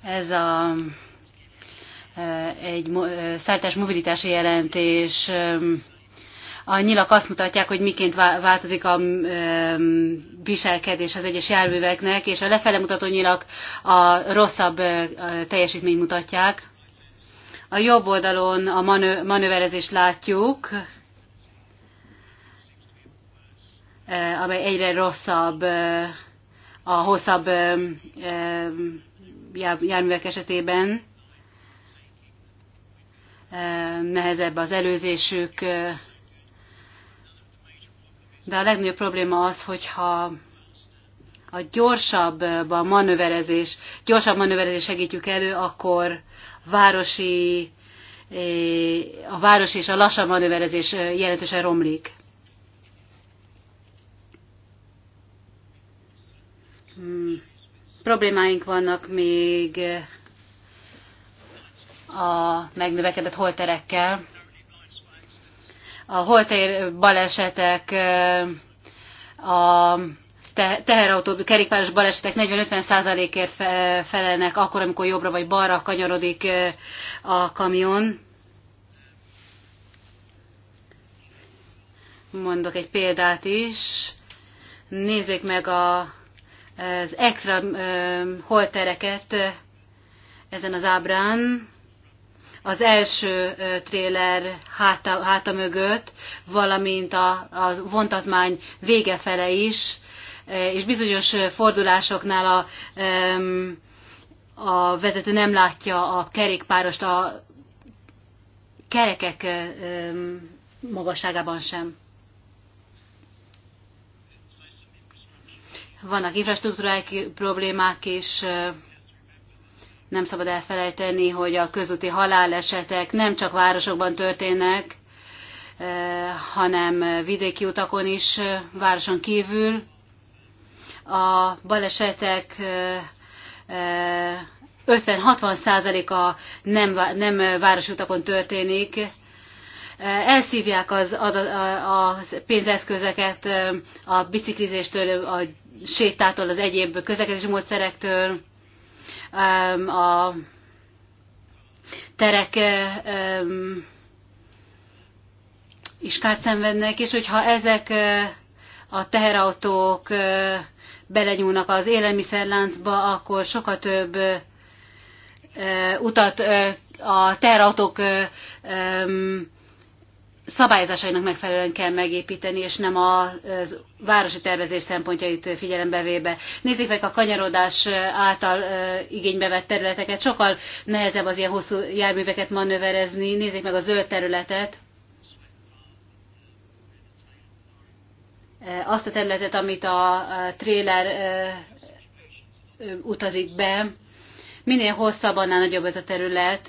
Ez a, egy szálltás mobilitási jelentés. A nyilak azt mutatják, hogy miként változik a viselkedés az egyes járműveknek, és a lefele mutató nyilak a rosszabb teljesítményt mutatják. A jobb oldalon a manő, manőverezést látjuk, amely egyre rosszabb a hosszabb járművek esetében nehezebb az előzésük, de a legnagyobb probléma az, hogyha a gyorsabb a manőverezés, gyorsabb manőverezés segítjük elő, akkor városi, a városi és a lassabb manőverezés jelentősen romlik. Hmm. Problémáink vannak még a megnövekedett holterekkel. A holtér balesetek a teherautó, kerékpáros balesetek 40-50%-ért felelnek akkor, amikor jobbra vagy balra kanyarodik eh, a kamion. Mondok egy példát is. Nézzék meg a az extra holtereket ezen az ábrán. Az első tréler háta, háta mögött, valamint a, a vontatmány vége fele is, és bizonyos fordulásoknál a, a vezető nem látja a kerékpárost a kerekek magasságában sem. Vannak infrastruktúrák problémák is, nem szabad elfelejteni, hogy a közúti halálesetek nem csak városokban történnek, hanem vidéki utakon is, városon kívül. A balesetek 50-60%-a nem, nem városutakon történik, elszívják az, a, a pénzeszközeket a biciklizéstől, a sétától, az egyéb közlekedési módszerektől, a terek is kárt szenvednek, és hogyha ezek a teherautók belenyúlnak az élelmiszerláncba, akkor sokkal több utat a teherautók szabályozásainak megfelelően kell megépíteni, és nem a városi tervezés szempontjait figyelembe véve. Nézzük meg a kanyarodás által igénybe vett területeket, sokkal nehezebb az ilyen hosszú járműveket manőverezni, Nézzük meg a zöld területet, azt a területet, amit a tréler utazik be, minél hosszabban, annál nagyobb ez a terület,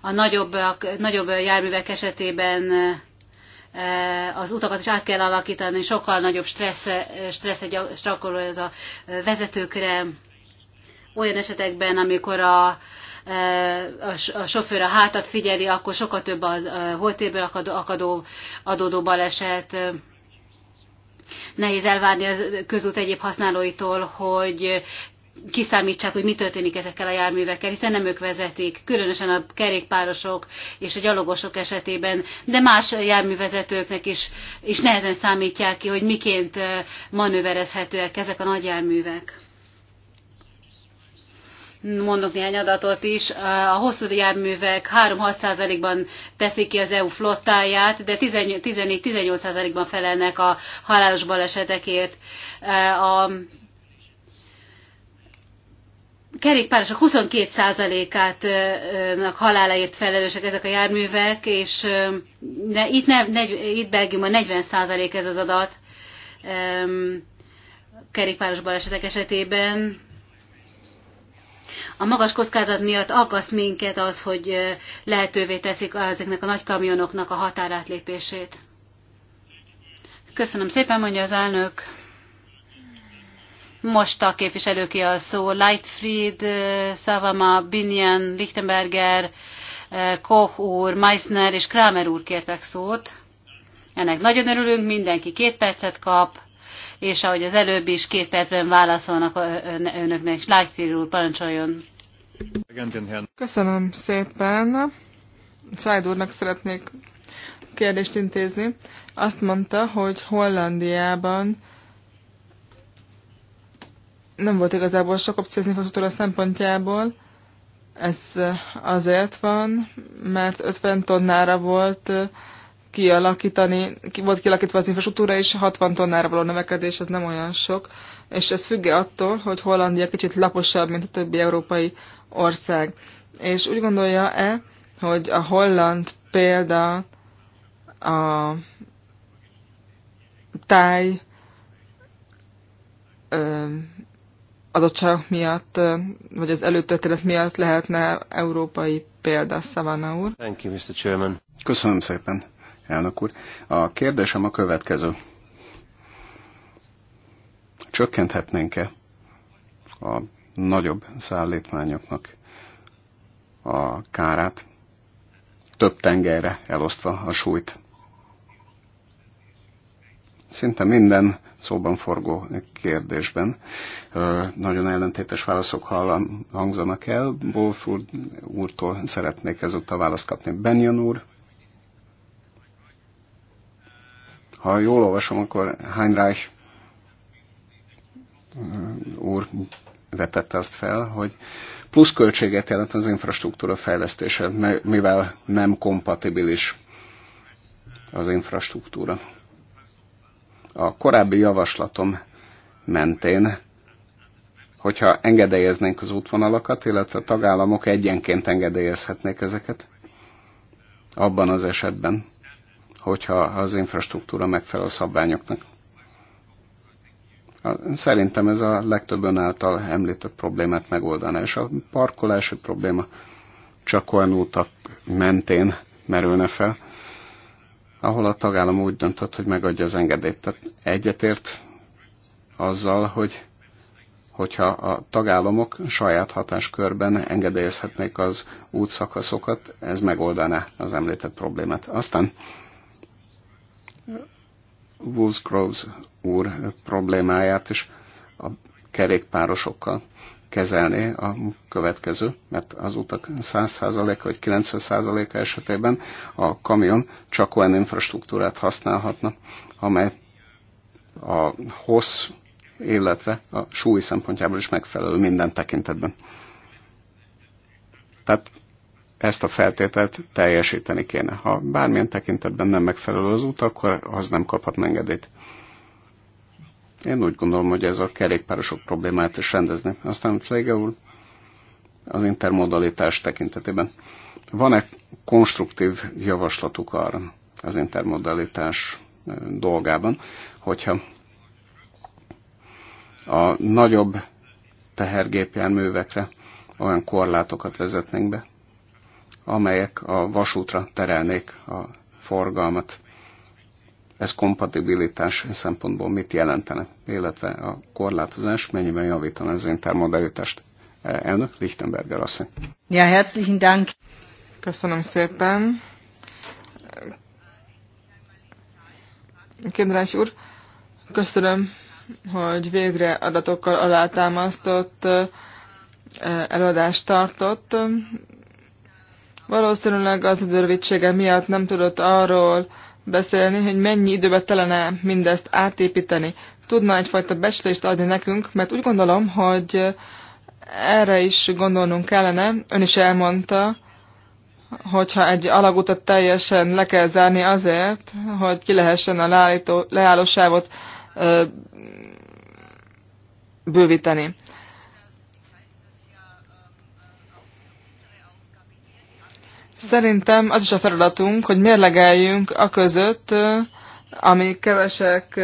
A nagyobb, a nagyobb járművek esetében e, az utakat is át kell alakítani, sokkal nagyobb stressz, e, stressz gyakorol ez a vezetőkre. Olyan esetekben, amikor a, e, a sofőr a hátat figyeli, akkor sokkal több az holtérből akadó, akadó, adódó baleset. Nehéz elvárni a közút egyéb használóitól, hogy kiszámítsák, hogy mi történik ezekkel a járművekkel, hiszen nem ők vezetik, különösen a kerékpárosok és a gyalogosok esetében, de más járművezetőknek is, is nehezen számítják ki, hogy miként manőverezhetőek ezek a nagy járművek. Mondok néhány adatot is. A hosszú járművek 3-6%-ban teszik ki az EU flottáját, de 14-18%-ban felelnek a halálos balesetekért. A kerékpárosok 22%-ának haláláért felelősek ezek a járművek, és ne, itt, nem, ne, itt Belgiumban 40% ez az adat um, kerékpáros balesetek esetében. A magas kockázat miatt aggaszt minket az, hogy lehetővé teszik ezeknek a nagy kamionoknak a határátlépését. Köszönöm szépen, mondja az elnök. Most a ki a szó. Lightfried, Szavama, Binyen, Lichtenberger, Koch úr, Meissner és Kramer úr kértek szót. Ennek nagyon örülünk, mindenki két percet kap, és ahogy az előbb is két percben válaszolnak önöknek, és Lightfried úr, parancsoljon. Köszönöm szépen. Szájd úrnak szeretnék kérdést intézni. Azt mondta, hogy Hollandiában nem volt igazából sok opció az infrastruktúra szempontjából. Ez eh, azért van, mert 50 tonnára volt eh, kialakítani, ki volt kialakítva az infrastruktúra, és 60 tonnára való növekedés, ez nem olyan sok. És ez függ attól, hogy Hollandia kicsit laposabb, mint a többi európai ország. És úgy gondolja-e, hogy a holland példa a táj adottságok miatt, vagy az előtörténet miatt lehetne európai példa, szavanna úr. Thank you, Mr. Chairman. Köszönöm szépen, elnök úr. A kérdésem a következő. Csökkenthetnénk-e a nagyobb szállítmányoknak a kárát, több tengerre elosztva a súlyt? szinte minden szóban forgó kérdésben nagyon ellentétes válaszok hangzanak el. Bolford úr, úrtól szeretnék ezúttal választ kapni. Benyon úr, ha jól olvasom, akkor Heinreich úr vetette azt fel, hogy pluszköltséget jelent az infrastruktúra fejlesztése, mivel nem kompatibilis az infrastruktúra a korábbi javaslatom mentén, hogyha engedélyeznénk az útvonalakat, illetve a tagállamok egyenként engedélyezhetnék ezeket, abban az esetben, hogyha az infrastruktúra megfelel szabványoknak. Szerintem ez a legtöbben által említett problémát megoldaná, és a parkolási probléma csak olyan útak mentén merülne fel, ahol a tagállam úgy döntött, hogy megadja az engedélyt. Tehát egyetért azzal, hogy hogyha a tagállamok saját hatáskörben engedélyezhetnék az útszakaszokat, ez megoldaná az említett problémát. Aztán Wolves úr problémáját is a kerékpárosokkal kezelni a következő, mert az utak 100% vagy 90%-a esetében a kamion csak olyan infrastruktúrát használhatna, amely a hossz, illetve a súly szempontjából is megfelelő minden tekintetben. Tehát ezt a feltételt teljesíteni kéne. Ha bármilyen tekintetben nem megfelelő az út, akkor az nem kaphat engedélyt. Én úgy gondolom, hogy ez a kerékpárosok problémáját is rendezni. Aztán Flege úr, az intermodalitás tekintetében. Van-e konstruktív javaslatuk arra az intermodalitás dolgában, hogyha a nagyobb tehergépjárművekre olyan korlátokat vezetnénk be, amelyek a vasútra terelnék a forgalmat ez kompatibilitás szempontból mit jelentene, illetve a korlátozás mennyiben javítaná az intermodalitást. Elnök Lichtenberger asszony. Ja, herzlichen Dank. Köszönöm szépen. Kedves úr, köszönöm, hogy végre adatokkal alátámasztott előadást tartott. Valószínűleg az időrövidsége miatt nem tudott arról, beszélni, hogy mennyi időbe telene mindezt átépíteni. Tudna egyfajta becslést adni nekünk, mert úgy gondolom, hogy erre is gondolnunk kellene. Ön is elmondta, hogyha egy alagutat teljesen le kell zárni azért, hogy ki lehessen a leállító, bővíteni. Szerintem az is a feladatunk, hogy mérlegeljünk a között, ami kevesek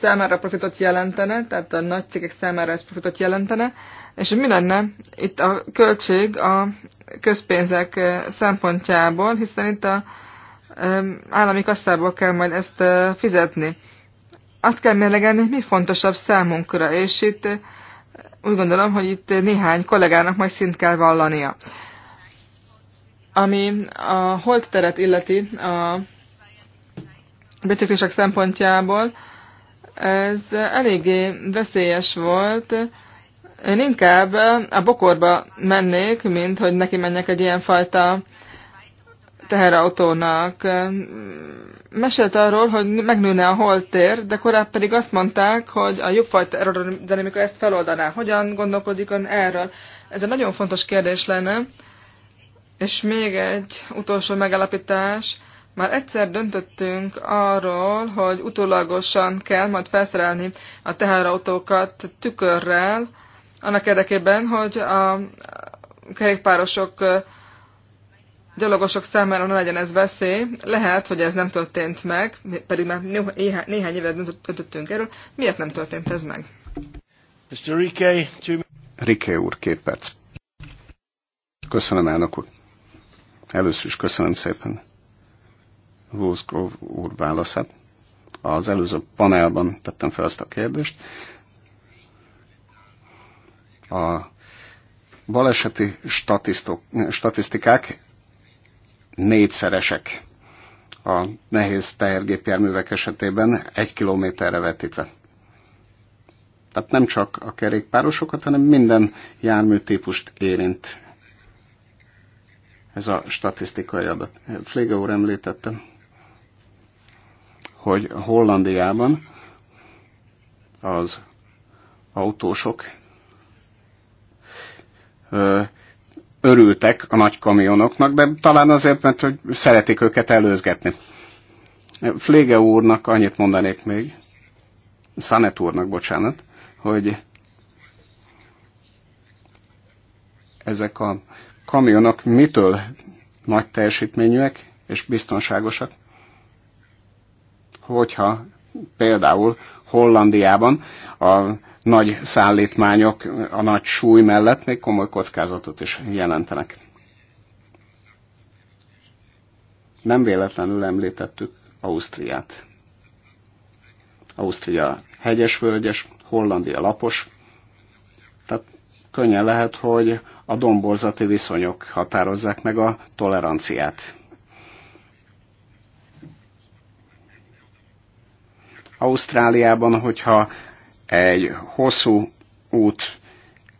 számára profitot jelentene, tehát a nagy cégek számára ez profitot jelentene, és hogy mi lenne itt a költség a közpénzek szempontjából, hiszen itt a állami kasszából kell majd ezt fizetni. Azt kell mérlegelni, hogy mi fontosabb számunkra, és itt úgy gondolom, hogy itt néhány kollégának majd szint kell vallania. Ami a holdteret illeti a biciklisek szempontjából, ez eléggé veszélyes volt. Én inkább a bokorba mennék, mint hogy neki menjek egy ilyen fajta teherautónak. Mesélt arról, hogy megnőne a holtér, de korábban pedig azt mondták, hogy a jobb fajta aerodinamika ezt feloldaná. Hogyan gondolkodik ön erről? Ez egy nagyon fontos kérdés lenne, és még egy utolsó megalapítás. Már egyszer döntöttünk arról, hogy utólagosan kell majd felszerelni a teherautókat tükörrel, annak érdekében, hogy a kerékpárosok, gyalogosok számára ne legyen ez veszély. Lehet, hogy ez nem történt meg, pedig már néhány éve döntöttünk erről. Miért nem történt ez meg? Mr. Rike, two... Rike úr, két perc. Köszönöm, elnök úr. Először is köszönöm szépen Vózkov úr válaszát. Az előző panelban tettem fel ezt a kérdést. A baleseti statisztikák négyszeresek a nehéz tehergépjárművek esetében egy kilométerre vetítve. Tehát nem csak a kerékpárosokat, hanem minden járműtípust érint ez a statisztikai adat. Flége úr említette, hogy Hollandiában az autósok ö, örültek a nagy kamionoknak, de talán azért, mert hogy szeretik őket előzgetni. Flége úrnak annyit mondanék még, Szanet úrnak, bocsánat, hogy ezek a kamionok mitől nagy teljesítményűek és biztonságosak, hogyha például Hollandiában a nagy szállítmányok a nagy súly mellett még komoly kockázatot is jelentenek. Nem véletlenül említettük Ausztriát. Ausztria hegyes-völgyes, Hollandia lapos, tehát könnyen lehet, hogy a domborzati viszonyok határozzák meg a toleranciát. Ausztráliában, hogyha egy hosszú út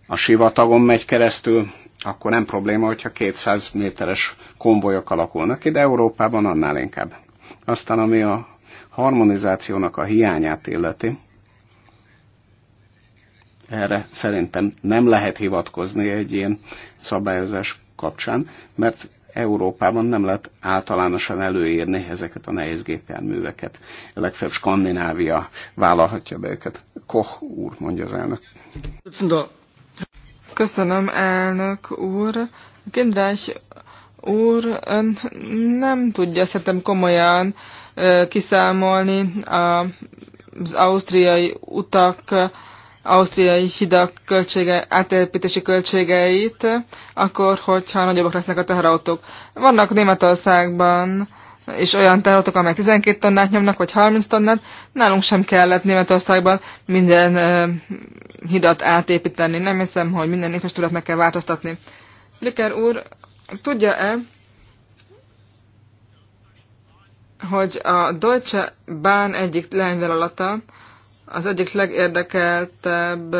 a sivatagon megy keresztül, akkor nem probléma, hogyha 200 méteres konvojok alakulnak ide, Európában annál inkább. Aztán ami a harmonizációnak a hiányát illeti, erre szerintem nem lehet hivatkozni egy ilyen szabályozás kapcsán, mert Európában nem lehet általánosan előírni ezeket a nehéz gépjárműveket. Legfeljebb Skandinávia vállalhatja be őket. Koch úr, mondja az elnök. Köszönöm, elnök úr. Kindrás úr, ön nem tudja szerintem komolyan kiszámolni az ausztriai utak ausztriai hidak költsége, átépítési költségeit, akkor, hogyha nagyobbak lesznek a teherautók. Vannak Németországban és olyan teherautók, amelyek 12 tonnát nyomnak, vagy 30 tonnát, nálunk sem kellett Németországban minden uh, hidat átépíteni. Nem hiszem, hogy minden infrastruktúrát meg kell változtatni. Lüker úr, tudja-e, hogy a Deutsche Bahn egyik leányvállalata, az egyik legérdekeltebb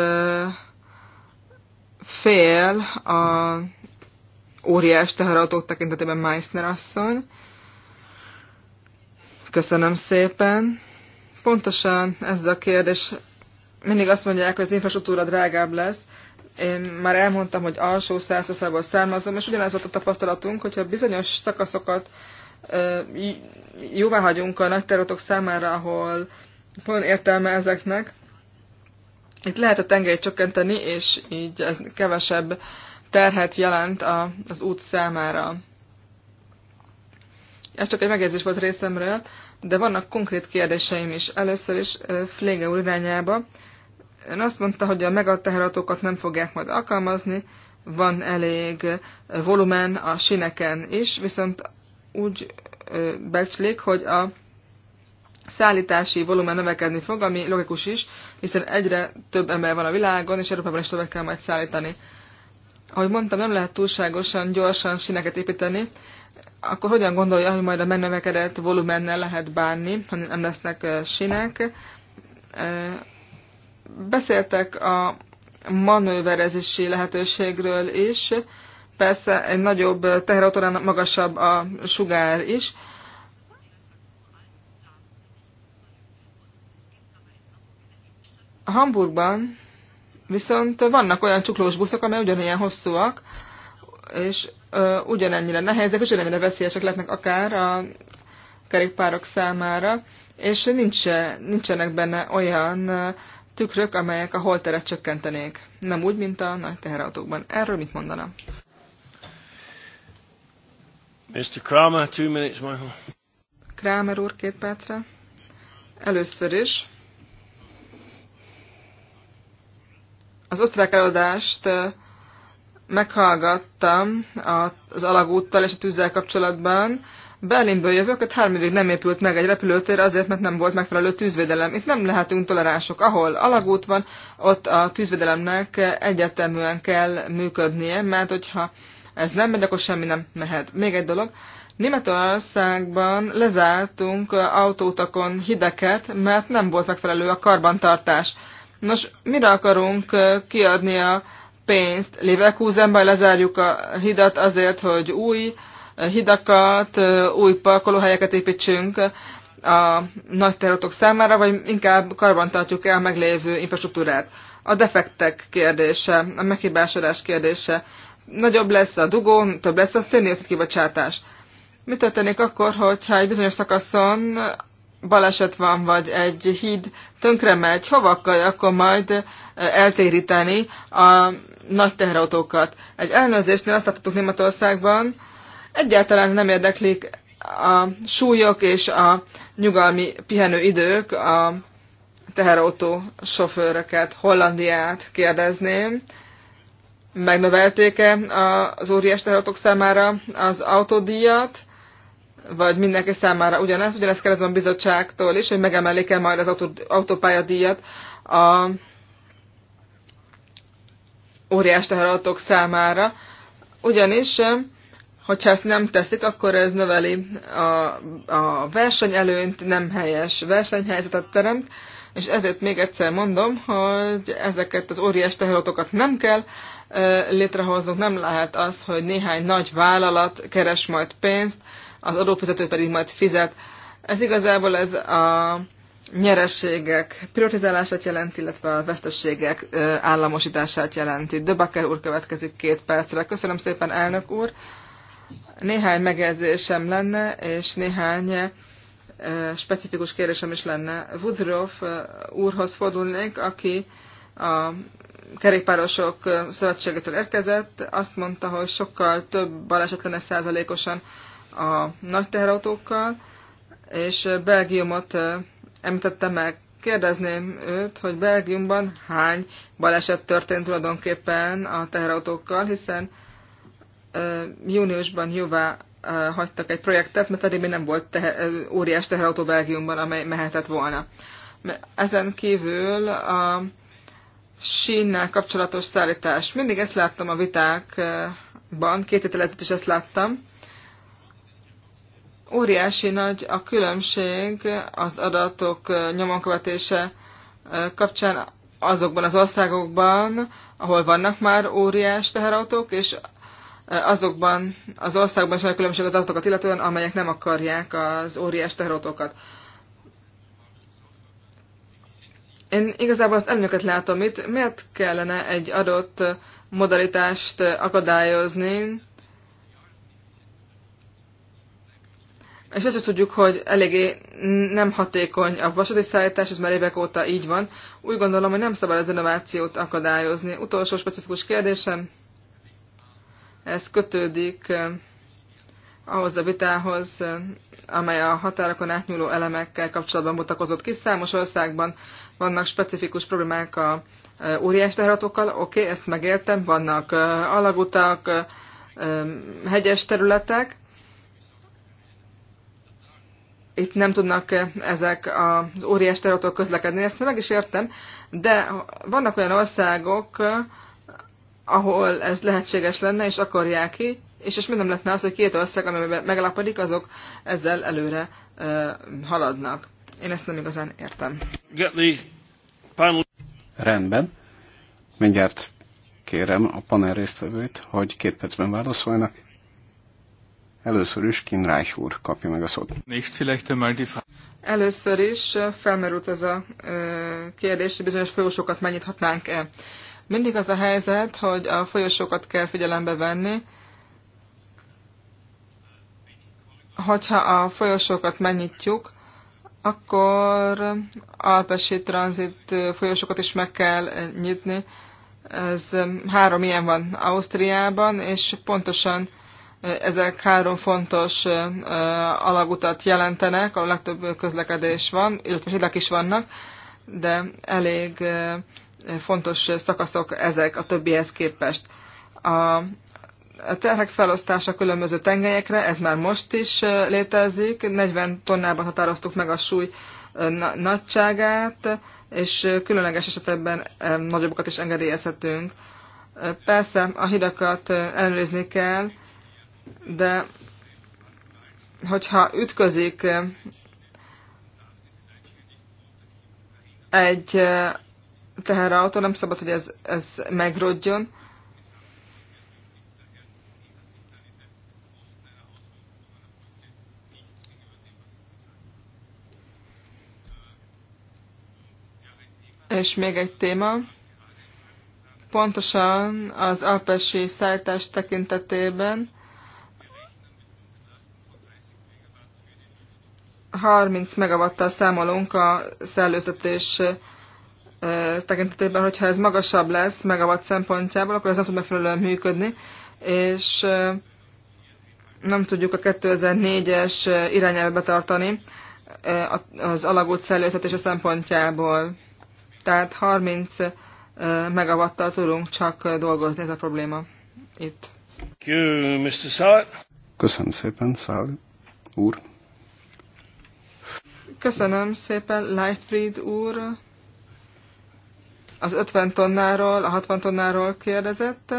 fél a óriás teherautók tekintetében Meissner asszony. Köszönöm szépen. Pontosan ez a kérdés. Mindig azt mondják, hogy az infrastruktúra drágább lesz. Én már elmondtam, hogy alsó százaszából származom, és ugyanez volt a tapasztalatunk, hogyha bizonyos szakaszokat jóvá hagyunk a nagy területok számára, ahol van értelme ezeknek. Itt lehet a tengelyt csökkenteni, és így ez kevesebb terhet jelent a, az út számára. Ez csak egy megjegyzés volt részemről, de vannak konkrét kérdéseim is. Először is Flége úr irányába. Ön azt mondta, hogy a megateherautókat nem fogják majd alkalmazni, van elég volumen a sineken is, viszont úgy becslik, hogy a szállítási volumen növekedni fog, ami logikus is, hiszen egyre több ember van a világon, és Európában is többet kell majd szállítani. Ahogy mondtam, nem lehet túlságosan gyorsan sineket építeni, akkor hogyan gondolja, hogy majd a megnövekedett volumennel lehet bánni, ha nem lesznek sinek? Beszéltek a manőverezési lehetőségről is, persze egy nagyobb teherautónál magasabb a sugár is, A Hamburgban viszont vannak olyan csuklós buszok, amely ugyanilyen hosszúak, és ö, ugyanennyire nehezek, és ugyanennyire veszélyesek lehetnek akár a kerékpárok számára, és nincs, nincsenek benne olyan tükrök, amelyek a holteret csökkentenék. Nem úgy, mint a nagy teherautókban. Erről mit mondanám? Mr. Kramer, two minutes, Michael. Kramer úr, két percre. Először is Az osztrák előadást meghallgattam az alagúttal és a tűzzel kapcsolatban. Berlinből jövök, ott három évig nem épült meg egy repülőtér azért, mert nem volt megfelelő tűzvédelem. Itt nem lehetünk toleránsok. Ahol alagút van, ott a tűzvédelemnek egyértelműen kell működnie, mert hogyha ez nem megy, akkor semmi nem mehet. Még egy dolog. Németországban lezártunk autótakon hideket, mert nem volt megfelelő a karbantartás. Nos, mire akarunk kiadni a pénzt? Leverkusenben lezárjuk a hidat azért, hogy új hidakat, új parkolóhelyeket építsünk a nagy területok számára, vagy inkább karbantartjuk el a meglévő infrastruktúrát. A defektek kérdése, a meghibásodás kérdése. Nagyobb lesz a dugó, több lesz a széndiokszid kibocsátás. Mi történik akkor, hogyha egy bizonyos szakaszon baleset van, vagy egy híd tönkre megy, hova akarja akkor majd eltéríteni a nagy teherautókat. Egy ellenőrzésnél azt láthatjuk Németországban, egyáltalán nem érdeklik a súlyok és a nyugalmi pihenőidők a teherautó sofőröket. Hollandiát kérdezném, megnövelték-e az óriás teherautók számára az autódíjat, vagy mindenki számára ugyanez. Ugyanezt kérdezem a bizottságtól is, hogy megemelik-e majd az autó, autópályadíjat a óriás teherautók számára. Ugyanis, eh, hogyha ezt nem teszik, akkor ez növeli a, a versenyelőnyt, nem helyes versenyhelyzetet teremt, és ezért még egyszer mondom, hogy ezeket az óriás teherautókat nem kell eh, létrehoznunk, nem lehet az, hogy néhány nagy vállalat keres majd pénzt, az adófizető pedig majd fizet. Ez igazából ez a nyerességek prioritizálását jelenti, illetve a vesztességek államosítását jelenti. Döbaker úr következik két percre. Köszönöm szépen, elnök úr. Néhány megjegyzésem lenne, és néhány specifikus kérésem is lenne. Woodruff úrhoz fordulnék, aki a kerékpárosok szövetségétől érkezett, azt mondta, hogy sokkal több baleset lenne százalékosan a nagy teherautókkal, és Belgiumot említette meg. Kérdezném őt, hogy Belgiumban hány baleset történt tulajdonképpen a teherautókkal, hiszen júniusban jóvá hagytak egy projektet, mert eddig még nem volt teher, óriás teherautó Belgiumban, amely mehetett volna. Ezen kívül a sínnel kapcsolatos szállítás. Mindig ezt láttam a vitákban, két hétel is ezt láttam, Óriási nagy a különbség az adatok nyomonkövetése kapcsán azokban az országokban, ahol vannak már óriás teherautók, és azokban az országban is nagy különbség az adatokat illetően, amelyek nem akarják az óriás teherautókat. Én igazából azt előnyöket látom itt. Miért kellene egy adott modalitást akadályozni, És ezt is tudjuk, hogy eléggé nem hatékony a vasúti szállítás, ez már évek óta így van. Úgy gondolom, hogy nem szabad az innovációt akadályozni. Utolsó specifikus kérdésem, ez kötődik eh, ahhoz a vitához, eh, amely a határokon átnyúló elemekkel kapcsolatban mutakozott ki. Számos országban vannak specifikus problémák a eh, óriás teherautókkal, oké, okay, ezt megértem, vannak alagutak, hegyes területek, itt nem tudnak ezek az óriás területok közlekedni, ezt meg is értem, de vannak olyan országok, ahol ez lehetséges lenne, és akarják ki, és és mi nem lehetne az, hogy két ország, amiben megalapodik, azok ezzel előre uh, haladnak. Én ezt nem igazán értem. Rendben. Mindjárt kérem a panel résztvevőit, hogy két percben válaszoljanak, Először is Reich úr kapja meg a szót. Először is felmerült ez a kérdés, hogy bizonyos folyosókat megnyithatnánk-e. Mindig az a helyzet, hogy a folyosókat kell figyelembe venni, hogyha a folyosókat megnyitjuk, akkor alpesi tranzit folyosókat is meg kell nyitni. Ez három ilyen van Ausztriában, és pontosan ezek három fontos alagutat jelentenek, a legtöbb közlekedés van, illetve hidak is vannak, de elég fontos szakaszok ezek a többihez képest. A a terhek felosztása különböző tengelyekre, ez már most is létezik, 40 tonnában határoztuk meg a súly nagyságát, és különleges esetben nagyobbakat is engedélyezhetünk. Persze a hidakat ellenőrizni kell, de hogyha ütközik eh, egy eh, teherautó, nem szabad, hogy ez, ez megrodjon. És még egy téma. Pontosan az alpesi szállítás tekintetében 30 megawattal számolunk a szellőztetés tekintetében, hogyha ez magasabb lesz megawatt szempontjából, akkor ez nem tud megfelelően működni, és nem tudjuk a 2004-es irányába betartani az alagút szellőztetése szempontjából. Tehát 30 megawattal tudunk csak dolgozni, ez a probléma itt. Köszönöm szépen, Szál úr. Köszönöm szépen, Lightfried úr. Az 50 tonnáról, a 60 tonnáról kérdezett.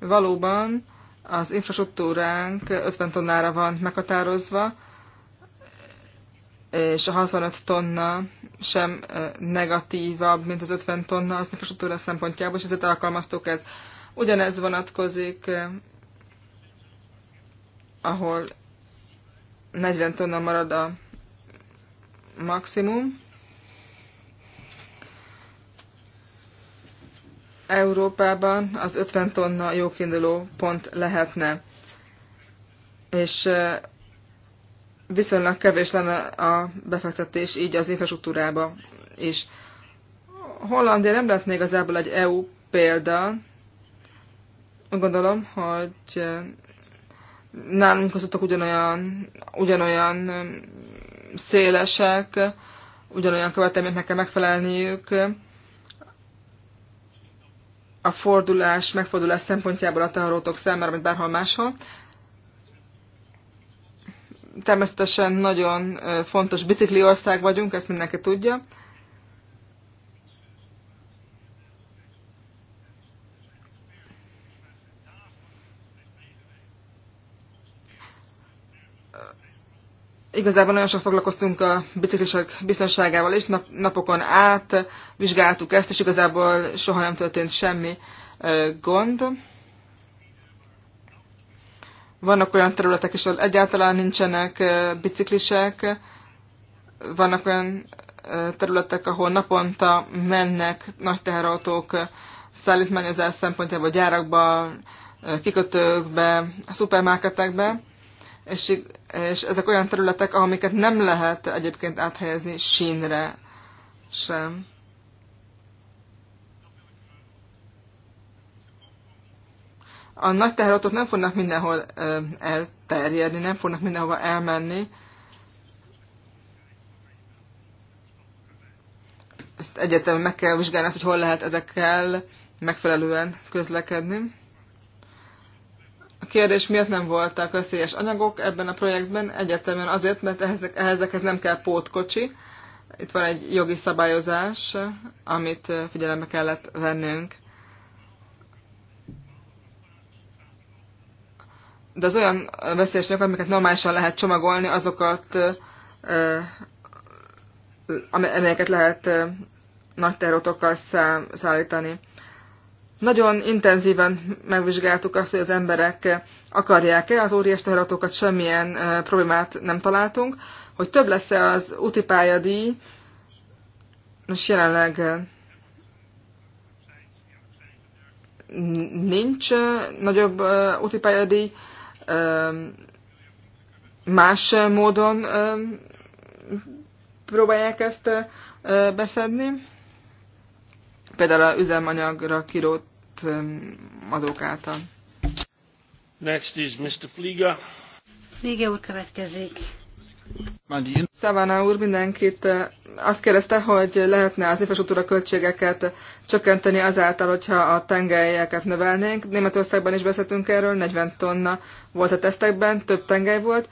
Valóban az infrastruktúránk 50 tonnára van meghatározva, és a 65 tonna sem negatívabb, mint az 50 tonna az infrastruktúra szempontjából, és ezért alkalmaztuk ez. Ugyanez vonatkozik, ahol 40 tonna marad a maximum. Európában az 50 tonna jókinduló pont lehetne. És viszonylag kevés lenne a befektetés így az infrastruktúrába is. Hollandia nem lehetne igazából egy EU példa. Gondolom, hogy nálunk az ugyanolyan, ugyanolyan szélesek, ugyanolyan követelményeknek kell megfelelniük a fordulás, megfordulás szempontjából a teharótok számára, mint bárhol máshol. Természetesen nagyon fontos bicikli ország vagyunk, ezt mindenki tudja. Igazából nagyon sok foglalkoztunk a biciklisek biztonságával, és nap, napokon át vizsgáltuk ezt, és igazából soha nem történt semmi gond. Vannak olyan területek is, ahol egyáltalán nincsenek biciklisek, vannak olyan területek, ahol naponta mennek nagy teherautók szállítmányozás szempontjából gyárakba, kikötőkbe, szupermarketekbe, és, és ezek olyan területek, amiket nem lehet egyébként áthelyezni sínre sem. A nagy teherautók nem fognak mindenhol ö, elterjedni, nem fognak mindenhova elmenni. Ezt egyetem meg kell vizsgálni azt, hogy hol lehet ezekkel megfelelően közlekedni kérdés, miért nem voltak veszélyes anyagok ebben a projektben? Egyértelműen azért, mert ehhez, ehhez nem kell pótkocsi. Itt van egy jogi szabályozás, amit figyelembe kellett vennünk. De az olyan veszélyes anyagok, amiket normálisan lehet csomagolni, azokat, amelyeket lehet nagy terotokkal szállítani. Nagyon intenzíven megvizsgáltuk azt, hogy az emberek akarják-e az óriás teheratókat, semmilyen problémát nem találtunk, hogy több lesz-e az utipályadíj, most jelenleg nincs nagyobb utipályadíj, más módon próbálják ezt beszedni. Például a üzemanyagra kirót adott adók által. Next is Mr. Fliga. Fliga úr következik. Szavana úr mindenkit azt kérdezte, hogy lehetne az infrastruktúra költségeket csökkenteni azáltal, hogyha a tengelyeket növelnénk. Németországban is beszéltünk erről, 40 tonna volt a tesztekben, több tengely volt.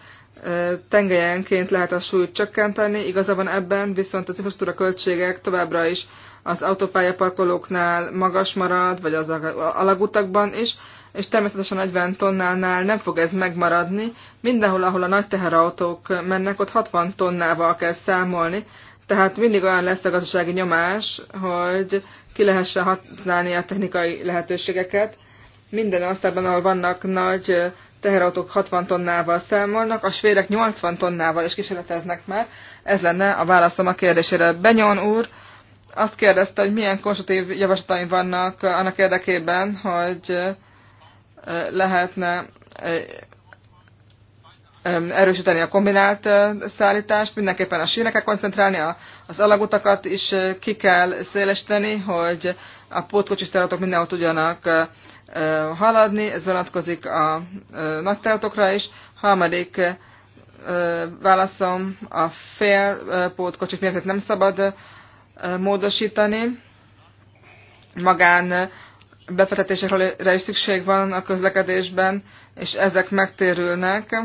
Tengelyenként lehet a súlyt csökkenteni, igazából ebben viszont az infrastruktúra költségek továbbra is az autópályaparkolóknál magas marad, vagy az alagutakban is, és természetesen 40 tonnánál nem fog ez megmaradni. Mindenhol, ahol a nagy teherautók mennek, ott 60 tonnával kell számolni, tehát mindig olyan lesz a gazdasági nyomás, hogy ki lehessen használni a technikai lehetőségeket. Minden országban, ahol vannak nagy teherautók 60 tonnával számolnak, a svédek 80 tonnával is kísérleteznek már. Ez lenne a válaszom a kérdésére. Benyon úr, azt kérdezte, hogy milyen konstruktív javaslataim vannak annak érdekében, hogy lehetne erősíteni a kombinált szállítást, mindenképpen a sínekre koncentrálni, az alagutakat is ki kell szélesíteni, hogy a pótkocsis területok mindenhol tudjanak haladni, ez vonatkozik a nagy területokra is. Harmadik válaszom, a fél pótkocsik miért nem szabad módosítani. Magán befektetésekre is szükség van a közlekedésben, és ezek megtérülnek.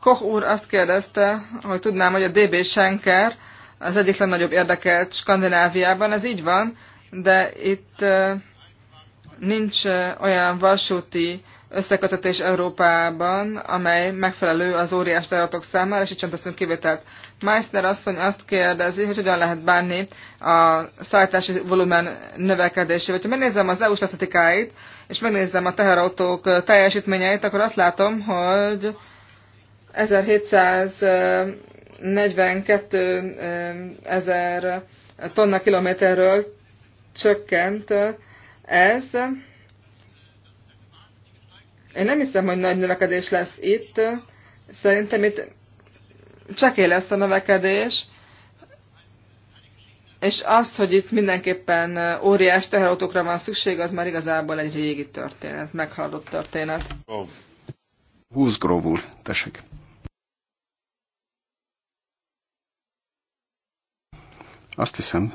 Koch úr azt kérdezte, hogy tudnám, hogy a DB Schenker az egyik legnagyobb érdekelt Skandináviában. Ez így van, de itt nincs olyan vasúti összekötetés Európában, amely megfelelő az óriás táratok számára, és itt sem teszünk kivételt. Meissner asszony azt kérdezi, hogy hogyan lehet bánni a szállítási volumen növekedésével. Ha megnézem az EU statisztikáit, és megnézem a teherautók teljesítményeit, akkor azt látom, hogy 1742 eh, ezer tonna kilométerről csökkent ez, én nem hiszem, hogy nagy növekedés lesz itt. Szerintem itt csekély lesz a növekedés, és az, hogy itt mindenképpen óriás teherautókra van szükség, az már igazából egy régi történet, meghaladott történet. Húz grovul, tessék. Azt hiszem,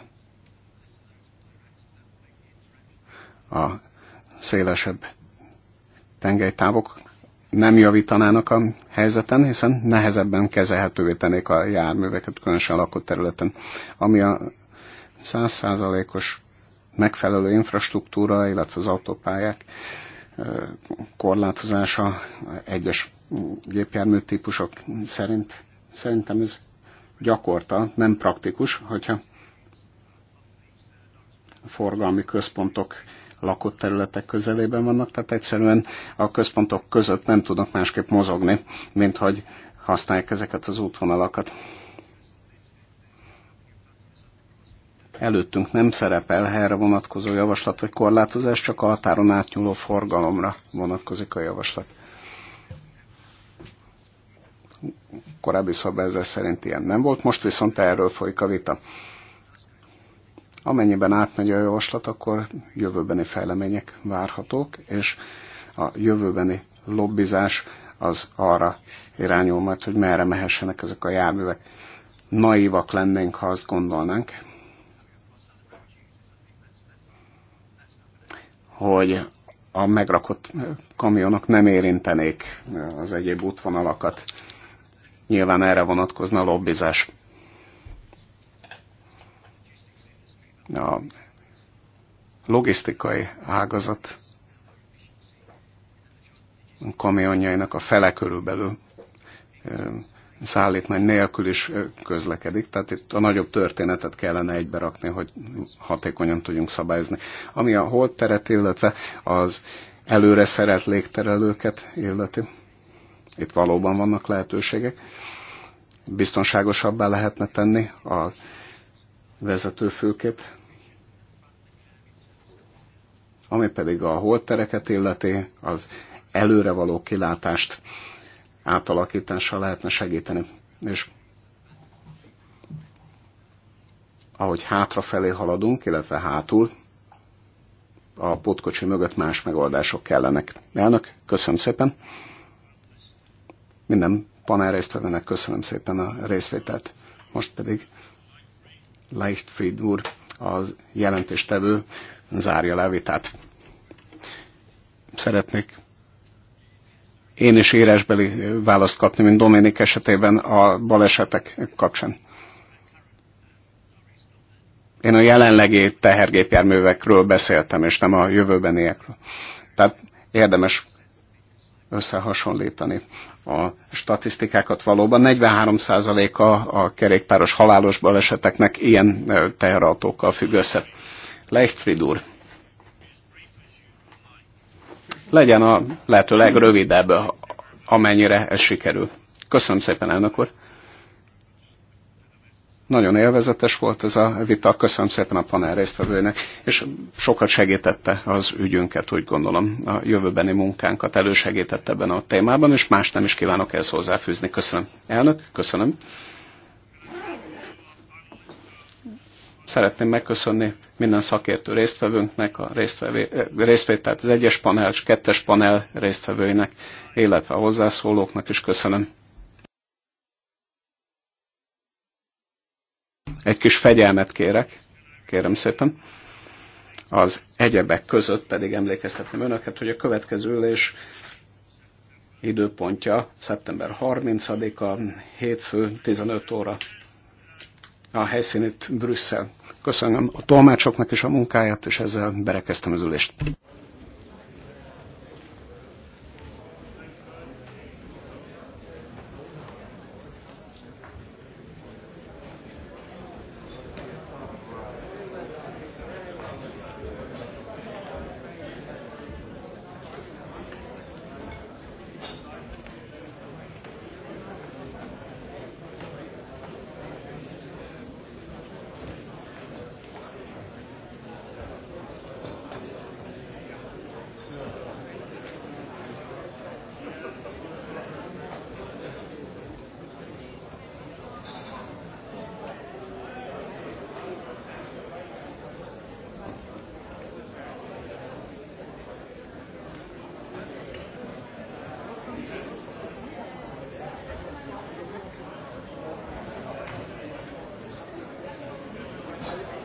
a szélesebb tengelytávok nem javítanának a helyzeten, hiszen nehezebben kezelhetővé tennék a járműveket, különösen a lakott területen. Ami a százszázalékos megfelelő infrastruktúra, illetve az autópályák korlátozása egyes gépjármű típusok szerint szerintem ez gyakorta nem praktikus, hogyha a forgalmi központok lakott területek közelében vannak, tehát egyszerűen a központok között nem tudnak másképp mozogni, mint hogy használják ezeket az útvonalakat. Előttünk nem szerepel helyre vonatkozó javaslat vagy korlátozás, csak a határon átnyúló forgalomra vonatkozik a javaslat korábbi szabályozás szerint ilyen nem volt, most viszont erről folyik a vita. Amennyiben átmegy a javaslat, akkor jövőbeni fejlemények várhatók, és a jövőbeni lobbizás az arra irányul majd, hogy merre mehessenek ezek a járművek. Naívak lennénk, ha azt gondolnánk, hogy a megrakott kamionok nem érintenék az egyéb útvonalakat. Nyilván erre vonatkozna a lobbizás. a logisztikai ágazat kamionjainak a fele körülbelül szállítmány nélkül is közlekedik, tehát itt a nagyobb történetet kellene rakni, hogy hatékonyan tudjunk szabályozni. Ami a holdteret, illetve az előre szerelt légterelőket illeti, itt valóban vannak lehetőségek, biztonságosabbá lehetne tenni a vezetőfőkét, ami pedig a holttereket illeti, az előre való kilátást átalakítással lehetne segíteni. És ahogy hátrafelé haladunk, illetve hátul, a potkocsi mögött más megoldások kellenek. Elnök, köszönöm szépen. Minden panel résztvevőnek köszönöm szépen a részvételt. Most pedig Leichtfried úr, az jelentéstevő, zárja le a vitát. Szeretnék én is éresbeli választ kapni, mint Dominik esetében a balesetek kapcsán. Én a jelenlegi tehergépjárművekről beszéltem, és nem a jövőbeniekről. Tehát érdemes összehasonlítani a statisztikákat valóban. 43%-a a kerékpáros halálos baleseteknek ilyen teherautókkal függ össze. Leistfried úr, legyen a lehető legrövidebb, amennyire ez sikerül. Köszönöm szépen, elnök úr. Nagyon élvezetes volt ez a vita, köszönöm szépen a panel résztvevőnek, és sokat segítette az ügyünket, úgy gondolom, a jövőbeni munkánkat elősegítette ebben a témában, és más nem is kívánok ehhez hozzáfűzni. Köszönöm, elnök, köszönöm. szeretném megköszönni minden szakértő résztvevőnknek, a részvételt eh, az egyes panel és kettes panel résztvevőinek, illetve a hozzászólóknak is köszönöm. Egy kis fegyelmet kérek, kérem szépen. Az egyebek között pedig emlékeztetném önöket, hogy a következő ülés időpontja szeptember 30-a, hétfő 15 óra a helyszínét Brüsszel. Köszönöm a tolmácsoknak is a munkáját, és ezzel berekeztem az ülést.